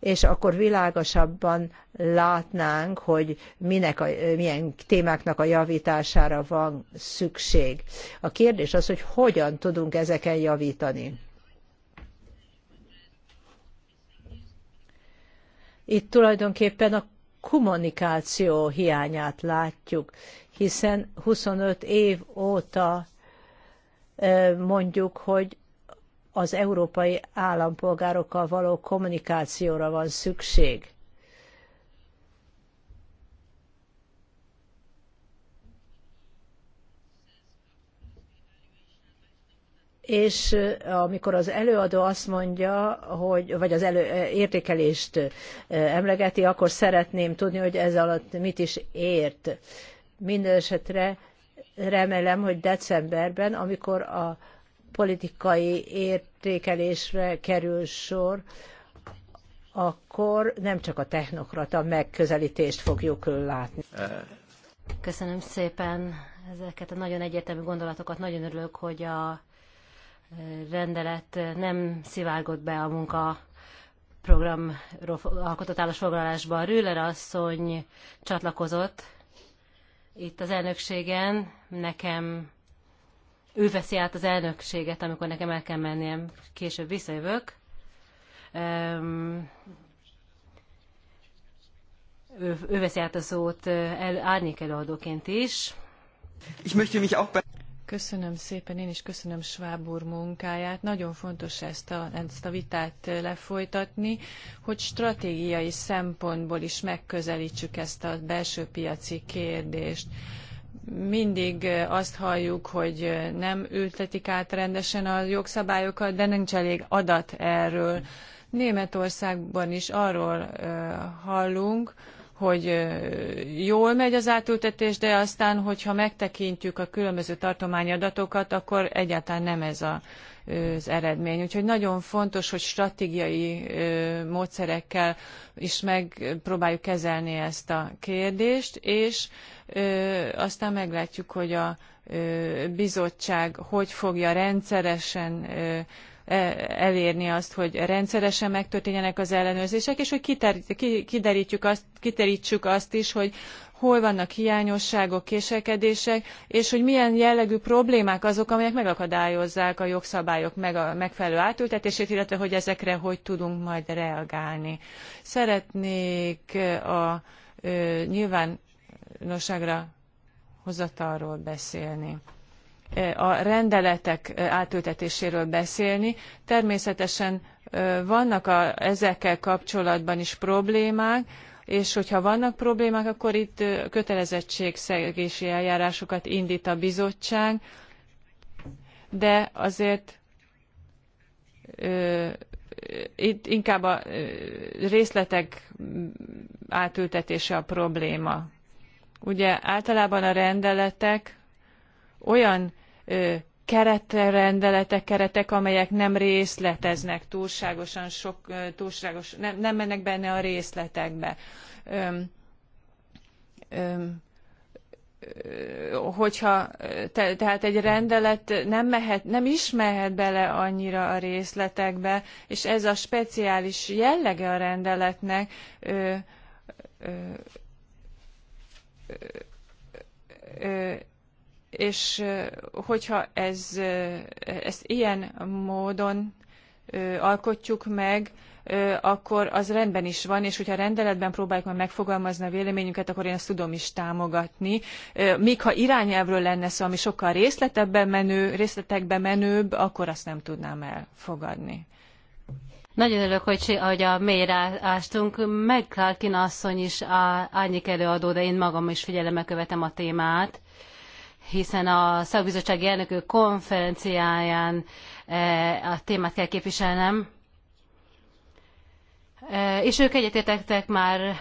és akkor világosabban látnánk, hogy minek a, milyen témáknak a javítására van szükség. A kérdés az, hogy hogyan tudunk ezeken javítani. Itt tulajdonképpen a kommunikáció hiányát látjuk, hiszen 25 év óta mondjuk, hogy az európai állampolgárokkal való kommunikációra van szükség. és amikor az előadó azt mondja, hogy, vagy az elő, értékelést emlegeti, akkor szeretném tudni, hogy ez alatt mit is ért. Mindenesetre remélem, hogy decemberben, amikor a politikai értékelésre kerül sor, akkor nem csak a technokrata megközelítést fogjuk látni. Köszönöm szépen ezeket a nagyon egyértelmű gondolatokat. Nagyon örülök, hogy a rendelet nem szivárgott be a munka program alkotott állásfoglalásban. Rüller asszony csatlakozott itt az elnökségen. Nekem ő veszi át az elnökséget, amikor nekem el kell mennem, később visszajövök. Um, ő, ő veszi át a szót el, árnyék előadóként is. Ich möchte mich auch bei Köszönöm szépen, én is köszönöm Schwab úr munkáját. Nagyon fontos ezt a, ezt a vitát lefolytatni, hogy stratégiai szempontból is megközelítsük ezt a belső piaci kérdést mindig azt halljuk, hogy nem ültetik át rendesen a jogszabályokat, de nincs elég adat erről. Németországban is arról hallunk, hogy jól megy az átültetés, de aztán, hogyha megtekintjük a különböző tartományi adatokat, akkor egyáltalán nem ez a, az eredmény. Úgyhogy nagyon fontos, hogy stratégiai módszerekkel is megpróbáljuk kezelni ezt a kérdést, és aztán meglátjuk, hogy a bizottság hogy fogja rendszeresen E, elérni azt, hogy rendszeresen megtörténjenek az ellenőrzések, és hogy kiderítjük azt, kiterítsük azt is, hogy hol vannak hiányosságok, késekedések, és hogy milyen jellegű problémák azok, amelyek megakadályozzák a jogszabályok meg a megfelelő átültetését, illetve hogy ezekre hogy tudunk majd reagálni. Szeretnék e, a e, nyilvánosságra hozatalról beszélni a rendeletek átültetéséről beszélni. Természetesen vannak a, ezekkel kapcsolatban is problémák, és hogyha vannak problémák, akkor itt kötelezettségszegési eljárásokat indít a bizottság, de azért ö, itt inkább a részletek átültetése a probléma. Ugye általában a rendeletek olyan keretrendeletek, keretek, amelyek nem részleteznek túlságosan sok, túlságos, nem, nem mennek benne a részletekbe. hogyha te, tehát egy rendelet nem, mehet, nem is mehet bele annyira a részletekbe, és ez a speciális jellege a rendeletnek ö, ö, ö, és hogyha ez, ezt ilyen módon alkotjuk meg, akkor az rendben is van, és hogyha rendeletben próbáljuk meg megfogalmazni a véleményünket, akkor én ezt tudom is támogatni. Míg ha irányelvről lenne szó, ami sokkal részletebben menő, részletekbe menőbb, akkor azt nem tudnám elfogadni. Nagyon örülök, hogy, hogy a mélyre ástunk. Meg Clarkin asszony is a árnyék előadó, de én magam is figyelemmel követem a témát hiszen a szakbizottsági elnökök konferenciáján e, a témát kell képviselnem. E, és ők egyetértettek már e,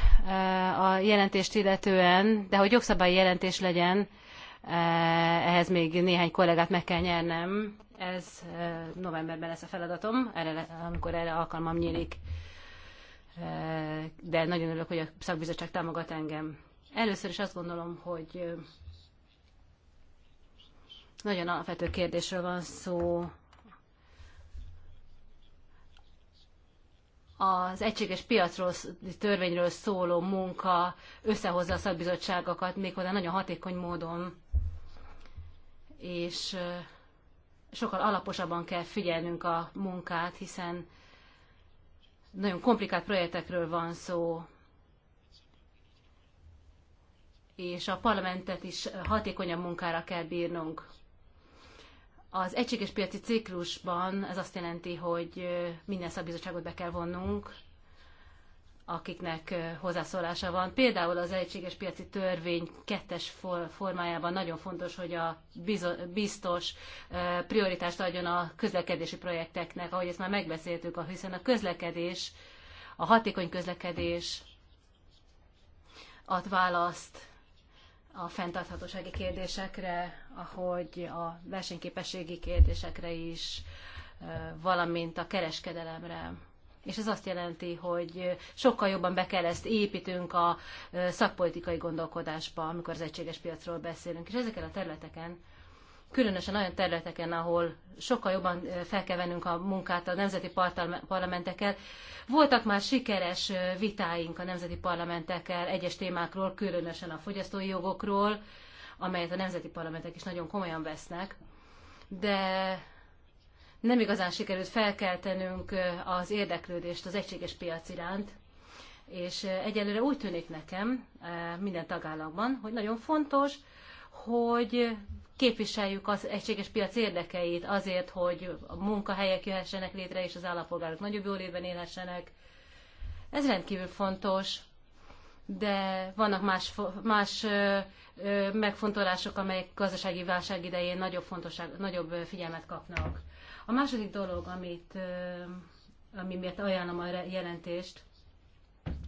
a jelentést illetően, de hogy jogszabályi jelentés legyen, ehhez még néhány kollégát meg kell nyernem. Ez novemberben lesz a feladatom, erre, amikor erre alkalmam nyílik. De nagyon örülök, hogy a szakbizottság támogat engem. Először is azt gondolom, hogy nagyon alapvető kérdésről van szó. Az egységes piacról, törvényről szóló munka összehozza a szakbizottságokat méghozzá nagyon hatékony módon, és sokkal alaposabban kell figyelnünk a munkát, hiszen nagyon komplikált projektekről van szó, és a parlamentet is hatékonyabb munkára kell bírnunk. Az egységes piaci ciklusban ez azt jelenti, hogy minden szakbizottságot be kell vonnunk, akiknek hozzászólása van. Például az egységes piaci törvény kettes formájában nagyon fontos, hogy a biztos prioritást adjon a közlekedési projekteknek, ahogy ezt már megbeszéltük, hiszen a közlekedés, a hatékony közlekedés ad választ a fenntarthatósági kérdésekre, ahogy a versenyképességi kérdésekre is, valamint a kereskedelemre. És ez azt jelenti, hogy sokkal jobban be kell ezt építünk a szakpolitikai gondolkodásba, amikor az egységes piacról beszélünk. És ezeken a területeken különösen olyan területeken, ahol sokkal jobban fel kell vennünk a munkát a nemzeti parlamentekkel. Voltak már sikeres vitáink a nemzeti parlamentekkel egyes témákról, különösen a fogyasztói jogokról, amelyet a nemzeti parlamentek is nagyon komolyan vesznek, de nem igazán sikerült felkeltenünk az érdeklődést az egységes piac iránt, és egyelőre úgy tűnik nekem minden tagállamban, hogy nagyon fontos, hogy képviseljük az egységes piac érdekeit azért, hogy a munkahelyek jöhessenek létre, és az állampolgárok nagyobb jólében élhessenek. Ez rendkívül fontos, de vannak más, más megfontolások, amelyek gazdasági válság idején nagyobb, fontosság, nagyobb figyelmet kapnak. A második dolog, amit, ami miatt ajánlom a jelentést,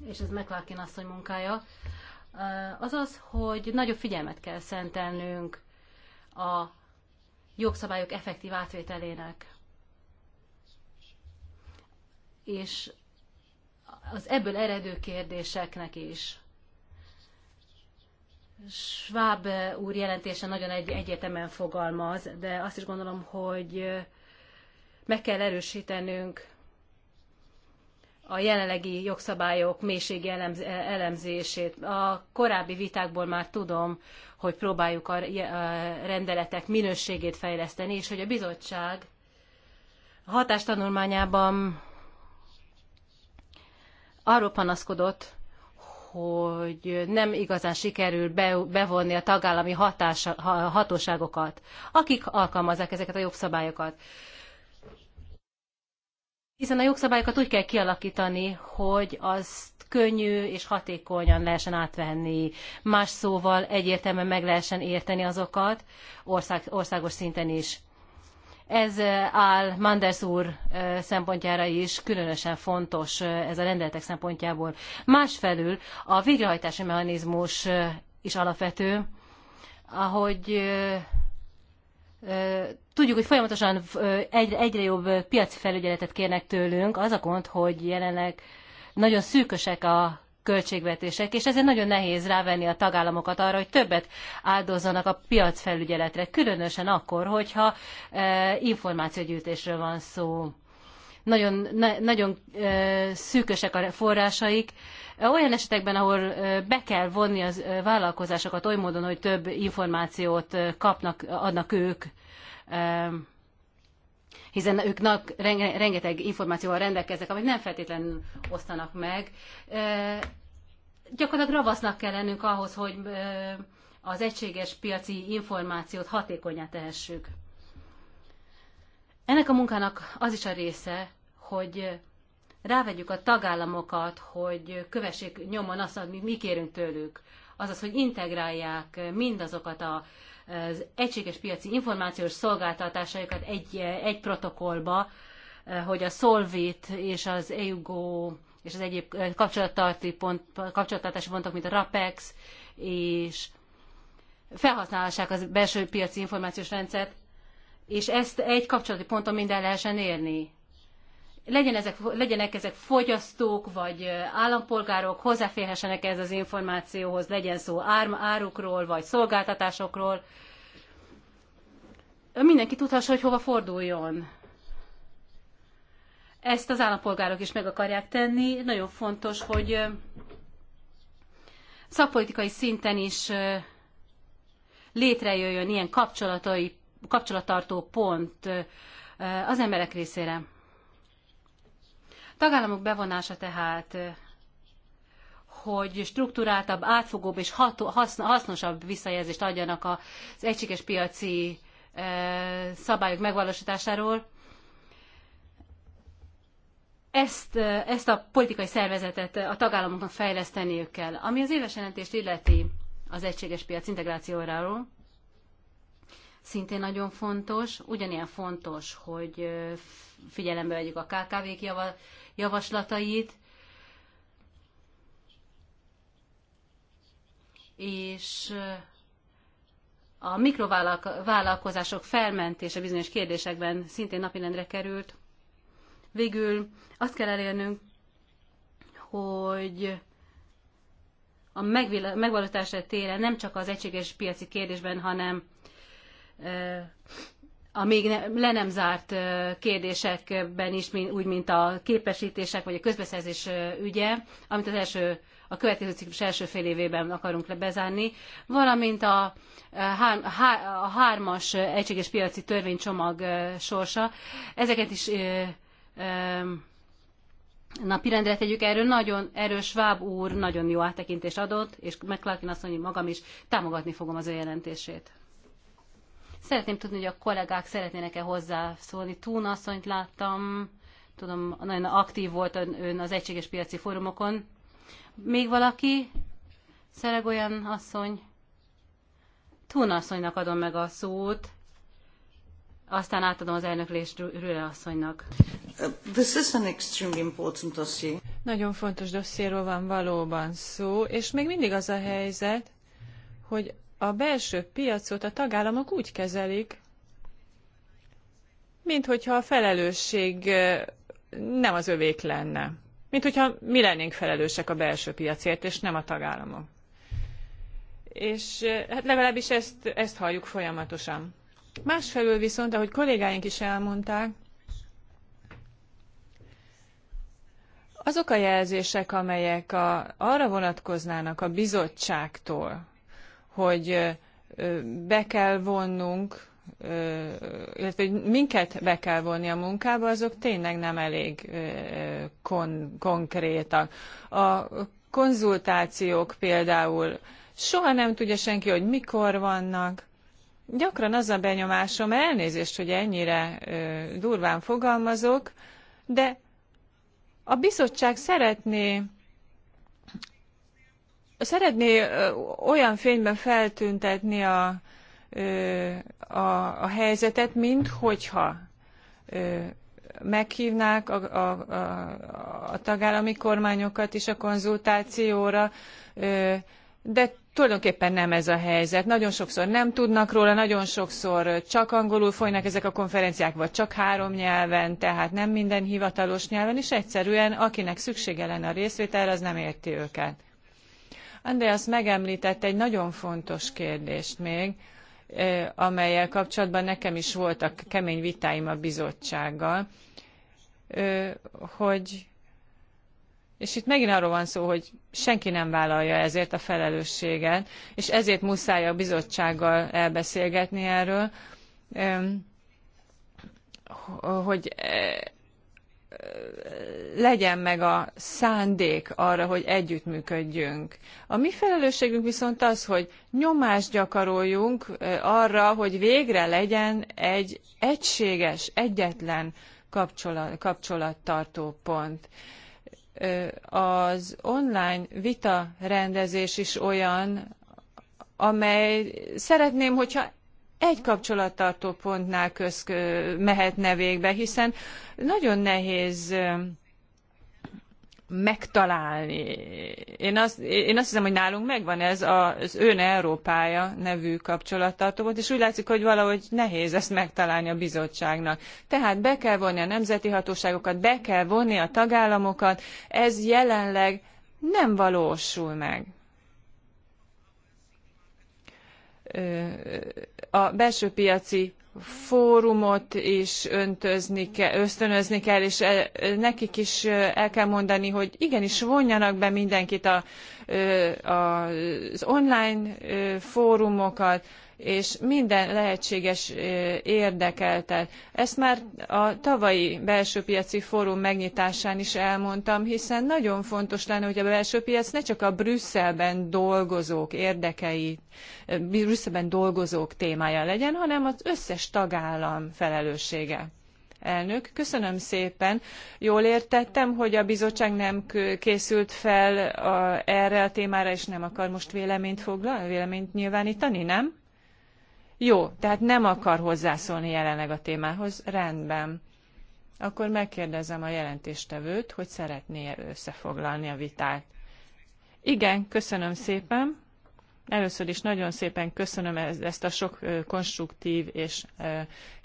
és ez McLarkin asszony munkája, az az, hogy nagyobb figyelmet kell szentelnünk a jogszabályok effektív átvételének. És az ebből eredő kérdéseknek is. Schwab úr jelentése nagyon egy, egyetemen fogalmaz, de azt is gondolom, hogy meg kell erősítenünk a jelenlegi jogszabályok mélységi elemzését. A korábbi vitákból már tudom, hogy próbáljuk a rendeletek minőségét fejleszteni, és hogy a bizottság hatástanulmányában arról panaszkodott, hogy nem igazán sikerül bevonni a tagállami hatása, hatóságokat, akik alkalmazzák ezeket a jogszabályokat hiszen a jogszabályokat úgy kell kialakítani, hogy azt könnyű és hatékonyan lehessen átvenni. Más szóval egyértelműen meg lehessen érteni azokat ország, országos szinten is. Ez eh, áll Manders úr eh, szempontjára is különösen fontos eh, ez a rendeletek szempontjából. Másfelül a végrehajtási mechanizmus is alapvető, ahogy tudjuk, hogy folyamatosan egyre, egyre jobb piaci felügyeletet kérnek tőlünk. Az a gond, hogy jelenleg nagyon szűkösek a költségvetések, és ezért nagyon nehéz rávenni a tagállamokat arra, hogy többet áldozzanak a piacfelügyeletre, különösen akkor, hogyha e, információgyűjtésről van szó nagyon, na, nagyon szűkösek a forrásaik. Olyan esetekben, ahol be kell vonni az vállalkozásokat oly módon, hogy több információt kapnak, adnak ők, hiszen ők nap, rengeteg információval rendelkeznek, amit nem feltétlenül osztanak meg. Gyakorlatilag ravasznak kell lennünk ahhoz, hogy az egységes piaci információt hatékonyá tehessük. Ennek a munkának az is a része, hogy rávegyük a tagállamokat, hogy kövessék nyomon azt, amit mi kérünk tőlük. Azaz, hogy integrálják mindazokat a az egységes piaci információs szolgáltatásaikat egy, egy protokollba, hogy a Solvit és az EUGO és az egyéb kapcsolattartási, pont, kapcsolattartási pontok, mint a RAPEX, és felhasználhassák az belső piaci információs rendszert, és ezt egy kapcsolati ponton minden lehessen érni legyen ezek, legyenek ezek fogyasztók vagy állampolgárok, hozzáférhessenek ez az információhoz, legyen szó ár, árukról vagy szolgáltatásokról. Mindenki tudhassa, hogy hova forduljon. Ezt az állampolgárok is meg akarják tenni. Nagyon fontos, hogy szakpolitikai szinten is létrejöjjön ilyen kapcsolatai, kapcsolattartó pont az emberek részére tagállamok bevonása tehát hogy struktúráltabb, átfogóbb és hasznosabb visszajelzést adjanak az egységes piaci szabályok megvalósításáról. Ezt, ezt a politikai szervezetet a tagállamoknak fejleszteniük kell. Ami az éves jelentést illeti az egységes piac integrációjáról, szintén nagyon fontos, ugyanilyen fontos, hogy figyelembe vegyük a KKV-k javaslatait, és eh, a mikrovállalkozások felmentése bizonyos kérdésekben szintén napirendre került. Végül azt kell elérnünk, hogy a megvalósítása téren nem csak az egységes piaci kérdésben, hanem eh, a még ne, le nem zárt kérdésekben is, úgy, mint a képesítések vagy a közbeszerzés ügye, amit az első a következő ciklus első fél évében akarunk lebezárni, valamint a, a hármas egységes piaci törvénycsomag sorsa. Ezeket is ö, ö, napirendre tegyük. Erről nagyon erős Schwab úr nagyon jó áttekintést adott, és McClarkin azt mondja, hogy magam is támogatni fogom az ő jelentését. Szeretném tudni, hogy a kollégák szeretnének-e hozzászólni. Tún asszonyt láttam, tudom, nagyon aktív volt ön az egységes piaci fórumokon. Még valaki? Szereg olyan asszony? Tún asszonynak adom meg a szót, aztán átadom az elnöklést Rüle asszonynak. This is an extremely important dossier. Nagyon fontos dossziéról van valóban szó, és még mindig az a helyzet, hogy a belső piacot a tagállamok úgy kezelik, mint hogyha a felelősség nem az övék lenne. Mint hogyha mi lennénk felelősek a belső piacért, és nem a tagállamok. És hát legalábbis ezt, ezt halljuk folyamatosan. Másfelől viszont, ahogy kollégáink is elmondták, azok a jelzések, amelyek a, arra vonatkoznának a bizottságtól, hogy be kell vonnunk, illetve hogy minket be kell vonni a munkába, azok tényleg nem elég kon- konkrétak. A konzultációk például soha nem tudja senki, hogy mikor vannak, gyakran az a benyomásom, elnézést, hogy ennyire ö, durván fogalmazok, de a bizottság szeretné szeretné olyan fényben feltüntetni a, a, a helyzetet, mint hogyha meghívnák a, a, a, a tagállami kormányokat is a konzultációra, de tulajdonképpen nem ez a helyzet. Nagyon sokszor nem tudnak róla, nagyon sokszor csak angolul folynak ezek a konferenciák, vagy csak három nyelven, tehát nem minden hivatalos nyelven, és egyszerűen akinek szüksége lenne a részvételre, az nem érti őket. Andreas megemlített egy nagyon fontos kérdést még, amelyel kapcsolatban nekem is voltak kemény vitáim a bizottsággal, hogy és itt megint arról van szó, hogy senki nem vállalja ezért a felelősséget, és ezért muszáj a bizottsággal elbeszélgetni erről, hogy legyen meg a szándék arra, hogy együttműködjünk. A mi felelősségünk viszont az, hogy nyomást gyakoroljunk arra, hogy végre legyen egy egységes, egyetlen kapcsolat, kapcsolattartó pont. Az online vita rendezés is olyan, amely szeretném, hogyha egy kapcsolattartó pontnál köz mehetne végbe, hiszen nagyon nehéz megtalálni. Én azt, én azt hiszem, hogy nálunk megvan ez az Ön Európája nevű pont, és úgy látszik, hogy valahogy nehéz ezt megtalálni a bizottságnak. Tehát be kell vonni a nemzeti hatóságokat, be kell vonni a tagállamokat, ez jelenleg nem valósul meg. a belső piaci fórumot is öntözni kell, ösztönözni kell, és nekik is el kell mondani, hogy igenis vonjanak be mindenkit a, a, az online fórumokat, és minden lehetséges érdekeltet. Ezt már a tavalyi belső piaci fórum megnyitásán is elmondtam, hiszen nagyon fontos lenne, hogy a belső piac ne csak a Brüsszelben dolgozók érdekei, Brüsszelben dolgozók témája legyen, hanem az összes tagállam felelőssége. Elnök, köszönöm szépen. Jól értettem, hogy a bizottság nem készült fel a, erre a témára, és nem akar most véleményt foglal, véleményt nyilvánítani, nem? Jó, tehát nem akar hozzászólni jelenleg a témához, rendben. Akkor megkérdezem a jelentéstevőt, hogy szeretné -e összefoglalni a vitát. Igen, köszönöm szépen. Először is nagyon szépen köszönöm e- ezt a sok konstruktív és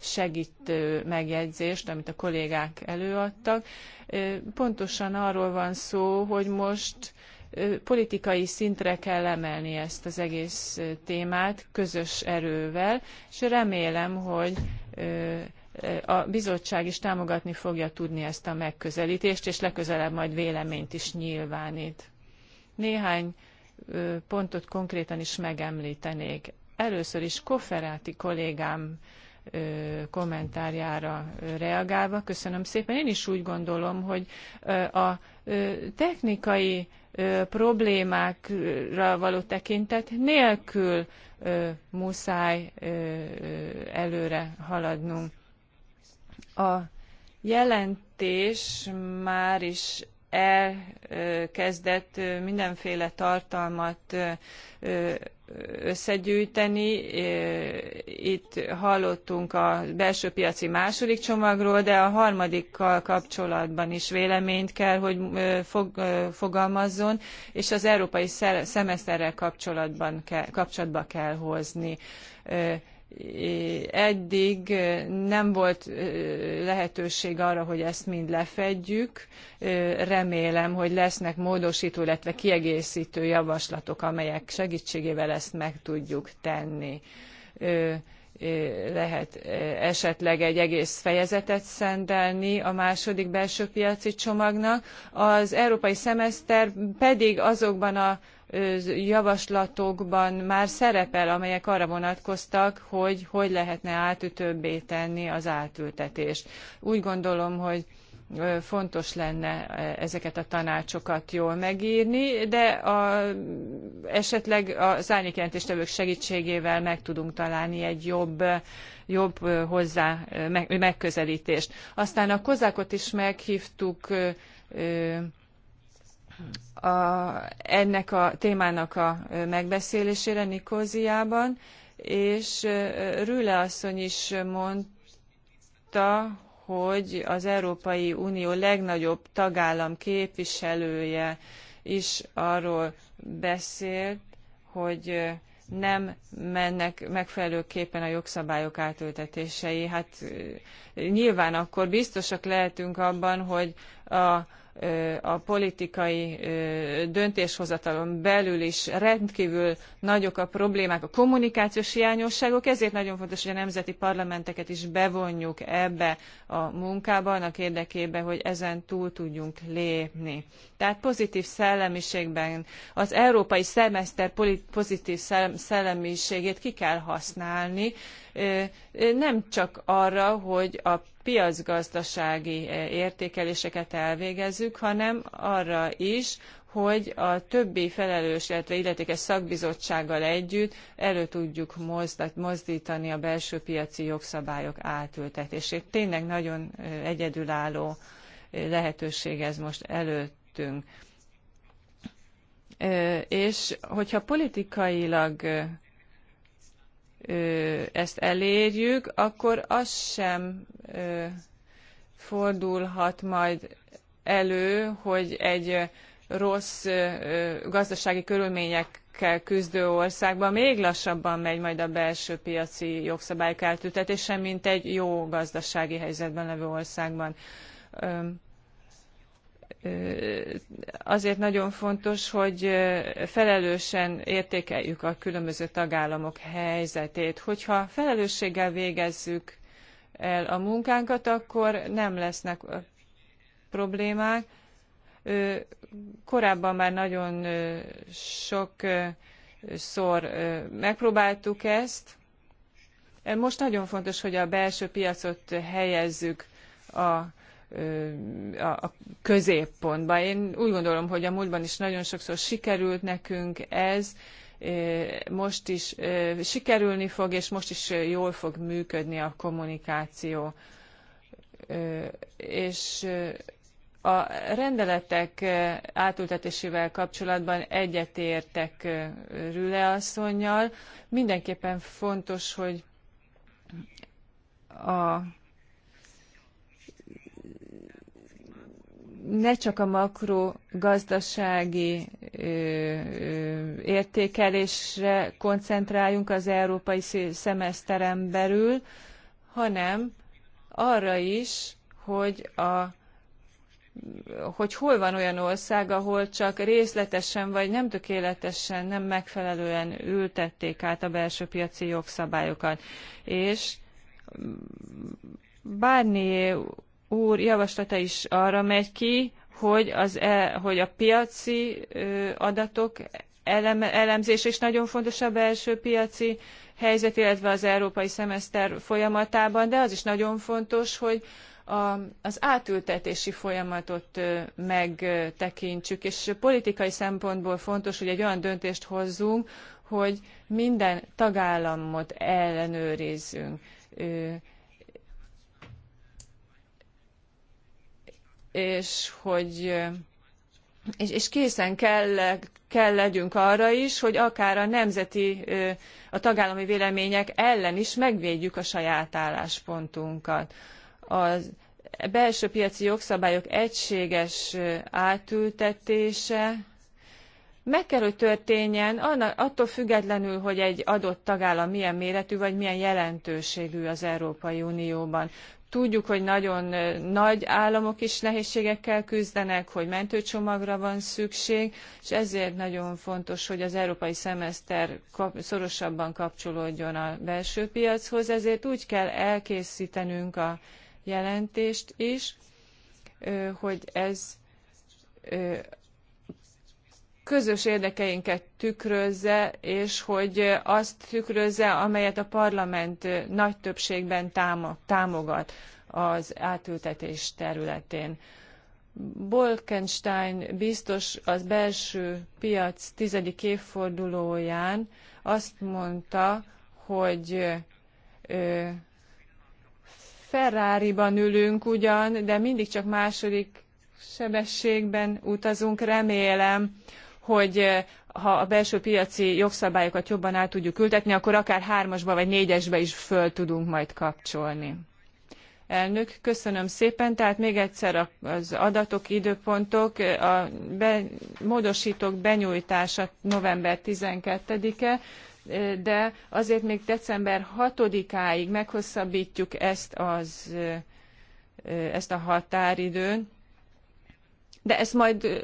segítő megjegyzést, amit a kollégák előadtak. Pontosan arról van szó, hogy most politikai szintre kell emelni ezt az egész témát közös erővel, és remélem, hogy a bizottság is támogatni fogja tudni ezt a megközelítést, és legközelebb majd véleményt is nyilvánít. Néhány pontot konkrétan is megemlítenék. Először is Koferáti kollégám kommentárjára reagálva. Köszönöm szépen. Én is úgy gondolom, hogy a technikai problémákra való tekintet nélkül muszáj előre haladnunk. A jelentés már is elkezdett mindenféle tartalmat összegyűjteni. Itt hallottunk a belső piaci második csomagról, de a harmadikkal kapcsolatban is véleményt kell, hogy fog, fogalmazzon, és az európai szemeszterrel kapcsolatban kell, kapcsolatba kell hozni eddig nem volt lehetőség arra, hogy ezt mind lefedjük. Remélem, hogy lesznek módosító, illetve kiegészítő javaslatok, amelyek segítségével ezt meg tudjuk tenni lehet esetleg egy egész fejezetet szentelni a második belső piaci csomagnak, az európai szemeszter pedig azokban a javaslatokban már szerepel, amelyek arra vonatkoztak, hogy hogy lehetne átütőbbé tenni az átültetést. Úgy gondolom, hogy fontos lenne ezeket a tanácsokat jól megírni, de a, esetleg az árnyékjelentéstevők segítségével meg tudunk találni egy jobb, jobb hozzá megközelítést. Aztán a kozákot is meghívtuk a, ennek a témának a megbeszélésére Nikóziában, és Rüle asszony is mondta, hogy az Európai Unió legnagyobb tagállam képviselője is arról beszélt, hogy nem mennek megfelelőképpen a jogszabályok átültetései. Hát eh, nyilván akkor biztosak lehetünk abban, hogy a a politikai döntéshozatalon belül is rendkívül nagyok a problémák, a kommunikációs hiányosságok, ezért nagyon fontos, hogy a nemzeti parlamenteket is bevonjuk ebbe a munkába, annak érdekében, hogy ezen túl tudjunk lépni. Tehát pozitív szellemiségben az európai szemeszter pozitív szellemiségét ki kell használni, nem csak arra, hogy a piacgazdasági eh, értékeléseket elvégezzük, hanem arra is, hogy a többi felelős, illetve illetékes szakbizottsággal együtt elő tudjuk mozdítani a belső piaci jogszabályok átültetését. Tényleg nagyon eh, egyedülálló eh, lehetőség ez most előttünk. És hogyha politikailag ezt elérjük, akkor az sem fordulhat majd elő, hogy egy rossz gazdasági körülményekkel küzdő országban még lassabban megy majd a belső piaci jogszabályok átültetése, mint egy jó gazdasági helyzetben levő országban azért nagyon fontos, hogy felelősen értékeljük a különböző tagállamok helyzetét. Hogyha felelősséggel végezzük el a munkánkat, akkor nem lesznek problémák. Korábban már nagyon sokszor megpróbáltuk ezt. Most nagyon fontos, hogy a belső piacot helyezzük a a középpontba. Én úgy gondolom, hogy a múltban is nagyon sokszor sikerült nekünk ez, most is sikerülni fog, és most is jól fog működni a kommunikáció. És a rendeletek átültetésével kapcsolatban egyetértek Rüle asszonynal. Mindenképpen fontos, hogy a ne csak a makrogazdasági értékelésre koncentráljunk az európai szemeszteren belül, hanem arra is, hogy a hogy hol van olyan ország, ahol csak részletesen vagy nem tökéletesen, nem megfelelően ültették át a belső piaci jogszabályokat. És Barnier úr javaslata is arra megy ki, hogy, az, e, hogy a piaci adatok elemzése is nagyon fontos a belső piaci helyzet, illetve az európai szemeszter folyamatában, de az is nagyon fontos, hogy a, az átültetési folyamatot megtekintsük, és politikai szempontból fontos, hogy egy olyan döntést hozzunk, hogy minden tagállamot ellenőrizzünk és hogy és, és készen kell, kell legyünk arra is, hogy akár a nemzeti, a tagállami vélemények ellen is megvédjük a saját álláspontunkat. A belső piaci jogszabályok egységes átültetése meg kell, hogy történjen, attól függetlenül, hogy egy adott tagállam milyen méretű vagy milyen jelentőségű az Európai Unióban. Tudjuk, hogy nagyon nagy államok is nehézségekkel küzdenek, hogy mentőcsomagra van szükség, és ezért nagyon fontos, hogy az európai szemeszter szorosabban kapcsolódjon a belső piachoz, ezért úgy kell elkészítenünk a jelentést is, hogy ez közös érdekeinket tükrözze, és hogy azt tükrözze, amelyet a parlament nagy többségben támogat az átültetés területén. Bolkenstein biztos az belső piac tizedik évfordulóján azt mondta, hogy ö, Ferrari-ban ülünk ugyan, de mindig csak második sebességben utazunk. Remélem, hogy eh, ha a belső piaci jogszabályokat jobban át tudjuk ültetni, akkor akár hármasba vagy négyesbe is föl tudunk majd kapcsolni. Elnök, köszönöm szépen. Tehát még egyszer az adatok, időpontok, a be, módosítók benyújtása november 12-e, de azért még december 6-áig meghosszabbítjuk ezt, az, eh, ezt a határidőn, de ezt majd,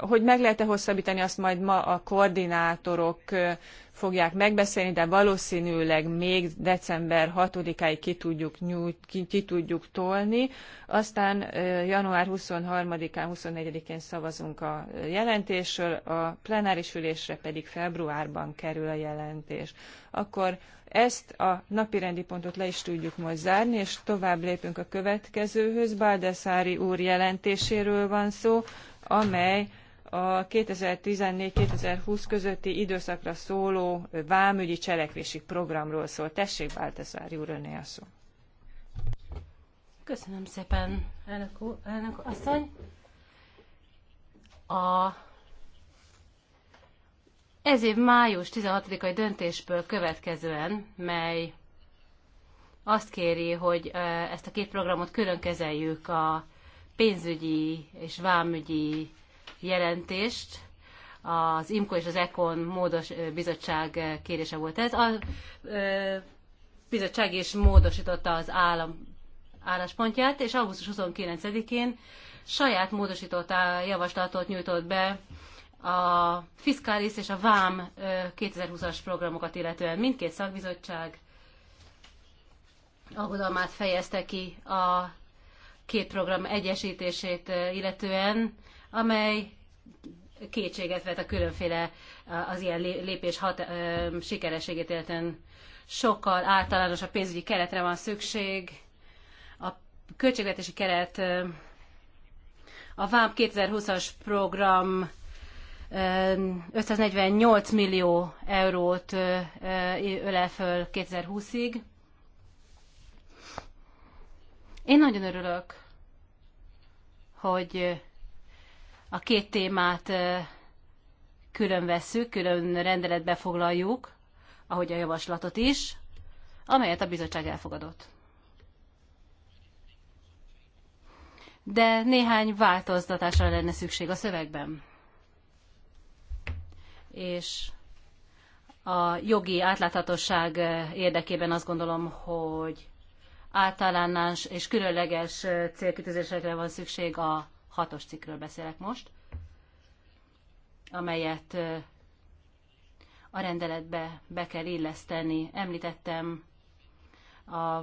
hogy meg lehet-e hosszabbítani, azt majd ma a koordinátorok fogják megbeszélni, de valószínűleg még december 6-áig ki tudjuk, nyújt, ki, ki tudjuk tolni. Aztán január 23-án, 24-én szavazunk a jelentésről, a plenáris ülésre pedig februárban kerül a jelentés. Akkor ezt a napirendi pontot le is tudjuk most zárni, és tovább lépünk a következőhöz. Baldassari úr jelentéséről van szó, amely a 2014-2020 közötti időszakra szóló vámügyi cselekvési programról szól. Tessék, Baldassari úr, öné a szó. Köszönöm szépen, elnök, elnök asszony. A ez év május 16-ai döntésből következően, mely azt kéri, hogy ezt a két programot külön kezeljük a pénzügyi és vámügyi jelentést. Az IMCO és az ECON módos bizottság kérése volt ez. A bizottság is módosította az állam álláspontját, és augusztus 29-én saját módosított javaslatot nyújtott be a fiskális és a VÁM 2020-as programokat illetően mindkét szakbizottság aggodalmát fejezte ki a két program egyesítését illetően, amely kétséget vet a különféle az ilyen lépés hat, sikerességét illetően sokkal általánosabb pénzügyi keretre van szükség. A költségvetési keret a VÁM 2020-as program 548 millió eurót ölel föl 2020-ig. Én nagyon örülök, hogy a két témát külön vesszük, külön rendeletbe foglaljuk, ahogy a javaslatot is, amelyet a bizottság elfogadott. De néhány változtatásra lenne szükség a szövegben és a jogi átláthatóság érdekében azt gondolom, hogy általános és különleges célkitűzésekre van szükség, a hatos cikkről beszélek most, amelyet a rendeletbe be kell illeszteni. Említettem a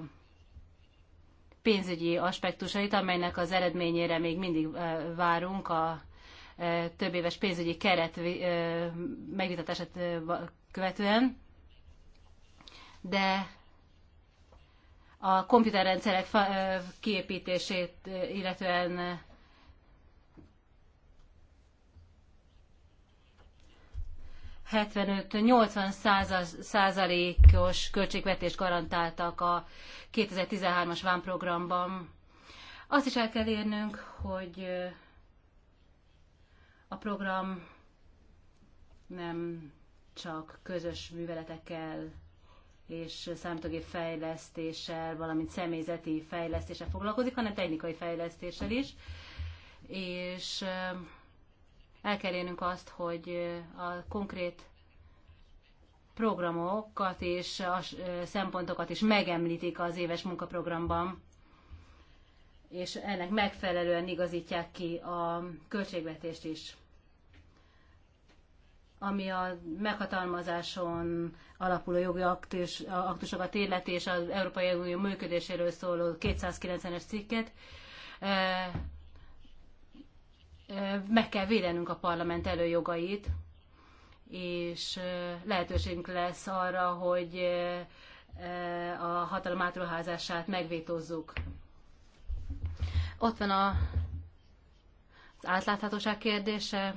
pénzügyi aspektusait, amelynek az eredményére még mindig várunk a több éves pénzügyi keret megvitatását követően, de a komputerrendszerek kiépítését illetően 80 százalékos költségvetést garantáltak a 2013-as vámprogramban. Azt is el kell érnünk, hogy a program nem csak közös műveletekkel és számítógép fejlesztéssel, valamint személyzeti fejlesztéssel foglalkozik, hanem technikai fejlesztéssel is. És el kell érnünk azt, hogy a konkrét programokat és a szempontokat is megemlítik az éves munkaprogramban, és ennek megfelelően igazítják ki a költségvetést is. Ami a meghatalmazáson alapuló jogi aktus, aktusokat illeti, és az Európai Unió működéséről szóló 290-es cikket, eh, eh, meg kell védenünk a parlament előjogait, és eh, lehetőségünk lesz arra, hogy a hatalom átruházását megvétózzuk. Ott van a, az átláthatóság kérdése.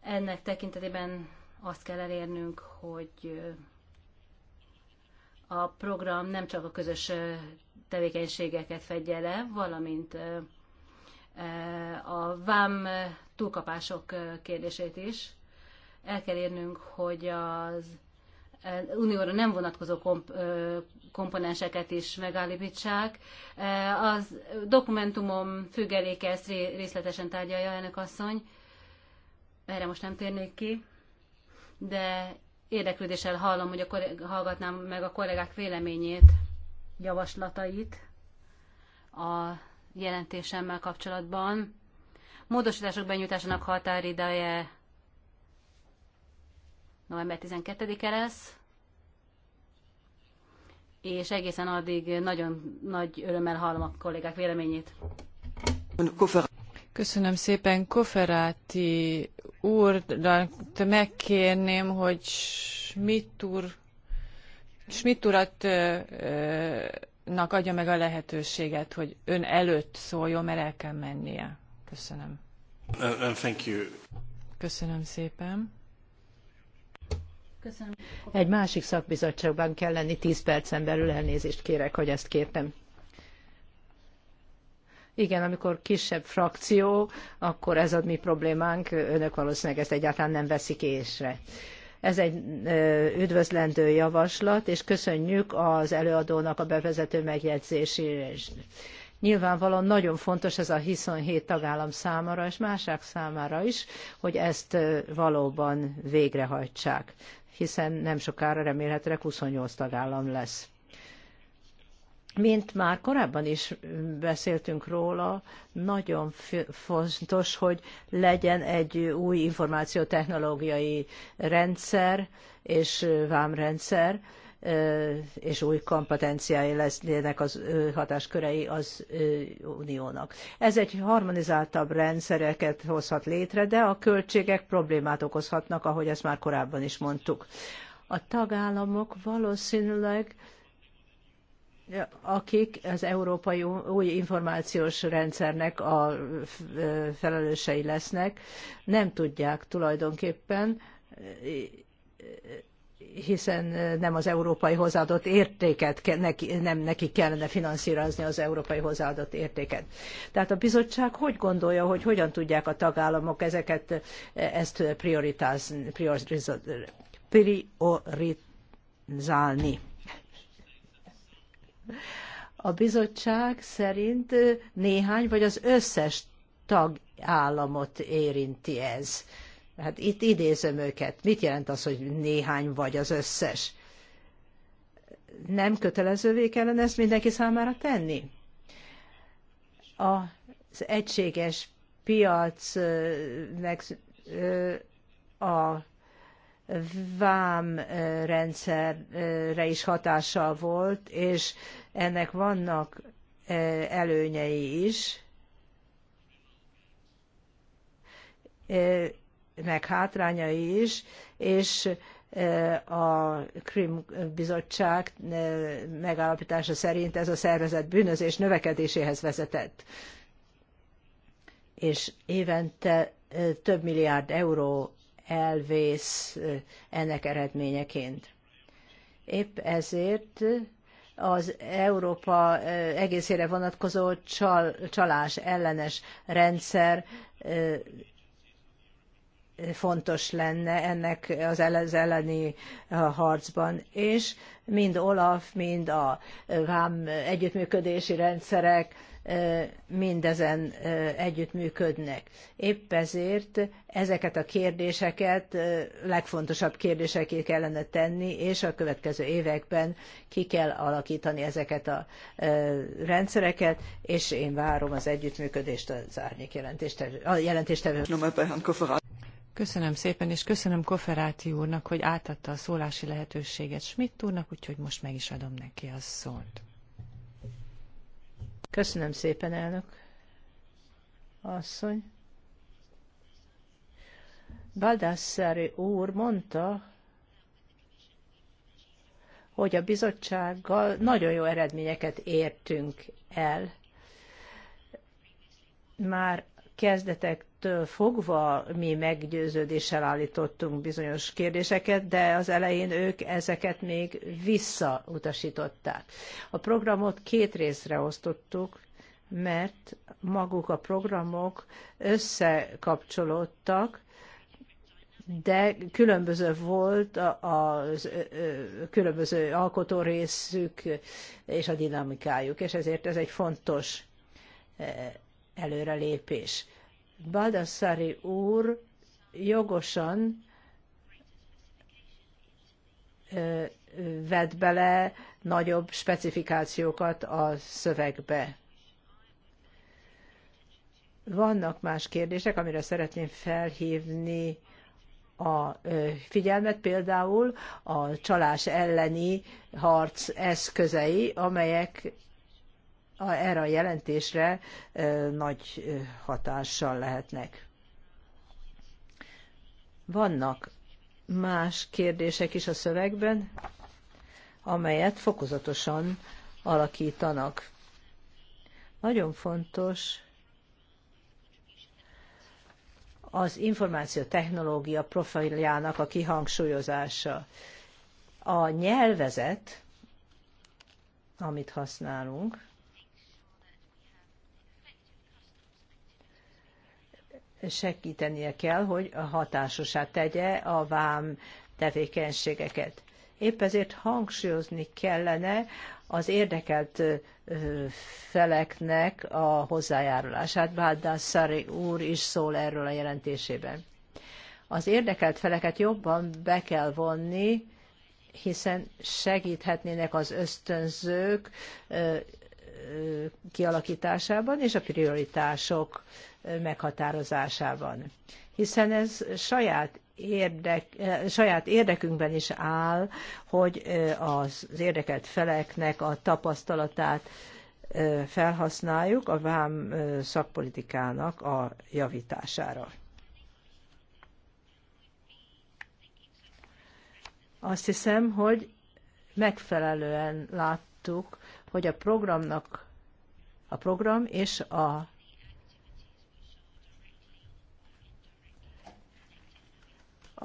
Ennek tekintetében azt kell elérnünk, hogy a program nem csak a közös tevékenységeket fedje le, valamint a vám túlkapások kérdését is. El kell érnünk, hogy az unióra nem vonatkozó komp, komponenseket is megállítsák. Az dokumentumom függeléke ezt részletesen tárgyalja elnök asszony. Erre most nem térnék ki, de érdeklődéssel hallom, hogy a hallgatnám meg a kollégák véleményét, javaslatait a jelentésemmel kapcsolatban. Módosítások benyújtásának határideje november 12-e lesz, és egészen addig nagyon nagy örömmel hallom a kollégák véleményét. Köszönöm szépen. Koferáti úr, de megkérném, hogy Schmidt úr, Schmidt urat ö, ö, adja meg a lehetőséget, hogy ön előtt szóljon, mert el kell mennie. Köszönöm. uh, uh thank you. Köszönöm szépen. Köszönöm. Egy másik szakbizottságban kell lenni, 10 percen belül elnézést kérek, hogy ezt kértem. Igen, amikor kisebb frakció, akkor ez a mi problémánk, önök valószínűleg ezt egyáltalán nem veszik észre. Ez egy üdvözlendő javaslat, és köszönjük az előadónak a bevezető megjegyzését Nyilvánvalóan nagyon fontos ez a 27 tagállam számára és mások számára is, hogy ezt valóban végrehajtsák, hiszen nem sokára remélhetőleg 28 tagállam lesz. Mint már korábban is beszéltünk róla, nagyon fontos, hogy legyen egy új információtechnológiai rendszer és vámrendszer, és új kompetenciái lesznének az hatáskörei az uniónak. Ez egy harmonizáltabb rendszereket hozhat létre, de a költségek problémát okozhatnak, ahogy ezt már korábban is mondtuk. A tagállamok valószínűleg akik az európai új információs rendszernek a felelősei lesznek, nem tudják tulajdonképpen hiszen nem az európai hozzáadott értéket, neki, nem neki kellene finanszírozni az európai hozzáadott értéket. Tehát a bizottság hogy gondolja, hogy hogyan tudják a tagállamok ezeket, ezt prioritizálni? A bizottság szerint néhány vagy az összes tagállamot érinti ez Hát itt idézem őket. Mit jelent az, hogy néhány vagy az összes? Nem kötelezővé kellene ezt mindenki számára tenni? Az egységes piac meg a vám rendszerre is hatással volt, és ennek vannak előnyei is meg hátrányai is, és e, a Krim bizottság e, megállapítása szerint ez a szervezet bűnözés növekedéséhez vezetett. És évente e, több milliárd euró elvész ennek eredményeként. Épp ezért az Európa egészére vonatkozó csal, csalás ellenes rendszer fontos lenne ennek az elleni eh, harcban. És mind Olaf, mind a vám eh, együttműködési rendszerek eh, mindezen együttműködnek. Épp ezért ezeket a kérdéseket, legfontosabb kérdéseké kellene tenni, és a következő években ki kell alakítani ezeket a rendszereket, és én várom az együttműködést az árnyék jelentéstevő. A jelentéstevő. Köszönöm szépen, és köszönöm Koferáti úrnak, hogy átadta a szólási lehetőséget Schmidt úrnak, úgyhogy most meg is adom neki a szót. Köszönöm szépen, elnök asszony. Baldassari úr mondta, hogy a bizottsággal nagyon jó eredményeket értünk el. Már kezdetek fogva mi meggyőződéssel állítottunk bizonyos kérdéseket, de az elején ők ezeket még visszautasították. A programot két részre osztottuk, mert maguk a programok összekapcsolódtak, de különböző volt a, a, különböző alkotó részük és a dinamikájuk, és ezért ez egy fontos előrelépés. Baldassari úr jogosan vett bele nagyobb specifikációkat a szövegbe. Vannak más kérdések, amire szeretném felhívni a figyelmet, például a csalás elleni harc eszközei, amelyek erre a jelentésre nagy hatással lehetnek. Vannak más kérdések is a szövegben, amelyet fokozatosan alakítanak. Nagyon fontos az információ technológia profiljának a kihangsúlyozása. A nyelvezet, amit használunk, segítenie kell, hogy hatásosá tegye a vám tevékenységeket. Épp ezért hangsúlyozni kellene az érdekelt feleknek a hozzájárulását. Bádász Szari úr is szól erről a jelentésében. Az érdekelt feleket jobban be kell vonni, hiszen segíthetnének az ösztönzők kialakításában és a prioritások meghatározásában. Hiszen ez saját, érdek, saját érdekünkben is áll, hogy az érdekelt feleknek a tapasztalatát felhasználjuk a vám szakpolitikának a javítására. Azt hiszem, hogy megfelelően láttuk hogy a programnak a program és a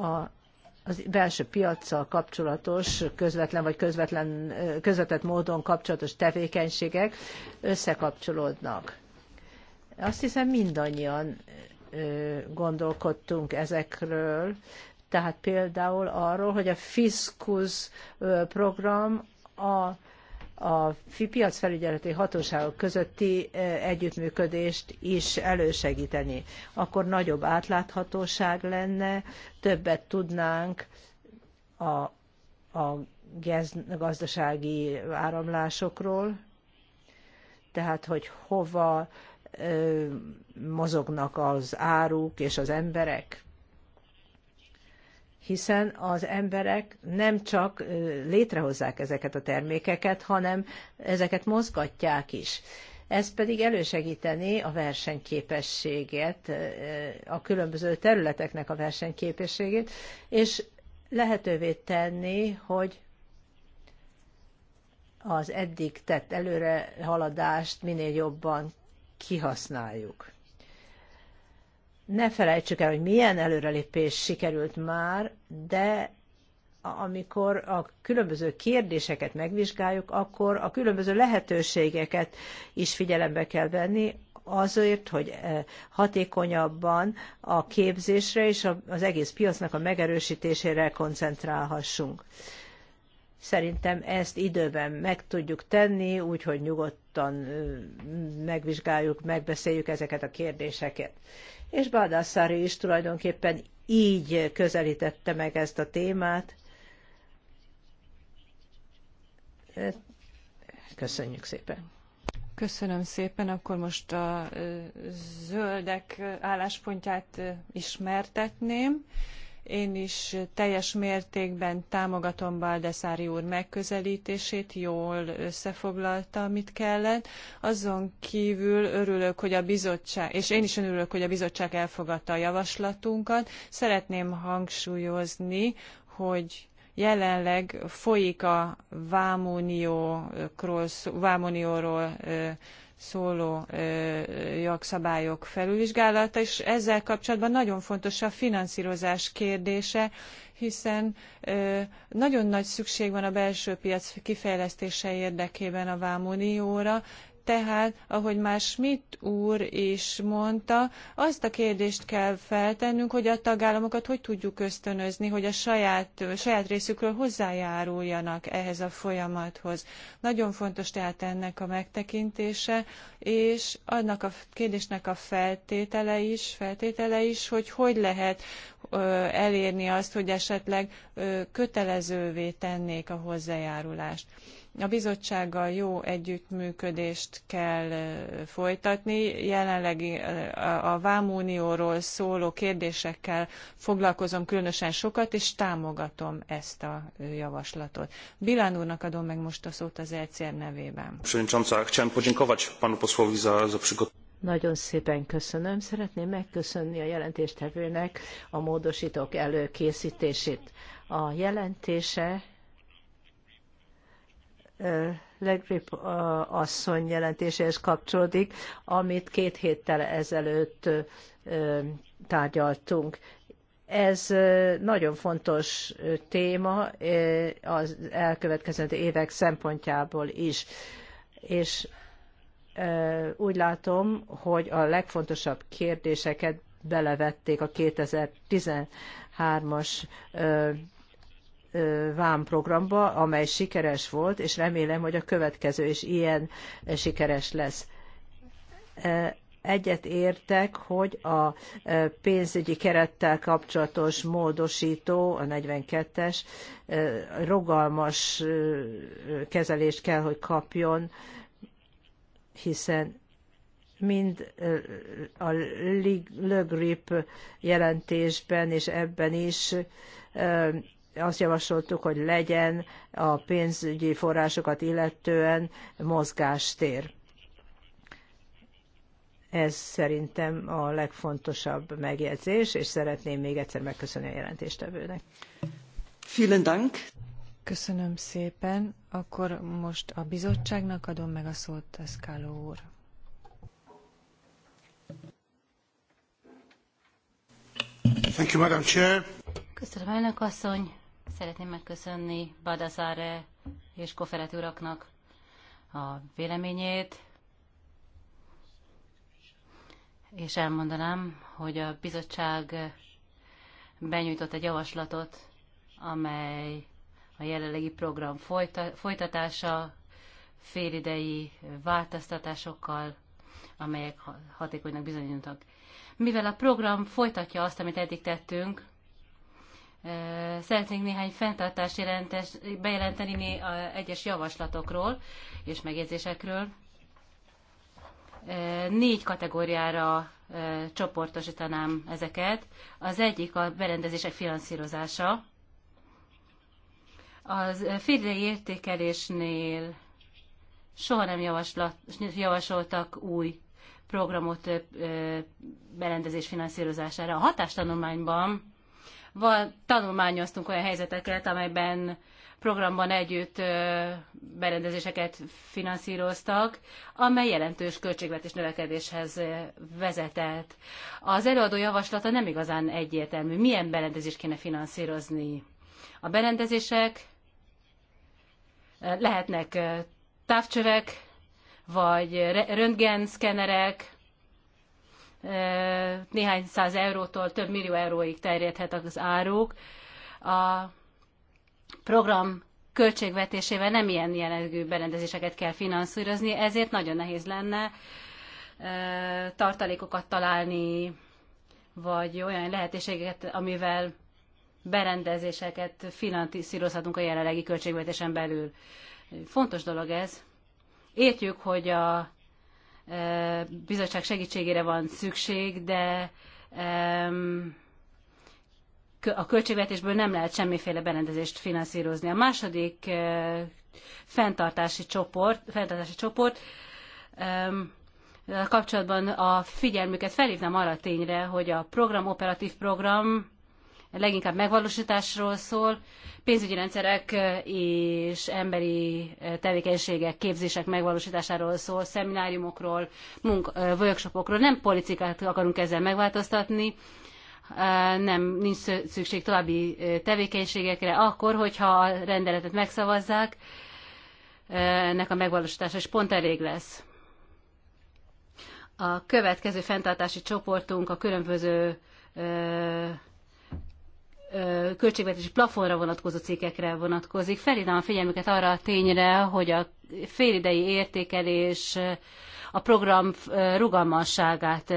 a az belső piaccal kapcsolatos közvetlen vagy közvetlen, közvetett módon kapcsolatos tevékenységek összekapcsolódnak. Azt hiszem mindannyian gondolkodtunk ezekről, tehát például arról, hogy a Fiskus program a a piacfelügyeleti hatóságok közötti e, együttműködést is elősegíteni. Akkor nagyobb átláthatóság lenne, többet tudnánk a, a gazdasági áramlásokról, tehát hogy hova e, mozognak az áruk és az emberek hiszen az emberek nem csak létrehozzák ezeket a termékeket, hanem ezeket mozgatják is. Ez pedig elősegíteni a versenyképességet, a különböző területeknek a versenyképességét, és lehetővé tenni, hogy az eddig tett előrehaladást minél jobban kihasználjuk. Ne felejtsük el, hogy milyen előrelépés sikerült már, de amikor a különböző kérdéseket megvizsgáljuk, akkor a különböző lehetőségeket is figyelembe kell venni, azért, hogy eh, hatékonyabban a képzésre és az egész piacnak a megerősítésére koncentrálhassunk. Szerintem ezt időben meg tudjuk tenni, úgyhogy nyugodtan eh, megvizsgáljuk, megbeszéljük ezeket a kérdéseket és Baldassari is tulajdonképpen így közelítette meg ezt a témát. Köszönjük szépen! Köszönöm szépen, akkor most a zöldek álláspontját ismertetném. Én is teljes mértékben támogatom Baldessari úr megközelítését, jól összefoglalta, amit kellett. Azon kívül örülök, hogy a bizottság, és én is örülök, hogy a bizottság elfogadta a javaslatunkat. Szeretném hangsúlyozni, hogy jelenleg folyik a Vámunióról, Vámunióról szóló jogszabályok felülvizsgálata, és ezzel kapcsolatban nagyon fontos a finanszírozás kérdése, hiszen nagyon nagy szükség van a belső piac kifejlesztése érdekében a vámunióra, tehát, ahogy már Schmidt úr is mondta, azt a kérdést kell feltennünk, hogy a tagállamokat hogy tudjuk ösztönözni, hogy a saját, saját részükről hozzájáruljanak ehhez a folyamathoz. Nagyon fontos tehát ennek a megtekintése, és annak a kérdésnek a feltétele is, feltétele is, hogy hogy lehet elérni azt, hogy esetleg kötelezővé tennék a hozzájárulást. A bizottsággal jó együttműködést kell folytatni. Jelenleg a Vámunióról szóló kérdésekkel foglalkozom különösen sokat, és támogatom ezt a javaslatot. Bilán úrnak adom meg most a szót az ECR nevében. Nagyon szépen köszönöm. Szeretném megköszönni a jelentéstevőnek a módosítók előkészítését. A jelentése Legrip asszony jelentéséhez kapcsolódik, amit két héttel ezelőtt tárgyaltunk. Ez nagyon fontos téma az elkövetkező évek szempontjából is. És úgy látom, hogy a legfontosabb kérdéseket belevették a 2013-as vámprogramba, amely sikeres volt, és remélem, hogy a következő is ilyen sikeres lesz egyet értek, hogy a pénzügyi kerettel kapcsolatos módosító, a 42-es, rogalmas kezelést kell, hogy kapjon, hiszen mind a Le Grip jelentésben és ebben is azt javasoltuk, hogy legyen a pénzügyi forrásokat illetően mozgástér. Ez szerintem a legfontosabb megjegyzés, és szeretném még egyszer megköszönni a jelentéstevőnek. Vielen Dank. Köszönöm szépen. Akkor most a bizottságnak adom meg a szót, Eszkáló úr. Thank you, Madam Chair. Köszönöm, elnök asszony. Szeretném megköszönni Badazare és Koferet uraknak a véleményét, és elmondanám, hogy a bizottság benyújtott egy javaslatot, amely a jelenlegi program folyta, folytatása, félidei változtatásokkal, amelyek hatékonynak bizonyultak. Mivel a program folytatja azt, amit eddig tettünk, Szeretnénk néhány fenntartást jelentes, bejelenteni a egyes javaslatokról és megjegyzésekről. Négy kategóriára csoportosítanám ezeket. Az egyik a berendezések finanszírozása. Az félidei értékelésnél soha nem javaslat, javasoltak új programot berendezés finanszírozására. A hatástanulmányban van, tanulmányoztunk olyan helyzeteket, amelyben programban együtt berendezéseket finanszíroztak, amely jelentős költségvetés növekedéshez vezetett. Az előadó javaslata nem igazán egyértelmű. Milyen berendezést kéne finanszírozni? A berendezések lehetnek távcsövek, vagy röntgenszkenerek, néhány száz eurótól több millió euróig terjedhet az áruk. A program költségvetésével nem ilyen jellegű berendezéseket kell finanszírozni, ezért nagyon nehéz lenne tartalékokat találni, vagy olyan lehetőségeket, amivel berendezéseket finanszírozhatunk a jelenlegi költségvetésen belül. Fontos dolog ez. Értjük, hogy a bizottság segítségére van szükség, de a költségvetésből nem lehet semmiféle berendezést finanszírozni. A második fenntartási csoport, fenntartási csoport kapcsolatban a figyelmüket felhívnám arra a tényre, hogy a program, operatív program leginkább megvalósításról szól, pénzügyi rendszerek és emberi tevékenységek, képzések megvalósításáról szól, szemináriumokról, munk- workshopokról. Nem politikát akarunk ezzel megváltoztatni, nem nincs szükség további tevékenységekre, akkor, hogyha a rendeletet megszavazzák, ennek a megvalósítása is pont elég lesz. A következő fenntartási csoportunk a különböző költségvetési plafonra vonatkozó cikkekre vonatkozik. Felhívnám a figyelmüket arra a tényre, hogy a félidei értékelés a program rugalmasságát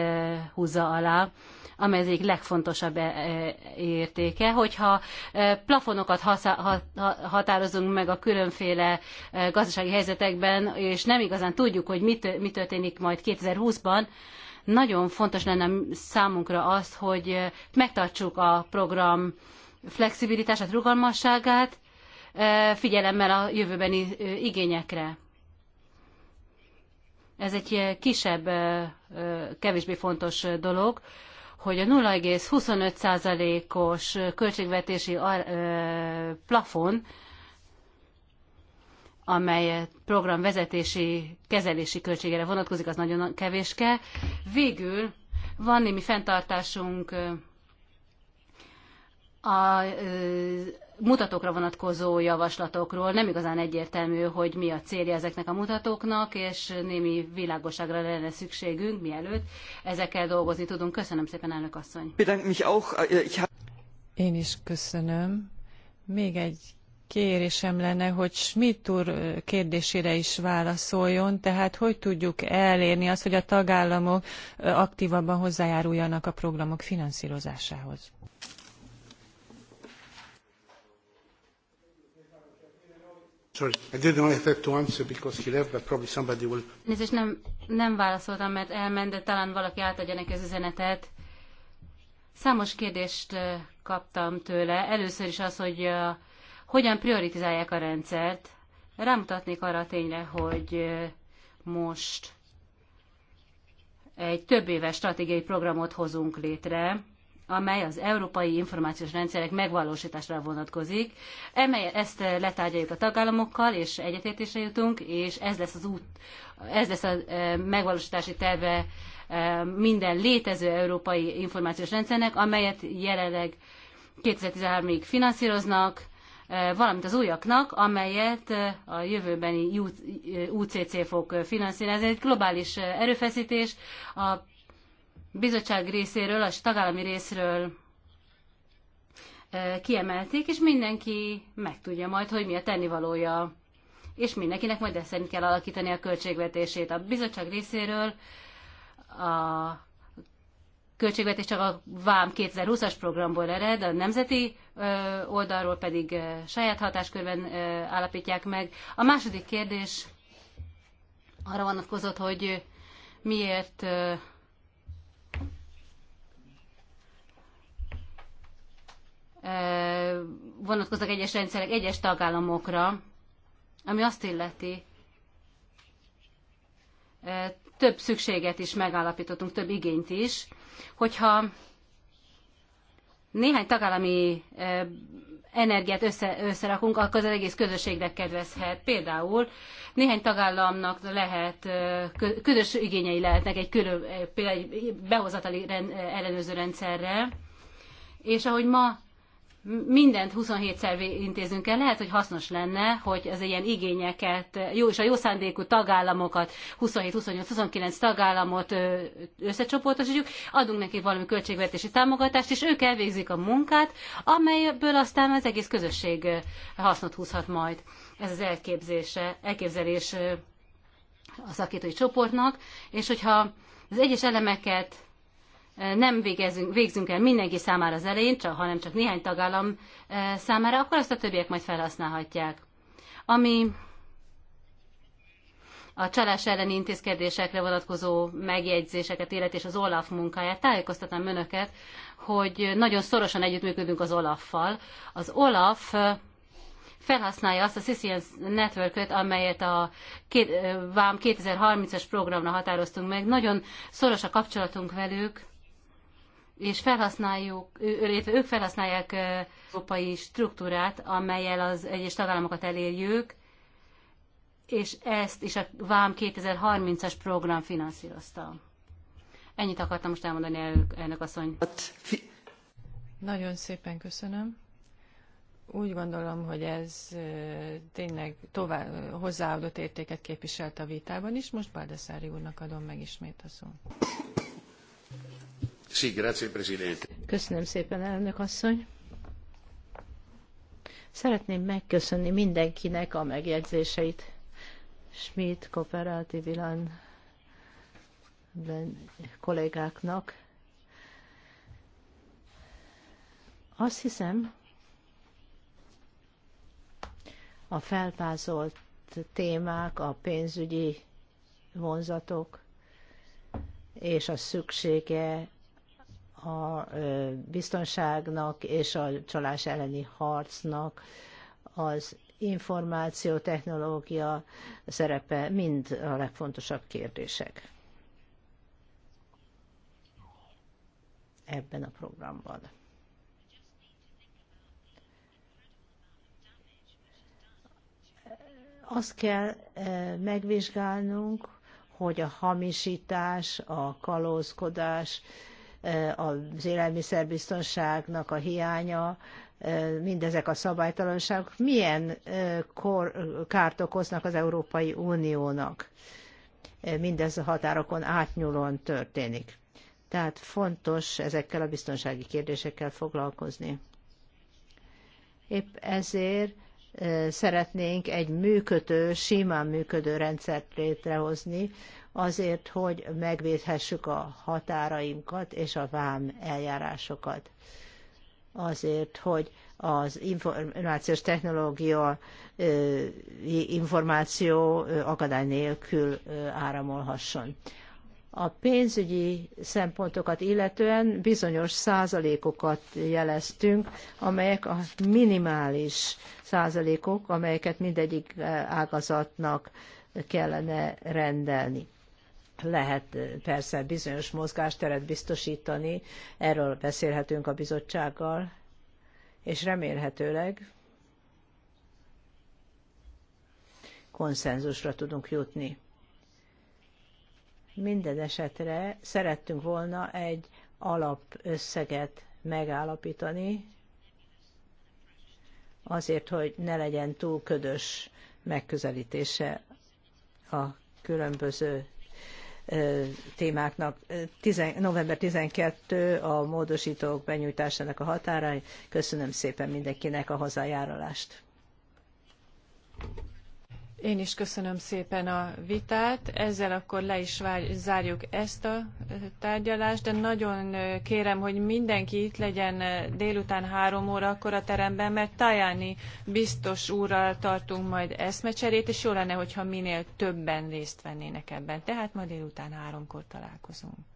húzza alá, amely az egyik legfontosabb e, e, értéke. Hogyha plafonokat határozunk meg a különféle gazdasági helyzetekben, és nem igazán tudjuk, hogy mi történik majd 2020-ban, nagyon fontos lenne számunkra azt, hogy megtartsuk a program flexibilitását, rugalmasságát, figyelemmel a jövőbeni igényekre. Ez egy kisebb, kevésbé fontos dolog, hogy a 0,25%-os költségvetési plafon amely program vezetési, kezelési költségére vonatkozik, az nagyon kevéske. Végül van némi fenntartásunk a mutatókra vonatkozó javaslatokról. Nem igazán egyértelmű, hogy mi a célja ezeknek a mutatóknak, és némi világosságra lenne szükségünk, mielőtt ezekkel dolgozni tudunk. Köszönöm szépen, elnök asszony. Én is köszönöm. Még egy kérésem lenne, hogy Schmidt úr kérdésére is válaszoljon, tehát hogy tudjuk elérni azt, hogy a tagállamok aktívabban hozzájáruljanak a programok finanszírozásához? Nézést, nem, nem válaszoltam, mert elment, de talán valaki átadja neki az üzenetet. Számos kérdést kaptam tőle. Először is az, hogy uh, hogyan prioritizálják a rendszert. Rámutatnék arra a tényre, hogy most egy több éves stratégiai programot hozunk létre, amely az Európai Információs Rendszerek megvalósításra vonatkozik. ezt letárgyaljuk a tagállamokkal, és egyetértésre jutunk, és ez lesz az út, ez lesz a megvalósítási terve minden létező európai információs rendszernek, amelyet jelenleg 2013-ig finanszíroznak, valamint az újaknak, amelyet a jövőbeni UCC fog finanszírozni. Ez egy globális erőfeszítés a bizottság részéről, a tagállami részről kiemelték, és mindenki megtudja majd, hogy mi a tennivalója, és mindenkinek majd ezt szerint kell alakítani a költségvetését. A bizottság részéről a költségvetés csak a VÁM 2020-as programból ered, a nemzeti oldalról pedig saját hatáskörben állapítják meg. A második kérdés arra vonatkozott, hogy miért vonatkoznak egyes rendszerek egyes tagállamokra, ami azt illeti, több szükséget is megállapítottunk, több igényt is, hogyha néhány tagállami energiát össze, összerakunk, akkor az egész közösségnek kedvezhet. Például néhány tagállamnak lehet, közös igényei lehetnek egy, külön, például egy behozatali ellenőrző rendszerre, és ahogy ma mindent 27-szer intézünk el, lehet, hogy hasznos lenne, hogy az ilyen igényeket, jó, és a jó szándékú tagállamokat, 27, 28, 29 tagállamot összecsoportosítjuk, adunk nekik valami költségvetési támogatást, és ők elvégzik a munkát, amelyből aztán az egész közösség hasznot húzhat majd. Ez az elképzése, elképzelés a szakítói csoportnak, és hogyha az egyes elemeket nem végezünk, végzünk el mindenki számára az elején, csak, hanem csak néhány tagállam eh, számára, akkor azt a többiek majd felhasználhatják. Ami a csalás elleni intézkedésekre vonatkozó megjegyzéseket, illet és az OLAF munkáját. Tájékoztatnám önöket, hogy nagyon szorosan együttműködünk az OLAF-fal. Az OLAF eh, felhasználja azt a CCN network amelyet a 2030-as eh, programra határoztunk meg. Nagyon szoros a kapcsolatunk velük, és felhasználjuk, illetve ők felhasználják európai struktúrát, amelyel az egyes tagállamokat elérjük, és ezt is a VÁM 2030-as program finanszírozta. Ennyit akartam most elmondani, el, elnök asszony. Nagyon szépen köszönöm. Úgy gondolom, hogy ez tényleg tovább hozzáadott értéket képviselt a vitában is. Most Baldaszári úrnak adom meg ismét a szót. Köszönöm szépen, elnök asszony. Szeretném megköszönni mindenkinek a megjegyzéseit. Schmidt, Kooperatív Ilan kollégáknak. Azt hiszem, a felvázolt témák, a pénzügyi vonzatok és a szüksége a biztonságnak és a csalás elleni harcnak az információ, technológia szerepe mind a legfontosabb kérdések ebben a programban. Azt kell megvizsgálnunk, hogy a hamisítás, a kalózkodás, Eh, az élelmiszerbiztonságnak a hiánya, eh, mindezek a szabálytalanságok milyen eh, kor, kárt okoznak az Európai Uniónak. Mindez a határokon átnyúlóan történik. Tehát fontos ezekkel a biztonsági kérdésekkel foglalkozni. Épp ezért szeretnénk egy működő, simán működő rendszert létrehozni, azért, hogy megvédhessük a határainkat és a vám eljárásokat. Azért, hogy az információs technológia információ akadály nélkül áramolhasson. A pénzügyi szempontokat illetően bizonyos százalékokat jeleztünk, amelyek a minimális százalékok, amelyeket mindegyik ágazatnak kellene rendelni lehet persze bizonyos mozgásteret biztosítani, erről beszélhetünk a bizottsággal, és remélhetőleg konszenzusra tudunk jutni. Minden esetre szerettünk volna egy alapösszeget megállapítani, azért, hogy ne legyen túl ködös megközelítése a különböző témáknak. november 12 a módosítók benyújtásának a határa. Köszönöm szépen mindenkinek a hozzájárulást. Én is köszönöm szépen a vitát. Ezzel akkor le is zárjuk ezt a tárgyalást, de nagyon kérem, hogy mindenki itt legyen délután három óra akkor a teremben, mert Tajani biztos úrral tartunk majd eszmecserét, és jó lenne, hogyha minél többen részt vennének ebben. Tehát ma délután háromkor találkozunk.